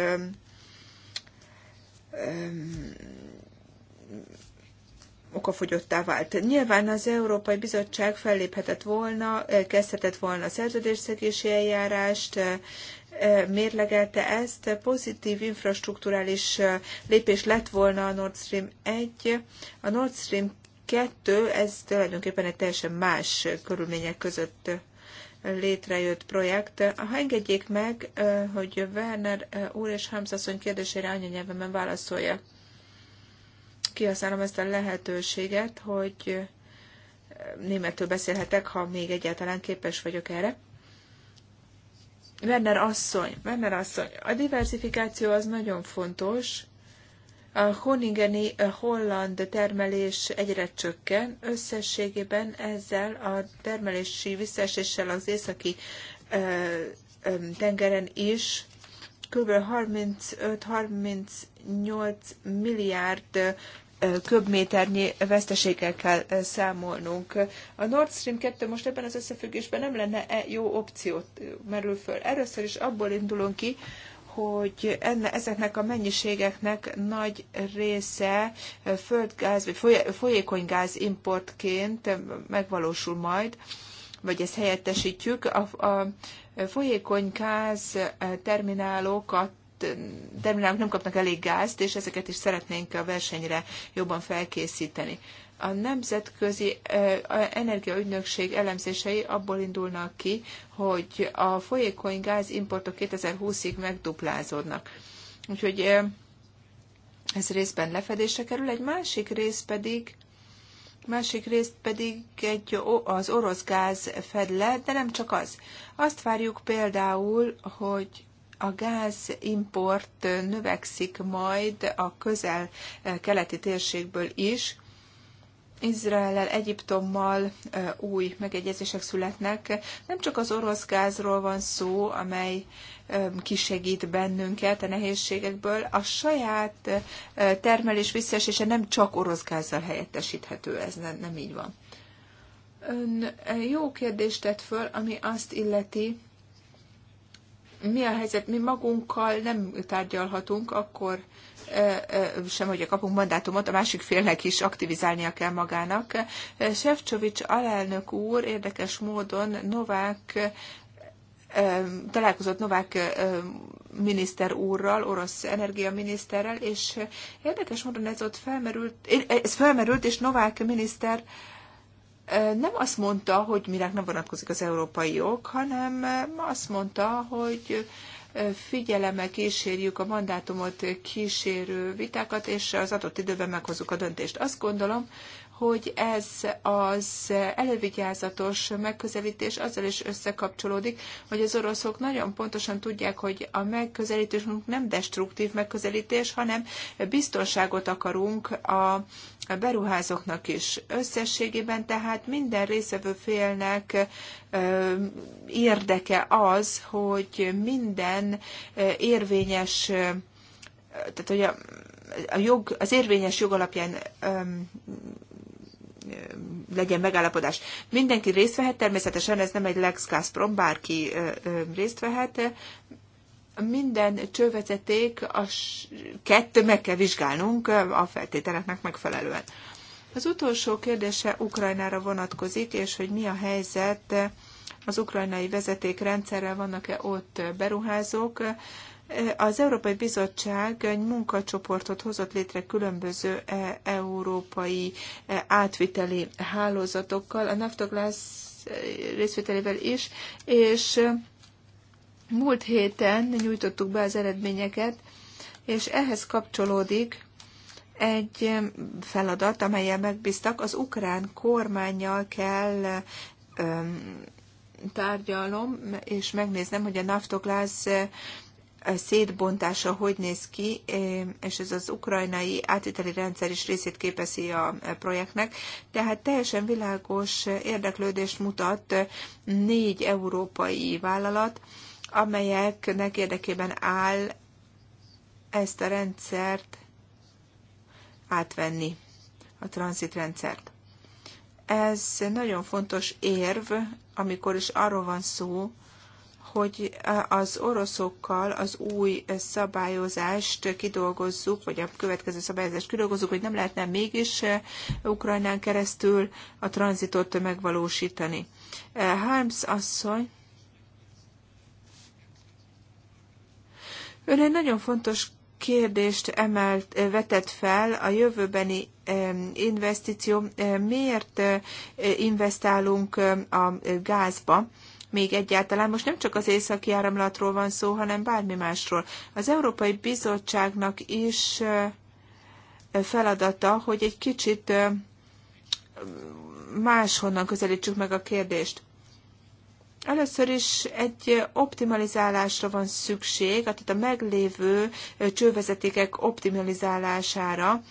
okafogyottá vált. Nyilván az Európai Bizottság felléphetett volna, eh, kezdhetett volna a szerződésszegési eljárást, eh, eh, mérlegelte ezt, pozitív infrastruktúrális lépés lett volna a Nord Stream 1. A Nord Stream 2, ez tulajdonképpen egy teljesen más körülmények között létrejött projekt. Ha engedjék meg, hogy Werner úr és Hamzasszony kérdésére anyanyelvemen válaszoljak kihasználom ezt a lehetőséget, hogy németül beszélhetek, ha még egyáltalán képes vagyok erre. Werner asszony, Werner asszony, a diversifikáció az nagyon fontos. A honingeni a eh, holland termelés egyre csökken, összességében ezzel a termelési visszaeséssel az északi ö, eh, ö, eh, tengeren is kb. 35-38 milliárd köbméternyi veszteséggel kell számolnunk. A Nord Stream 2 most ebben az összefüggésben nem lenne -e jó opciót merül föl. Először is abból indulunk ki, hogy enne, ezeknek a mennyiségeknek nagy része földgáz vagy folyékony gáz importként megvalósul majd vagy ezt helyettesítjük. A, a folyékony gáz eh, terminálókat, terminálok nem kapnak elég gázt, és ezeket is szeretnénk a versenyre jobban felkészíteni. A Nemzetközi eh, Energiaügynökség elemzései abból indulnak ki, hogy a folyékony gáz importok 2020-ig megduplázódnak. Úgyhogy eh, ez részben lefedésre kerül, egy másik rész pedig másik részt pedig egy, az orosz gáz fed le, de nem csak az. Azt várjuk például, hogy a gázimport növekszik majd a közel-keleti eh, térségből is. Izraellel, Egyiptommal eh, új megegyezések születnek. Nem csak az orosz gázról van szó, amely kisegít bennünket a nehézségekből. A saját termelés visszaesése nem csak orosz gázzal helyettesíthető, ez nem, nem így van. Ön jó kérdést tett föl, ami azt illeti, mi a helyzet, mi magunkkal nem tárgyalhatunk, akkor sem, hogy kapunk mandátumot, a másik félnek is aktivizálnia kell magának. Sefcsovics alelnök úr érdekes módon Novák találkozott Novák miniszter úrral, orosz energiaminiszterrel, és érdekes módon ez ott felmerült, ez felmerült, és Novák miniszter nem azt mondta, hogy mirák nem vonatkozik az európai jog, hanem azt mondta, hogy figyelemmel kísérjük a mandátumot kísérő vitákat, és az adott időben meghozzuk a döntést. Azt gondolom, hogy ez az elővigyázatos megközelítés azzal is összekapcsolódik, hogy az oroszok nagyon pontosan tudják, hogy a megközelítésünk nem destruktív megközelítés, hanem biztonságot akarunk a beruházóknak is. Összességében tehát minden részevő félnek érdeke az, hogy minden érvényes, tehát hogy a, a jog, az érvényes jog alapján legyen megállapodás. Mindenki részt vehet, természetesen ez nem egy Lex Gazprom, bárki részt vehet. Minden csővezeték a kettő meg kell vizsgálnunk a feltételeknek megfelelően. Az utolsó kérdése Ukrajnára vonatkozik, és hogy mi a helyzet az ukrajnai vezetékrendszerrel, vannak-e ott beruházók. Az Európai Bizottság egy munkacsoportot hozott létre különböző e, európai e, átviteli hálózatokkal, a Naftoglász e, részvételével is, és múlt héten nyújtottuk be az eredményeket, és ehhez kapcsolódik egy feladat, amelyel megbíztak, az ukrán kormányjal kell tárgyalom, és megnézem, hogy a naftoglász szétbontása hogy néz ki, eh, és ez az ukrajnai átviteli rendszer is részét képezi a projektnek, tehát teljesen világos érdeklődést mutat négy európai vállalat, amelyeknek érdekében áll ezt a rendszert átvenni, a tranzitrendszert. Ez nagyon fontos érv, amikor is arról van szó, hogy az oroszokkal az új szabályozást kidolgozzuk, vagy a következő szabályozást kidolgozzuk, hogy nem lehetne mégis Ukrajnán keresztül a tranzitot megvalósítani. Harms asszony, ön egy nagyon fontos kérdést emelt, vetett fel a jövőbeni investíció. Miért investálunk a gázba? még egyáltalán. Most nem csak az északi áramlatról van szó, hanem bármi másról. Az Európai Bizottságnak is feladata, hogy egy kicsit máshonnan közelítsük meg a kérdést. Először is egy optimalizálásra van szükség, tehát a meglévő csővezetékek optimalizálására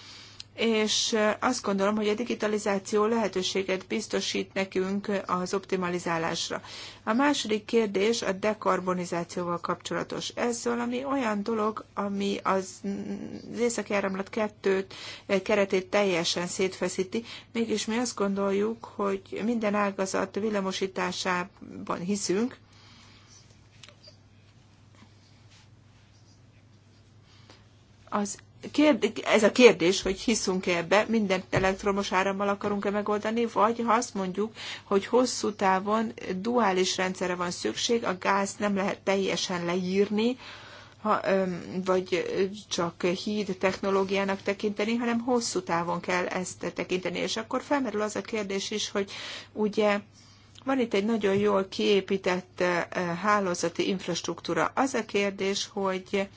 és azt gondolom, hogy a digitalizáció lehetőséget biztosít nekünk az optimalizálásra. A második kérdés a dekarbonizációval kapcsolatos. Ez valami olyan dolog, ami az északi áramlat kettőt keretét teljesen szétfeszíti, mégis mi azt gondoljuk, hogy minden ágazat villamosításában hiszünk, az kérdés, ez a kérdés, hogy hiszünk-e ebbe, mindent elektromos árammal akarunk-e megoldani, vagy ha azt mondjuk, hogy hosszú távon duális rendszerre van szükség, a gáz nem lehet teljesen leírni, ha, vagy csak híd technológiának tekinteni, hanem hosszú távon kell ezt tekinteni. És akkor felmerül az a kérdés is, hogy ugye van itt egy nagyon jól kiépített hálózati infrastruktúra. Az a kérdés, hogy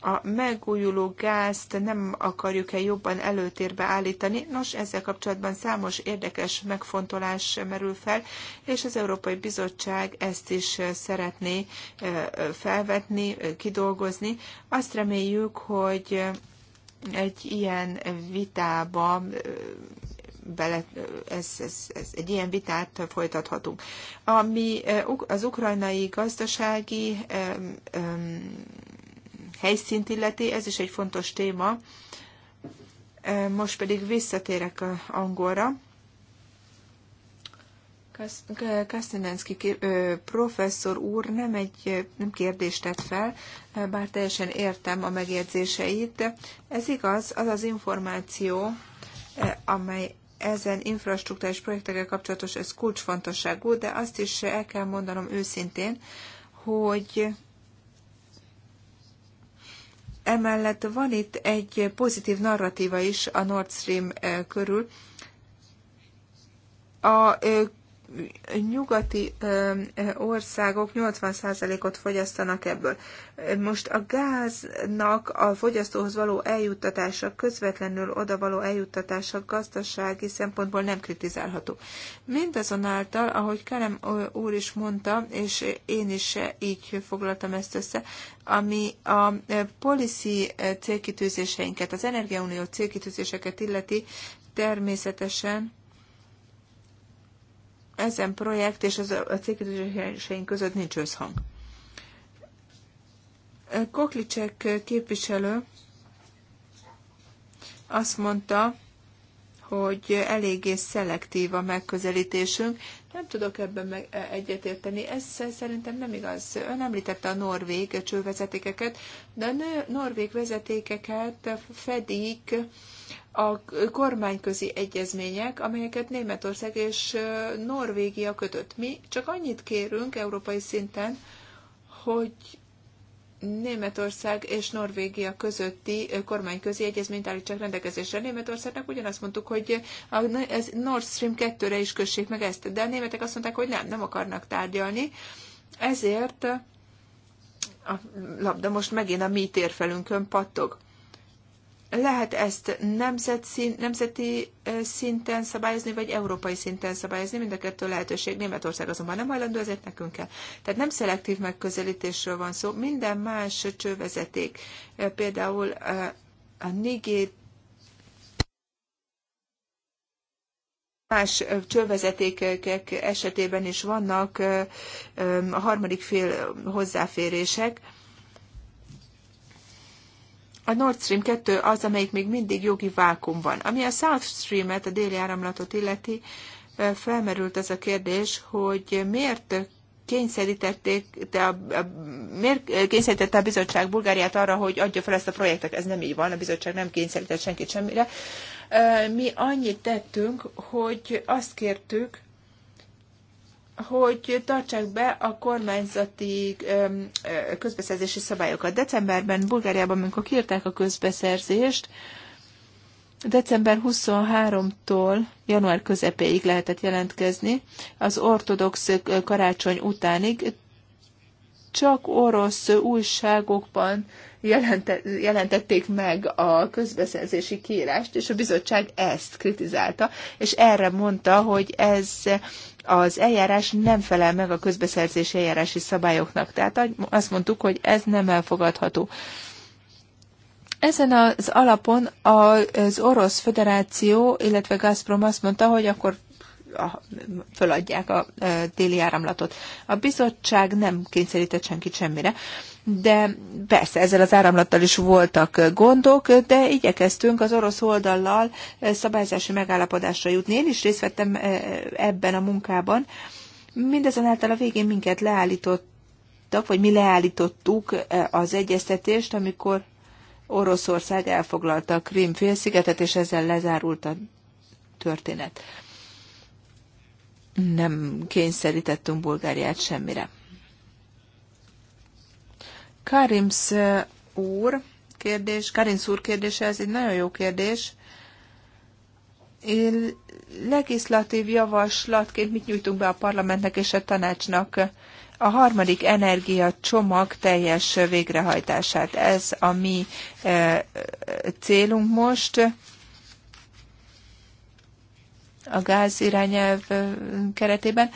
a megújuló gázt nem akarjuk-e jobban előtérbe állítani. Nos, ezzel kapcsolatban számos érdekes megfontolás merül fel, és az Európai Bizottság ezt is szeretné felvetni, kidolgozni. Azt reméljük, hogy egy ilyen vitába bele, ez, ez, ez, egy ilyen vitát folytathatunk. Ami az ukrajnai gazdasági helyszínt illeti, ez is egy fontos téma. Most pedig visszatérek angolra. Kastinenski professzor úr nem egy nem kérdést tett fel, bár teljesen értem a megjegyzéseit. Ez igaz, az az információ, amely ezen infrastruktúrás projektekkel kapcsolatos, ez kulcsfontosságú, de azt is el kell mondanom őszintén, hogy Emellett van itt egy pozitív narratíva is a Nord Stream eh, körül. A eh, nyugati országok 80%-ot fogyasztanak ebből. Most a gáznak a fogyasztóhoz való eljuttatása, közvetlenül oda való eljuttatása gazdasági szempontból nem kritizálható. Mindazonáltal, ahogy Kerem úr is mondta, és én is így foglaltam ezt össze, ami a policy célkitűzéseinket, az energiaunió célkitűzéseket illeti, természetesen ezen projekt és az a cégkérdéseink között nincs összhang. Koklicek képviselő azt mondta, hogy eléggé szelektív a megközelítésünk. Nem tudok ebben meg e, egyetérteni. Ez szerintem nem igaz. Ön említette a norvég csővezetékeket, de a norvég vezetékeket fedik a kormányközi egyezmények, amelyeket Németország és Norvégia kötött. Mi csak annyit kérünk európai szinten, hogy Németország és Norvégia közötti kormányközi egyezményt állítsák rendelkezésre. Németországnak ugyanazt mondtuk, hogy a Nord Stream 2-re is kössék meg ezt, de a németek azt mondták, hogy nem, nem akarnak tárgyalni. Ezért a labda most megint a mi térfelünkön pattog lehet ezt nemzet szín, nemzeti szinten szabályozni, vagy európai szinten szabályozni, mind a kettő lehetőség. Németország azonban nem hajlandó, ezért nekünk kell. Tehát nem szelektív megközelítésről van szó, minden más csővezeték, például a Nigét, Más csővezetékek esetében is vannak a harmadik fél hozzáférések, a Nord Stream 2 az, amelyik még mindig jogi vákum van. Ami a South Stream-et, a déli áramlatot illeti, felmerült az a kérdés, hogy miért kényszerítették, de a, a, miért kényszerítette a bizottság Bulgáriát arra, hogy adja fel ezt a projektet? Ez nem így van, a bizottság nem kényszerített senkit semmire. Mi annyit tettünk, hogy azt kértük, hogy tartsák be a kormányzati közbeszerzési szabályokat. Decemberben Bulgáriában, amikor kiírták a közbeszerzést, December 23-tól január közepéig lehetett jelentkezni, az ortodox karácsony utánig csak orosz újságokban jelente, jelentették meg a közbeszerzési kérést, és a bizottság ezt kritizálta, és erre mondta, hogy ez az eljárás nem felel meg a közbeszerzési eljárási szabályoknak. Tehát azt mondtuk, hogy ez nem elfogadható. Ezen az alapon az Orosz Föderáció, illetve Gazprom azt mondta, hogy akkor a, föladják a, a déli áramlatot. A bizottság nem kényszerített senkit semmire, de persze ezzel az áramlattal is voltak gondok, de igyekeztünk az orosz oldallal szabályzási megállapodásra jutni. Én is részt vettem ebben a munkában. Mindezenáltal a végén minket leállítottak, vagy mi leállítottuk az egyeztetést, amikor Oroszország elfoglalta a Krím félszigetet, és ezzel lezárult a történet nem kényszerítettünk Bulgáriát semmire. Karims úr kérdés, Karims úr kérdése, ez egy nagyon jó kérdés. Én legislatív javaslatként mit nyújtunk be a parlamentnek és a tanácsnak? A harmadik energia csomag teljes végrehajtását. Ez a mi célunk most a gáz irányelv keretében.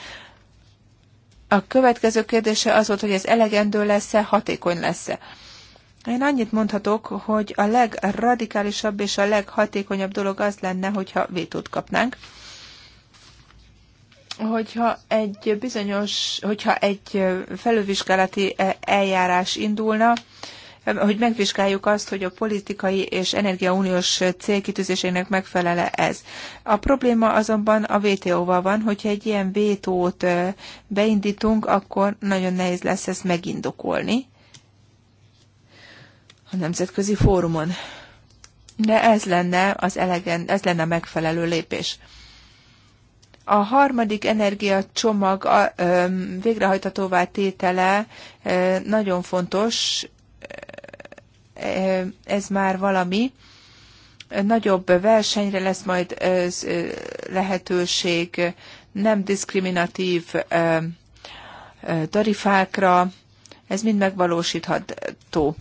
A következő kérdése az volt, hogy ez elegendő lesz-e, hatékony lesz-e. Én annyit mondhatok, hogy a legradikálisabb és a leghatékonyabb dolog az lenne, hogyha vétót kapnánk. Hogyha egy bizonyos, hogyha egy felülvizsgálati eljárás indulna, hogy megvizsgáljuk azt, hogy a politikai és energiauniós célkitűzésének megfelele ez. A probléma azonban a VTO-val van, hogyha egy ilyen vétót beindítunk, akkor nagyon nehéz lesz ezt megindokolni a nemzetközi fórumon. De ez lenne az elegen, ez lenne a megfelelő lépés. A harmadik energiacsomag a, végrehajtatóvá tétele nagyon fontos, Eh, ez már valami. Nagyobb versenyre lesz majd eh, eh, lehetőség, nem diszkriminatív tarifákra, ez mind megvalósítható.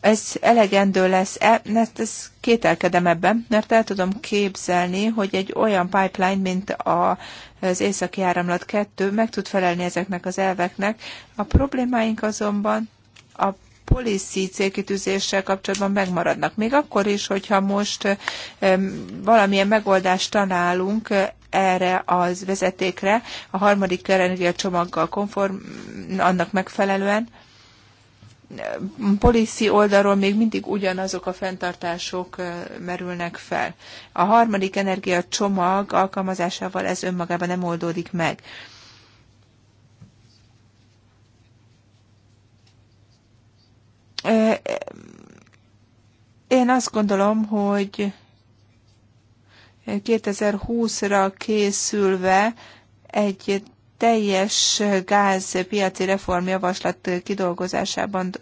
Ez elegendő lesz-e? Ez kételkedem ebben, mert el tudom képzelni, hogy egy olyan pipeline, mint a, az északi áramlat 2 meg tud felelni ezeknek az elveknek. A problémáink azonban a policy célkitűzéssel kapcsolatban megmaradnak. Még akkor is, hogyha most valamilyen megoldást találunk eh, erre az vezetékre, a harmadik csomaggal konform, annak megfelelően, policy oldalról még mindig ugyanazok a fenntartások eh, merülnek fel. A harmadik energiacsomag alkalmazásával ez önmagában nem oldódik meg. Én azt gondolom, hogy 2020-ra készülve egy teljes gázpiaci reformjavaslat kidolgozásában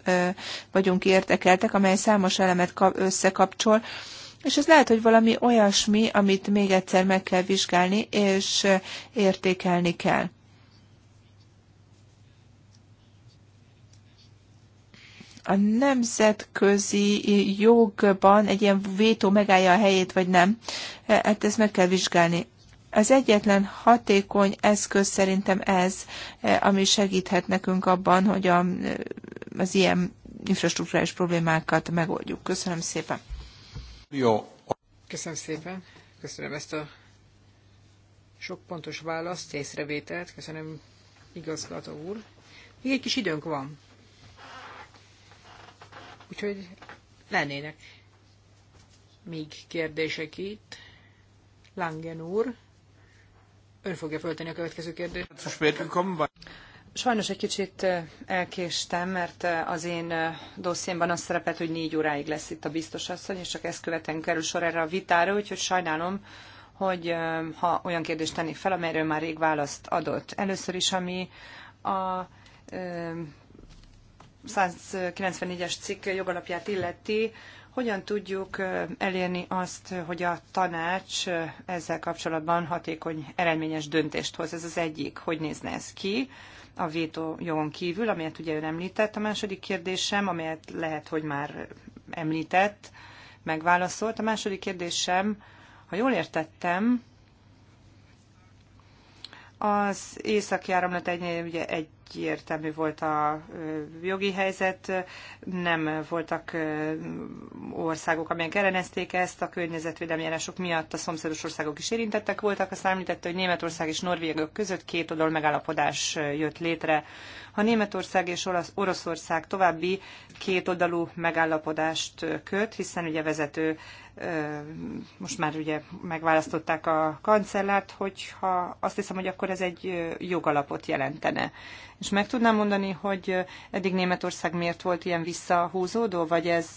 vagyunk értekeltek, amely számos elemet összekapcsol, és ez lehet, hogy valami olyasmi, amit még egyszer meg kell vizsgálni, és értékelni kell. a nemzetközi jogban egy ilyen vétó megállja a helyét, vagy nem. E, hát ezt meg kell vizsgálni. Az egyetlen hatékony eszköz szerintem ez, e, ami segíthet nekünk abban, hogy a, e, az ilyen infrastruktúrális problémákat megoldjuk. Köszönöm szépen. Jó. Köszönöm szépen. Köszönöm ezt a sok pontos választ, észrevételt. Köszönöm, igazgató úr. Még egy kis időnk van. Úgyhogy lennének még kérdések itt. Langen úr, ön fogja föltenni a következő kérdést. Sajnos egy kicsit elkéstem, mert az én dossziémban az szerepelt, hogy négy óráig lesz itt a biztos asszony, és csak ezt követően kerül sor erre a vitára, úgyhogy sajnálom, hogy ha olyan kérdést tennék fel, amelyről már rég választ adott. Először is, ami a 194-es cikk jogalapját illeti, hogyan tudjuk elérni azt, hogy a tanács ezzel kapcsolatban hatékony, eredményes döntést hoz? Ez az egyik. Hogy nézne ez ki a vétó jogon kívül, amelyet ugye ön említett. A második kérdésem, amelyet lehet, hogy már említett, megválaszolt. A második kérdésem, ha jól értettem, az északi áramlat egy, ugye egyértelmű volt a jogi helyzet, nem voltak országok, amelyek ellenezték ezt, a környezetvédelmi járások miatt a szomszédos országok is érintettek voltak. Azt említette, hogy Németország és Norvégia között két oldal megállapodás jött létre. Ha Németország és Olasz Oroszország további két oldalú megállapodást köt, hiszen ugye vezető most már ugye megválasztották a kancellárt, hogyha azt hiszem, hogy akkor ez egy jogalapot jelentene. És meg tudnám mondani, hogy eddig Németország miért volt ilyen visszahúzódó, vagy ez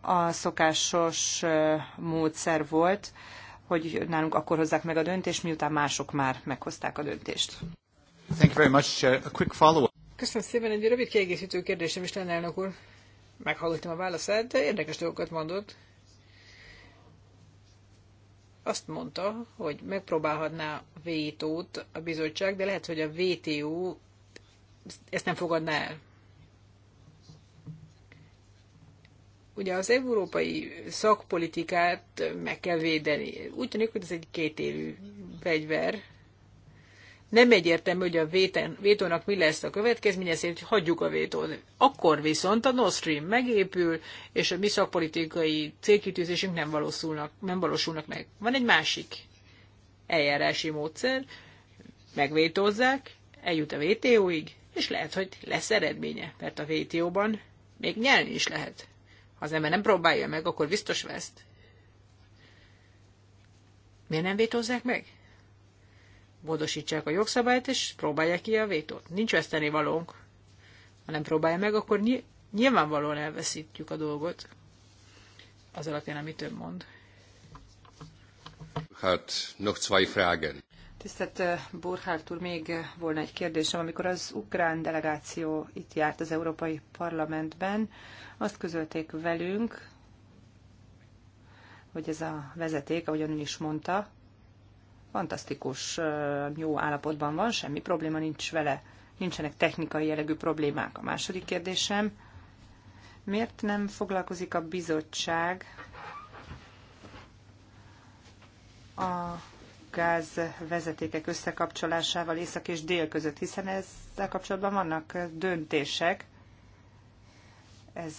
a szokásos módszer volt, hogy nálunk akkor hozzák meg a döntést, miután mások már meghozták a döntést. Thank you very much. A quick follow-up. Köszönöm szépen, egy rövid kiegészítő kérdésem is lenne, elnök úr. meghallottam a válaszát, de érdekes dolgokat mondott azt mondta, hogy megpróbálhatná a vétót a bizottság, de lehet, hogy a VTO ezt nem fogadná el. Ugye az európai szakpolitikát meg kell védeni. Úgy tűnik, hogy ez egy kétélű fegyver, nem egyértelmű, hogy a véten, vétónak mi lesz a következménye, ezért hogy hagyjuk a vétót. Akkor viszont a Nord Stream megépül, és a mi szakpolitikai célkitűzésünk nem, valósulnak, nem valósulnak meg. Van egy másik eljárási módszer, megvétózzák, eljut a VTO-ig, és lehet, hogy lesz eredménye, mert a VTO-ban még nyelni is lehet. Ha az ember nem próbálja meg, akkor biztos veszt. Miért nem vétózzák meg? módosítsák a jogszabályt, és próbálják ki a vétót. Nincs valónk, Ha nem próbálja meg, akkor nyilvánvalóan elveszítjük a dolgot. Az alapján, amit ön mond. Hát, noch zwei Fragen. Tisztelt eh, Burkhardt úr, még volna egy kérdésem. Amikor az ukrán delegáció itt járt az Európai Parlamentben, azt közölték velünk, hogy ez a vezeték, ahogyan ön is mondta, fantasztikus, jó állapotban van, semmi probléma nincs vele, nincsenek technikai jellegű problémák. A második kérdésem, miért nem foglalkozik a bizottság a gázvezetékek összekapcsolásával észak és dél között, hiszen ezzel kapcsolatban vannak döntések, ez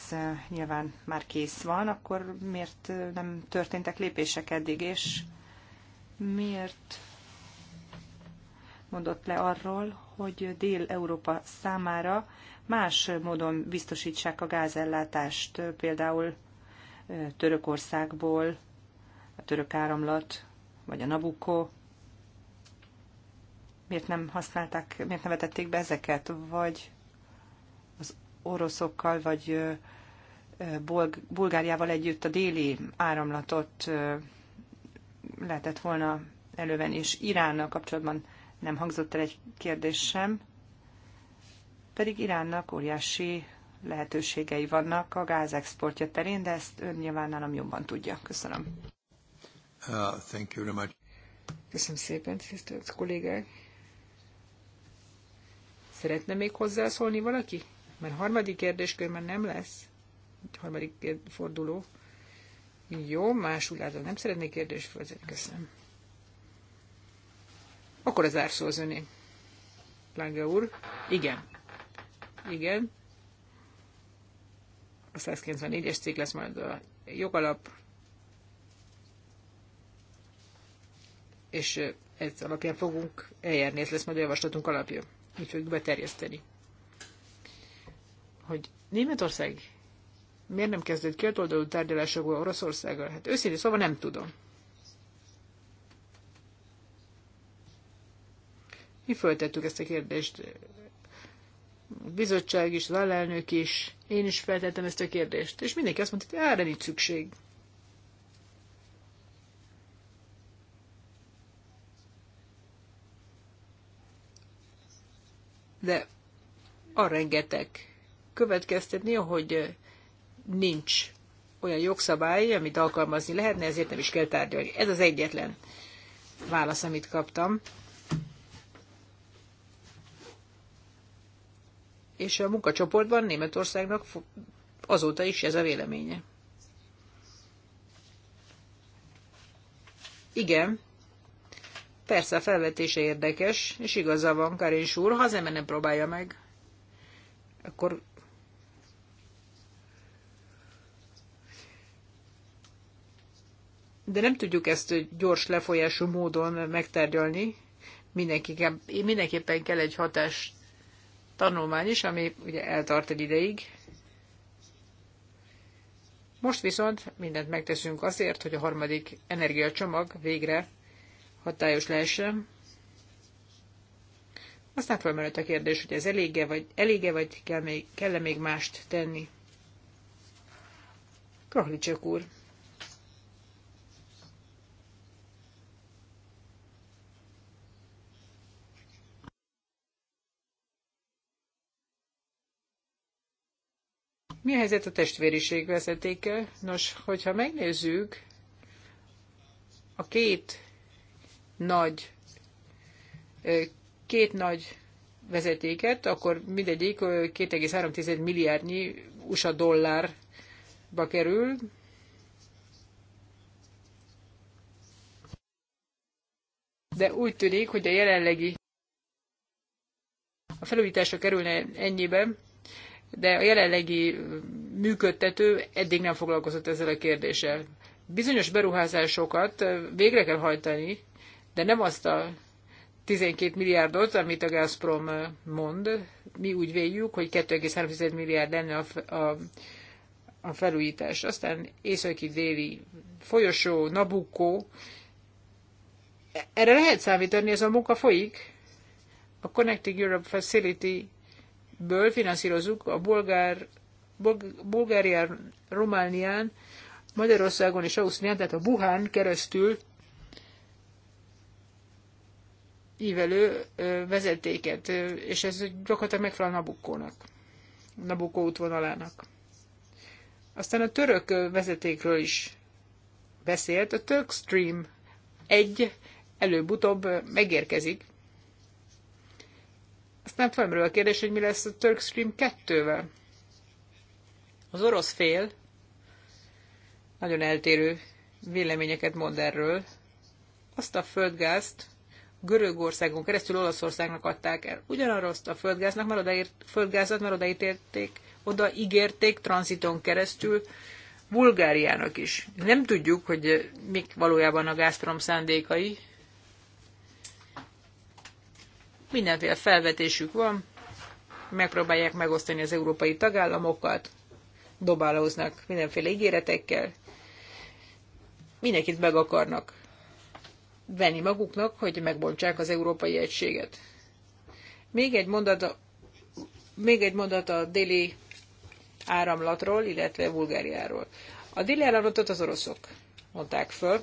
nyilván már kész van, akkor miért nem történtek lépések eddig, és miért mondott le arról, hogy Dél-Európa számára más módon biztosítsák a gázellátást, például Törökországból, a török áramlat, vagy a Nabucco. Miért nem használták, miért nem vetették be ezeket, vagy az oroszokkal, vagy Bulgáriával együtt a déli áramlatot lehetett volna elővenni, és Iránnal kapcsolatban nem hangzott el egy kérdés sem, pedig Iránnak óriási lehetőségei vannak a gázexportja terén, de ezt ön nyilván nálam jobban tudja. Köszönöm. Uh, thank you very much. Köszönöm szépen, tisztelt kollégák. Szeretne még hozzászólni valaki? Mert harmadik kérdéskörben nem lesz. Egy harmadik forduló. Jó, más úgy látom, nem szeretnék kérdést feltenni. Köszönöm. Akkor az árszó az öné. Lange úr. Igen. Igen. A 194-es cég lesz majd a jogalap. És ez alapján fogunk eljárni, ez lesz majd a javaslatunk alapja. Így fogjuk beterjeszteni. Hogy Németország miért nem kezdett két oldalú tárgyalásokból Oroszországgal? Hát őszintén szóval nem tudom. Mi föltettük ezt a kérdést. A bizottság is, az alelnök is, én is feltettem ezt a kérdést. És mindenki azt mondta, hogy erre nincs szükség. De a rengeteg következtetni, hogy nincs olyan jogszabály, amit alkalmazni lehetne, ezért nem is kell tárgyalni. Ez az egyetlen válasz, amit kaptam. És a munkacsoportban Németországnak azóta is ez a véleménye. Igen, persze a felvetése érdekes, és igaza van Karin úr, ha az ember nem próbálja meg, akkor de nem tudjuk ezt gyors lefolyású módon megtárgyalni. Mindenképpen, mindenképpen kell egy hatás tanulmány is, ami ugye eltart egy ideig. Most viszont mindent megteszünk azért, hogy a harmadik energiacsomag végre hatályos lehessen. Aztán felmerült a kérdés, hogy ez elége, vagy, elége, vagy kell még, kell még mást tenni. Krahlicsek úr. Mi a helyzet a testvériség vezetéke? Nos, hogyha megnézzük a két nagy, két nagy vezetéket, akkor mindegyik 2,3 milliárdnyi USA dollárba kerül. De úgy tűnik, hogy a jelenlegi a felújításra kerülne ennyiben, de a jelenlegi működtető eddig nem foglalkozott ezzel a kérdéssel. Bizonyos beruházásokat végre kell hajtani, de nem azt a 12 milliárdot, amit a Gazprom mond. Mi úgy véljük, hogy 2,3 milliárd lenne a, a, a felújítás. Aztán északi déli folyosó, nabukó Erre lehet számítani, ez a munka folyik. A Connecting Europe Facility ből finanszírozunk a bulgár, Bulgárián, Románián, Magyarországon és Ausztrián, tehát a Wuhan keresztül ívelő vezetéket, és ez gyakorlatilag megfelel Nabukkónak, Nabukó útvonalának. Aztán a török vezetékről is beszélt, a Turk Stream egy előbb-utóbb megérkezik aztán felmerül a kérdés, hogy mi lesz a Turk Stream 2-vel. Az orosz fél nagyon eltérő véleményeket mond erről. Azt a földgázt Görögországon keresztül Olaszországnak adták el. Ugyanarra azt a földgáznak már odaért, földgázat már odaítérték, oda ígérték tranziton keresztül Bulgáriának is. Nem tudjuk, hogy mik valójában a Gazprom szándékai, Mindenféle felvetésük van, megpróbálják megosztani az európai tagállamokat, dobálóznak mindenféle ígéretekkel, mindenkit meg akarnak venni maguknak, hogy megbontsák az európai egységet. Még egy mondat a, még egy mondat a déli áramlatról, illetve Bulgáriáról. A déli áramlatot az oroszok mondták föl.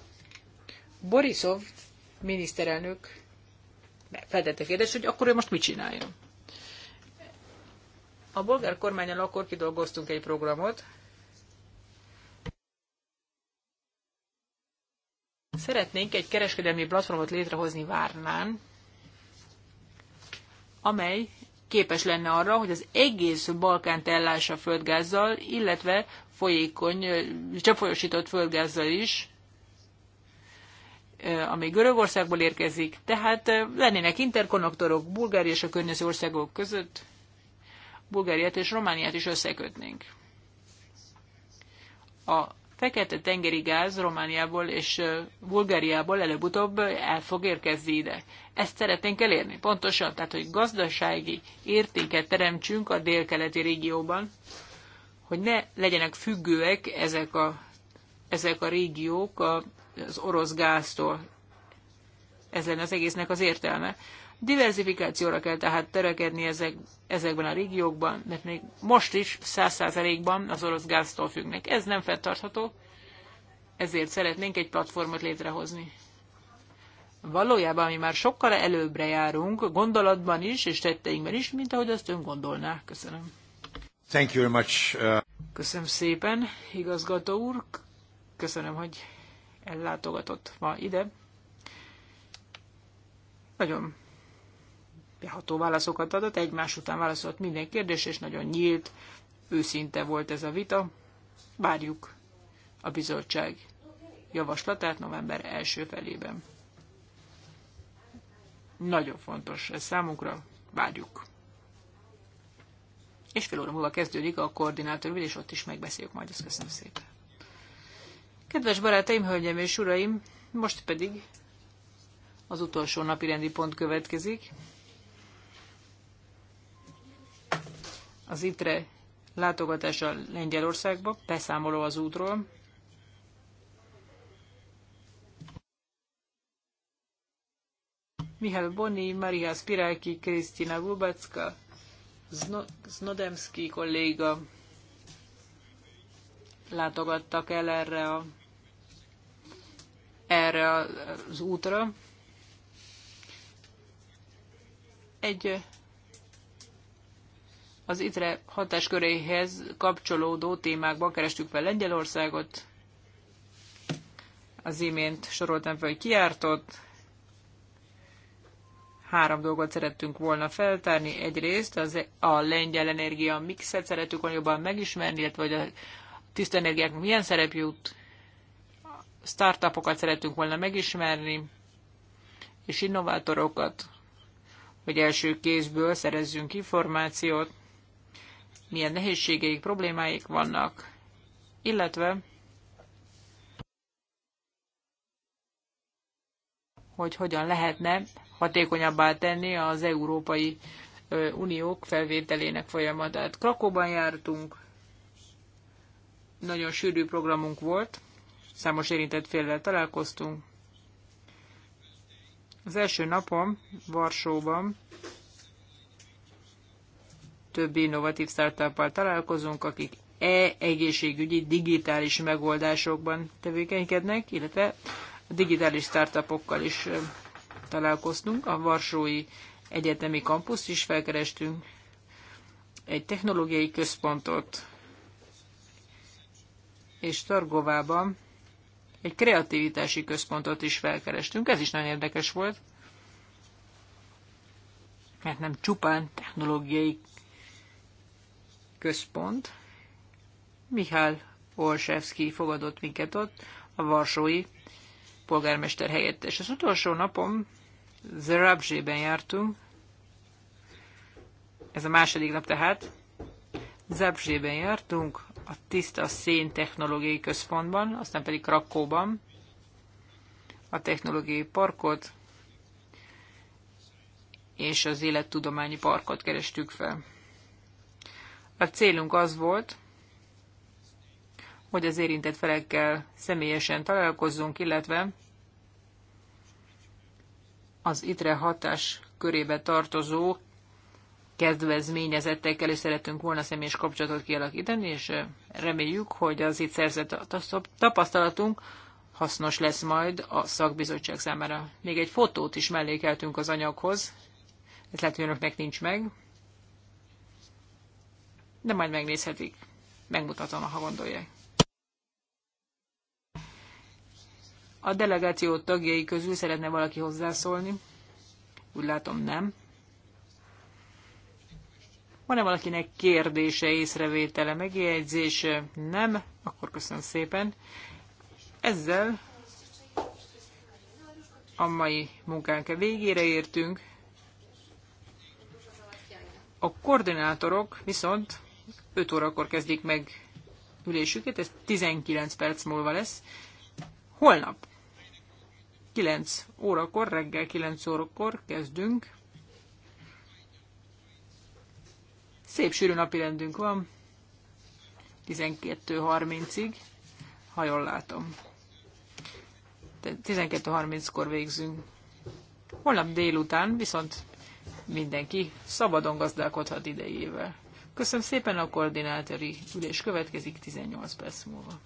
Borisov miniszterelnök feltette kérdést, hogy akkor ő most mit csináljon. A bolgár kormányal akkor kidolgoztunk egy programot. Szeretnénk egy kereskedelmi platformot létrehozni Várnán, amely képes lenne arra, hogy az egész Balkánt ellássa földgázzal, illetve folyékony, cseppfolyósított földgázzal is, amely Görögországból érkezik, tehát lennének interkonnektorok Bulgária és a környező országok között, Bulgáriát és Romániát is összekötnénk. A Fekete-tengeri gáz Romániából és Bulgáriából előbb-utóbb el fog érkezni ide. Ezt szeretnénk elérni, pontosan, tehát hogy gazdasági értéket teremtsünk a délkeleti régióban, hogy ne legyenek függőek ezek a, ezek a régiók a az orosz gáztól. Ez lenne az egésznek az értelme. Diversifikációra kell tehát törekedni ezek, ezekben a régiókban, mert még most is százszázalékban az orosz gáztól függnek. Ez nem fenntartható, ezért szeretnénk egy platformot létrehozni. Valójában mi már sokkal előbbre járunk, gondolatban is és tetteinkben is, mint ahogy azt ön gondolná. Köszönöm. Thank you very much. Uh... Köszönöm szépen, igazgató úr. Köszönöm, hogy ellátogatott ma ide. Nagyon beható válaszokat adott, egymás után válaszolt minden kérdés, és nagyon nyílt, őszinte volt ez a vita. Várjuk a bizottság javaslatát november első felében. Nagyon fontos ez számunkra, várjuk. És fél óra múlva kezdődik a koordinátor és ott is megbeszéljük majd, ezt köszönöm szépen. Kedves barátaim, hölgyeim és uraim, most pedig az utolsó napi rendi pont következik. Az ITRE látogatása Lengyelországba, beszámoló az útról. Mihály Boni, Maria Spiráki, Krisztina Gubacka, Znodemski kolléga látogattak el erre a erre az útra. Egy az ITRE hatásköréhez kapcsolódó témákban kerestük fel Lengyelországot. Az imént soroltam fel, hogy kiártott. Három dolgot szerettünk volna feltárni. Egyrészt az, a lengyel energia mixet szerettük volna jobban megismerni, illetve hogy a tiszta energiák milyen szerep jut startupokat szeretünk volna megismerni, és innovátorokat, hogy első kézből szerezzünk információt, milyen nehézségeik, problémáik vannak, illetve hogy hogyan lehetne hatékonyabbá tenni az Európai Uniók felvételének folyamatát. Krakóban jártunk, nagyon sűrű programunk volt, számos érintett féllel találkoztunk. Az első napon Varsóban több innovatív startuppal találkozunk, akik e-egészségügyi digitális megoldásokban tevékenykednek, illetve a digitális startupokkal is találkoztunk. A Varsói Egyetemi Kampuszt is felkerestünk, egy technológiai központot, és Targovában egy kreativitási központot is felkerestünk, ez is nagyon érdekes volt, mert nem csupán technológiai központ. Mihály Olszewski fogadott minket ott, a Varsói polgármester helyettes. Az utolsó napom Zerabzsében jártunk, ez a második nap tehát, Zerabzsében jártunk, a Tiszta Szén Technológiai Központban, aztán pedig Krakóban a Technológiai Parkot és az Élettudományi Parkot kerestük fel. A célunk az volt, hogy az érintett felekkel személyesen találkozzunk, illetve az ITRE hatás körébe tartozó kedvezményezettekkel is szeretünk volna személyes kapcsolatot kialakítani, és reméljük, hogy az itt szerzett tapasztalatunk hasznos lesz majd a szakbizottság számára. Még egy fotót is mellékeltünk az anyaghoz, ez lehet, hogy önöknek nincs meg, de majd megnézhetik, megmutatom, ha gondolják. A delegáció tagjai közül szeretne valaki hozzászólni? Úgy látom, nem. Van-e valakinek kérdése, észrevétele, megjegyzése? Nem? Akkor köszönöm szépen. Ezzel a mai munkánk végére értünk. A koordinátorok viszont 5 órakor kezdik meg ülésüket, ez 19 perc múlva lesz. Holnap 9 órakor, reggel 9 órakor kezdünk Szép sűrű napirendünk van, 12.30-ig, ha jól látom. 12.30-kor végzünk. Holnap délután viszont mindenki szabadon gazdálkodhat idejével. Köszönöm szépen, a koordinátori ülés következik 18 perc múlva.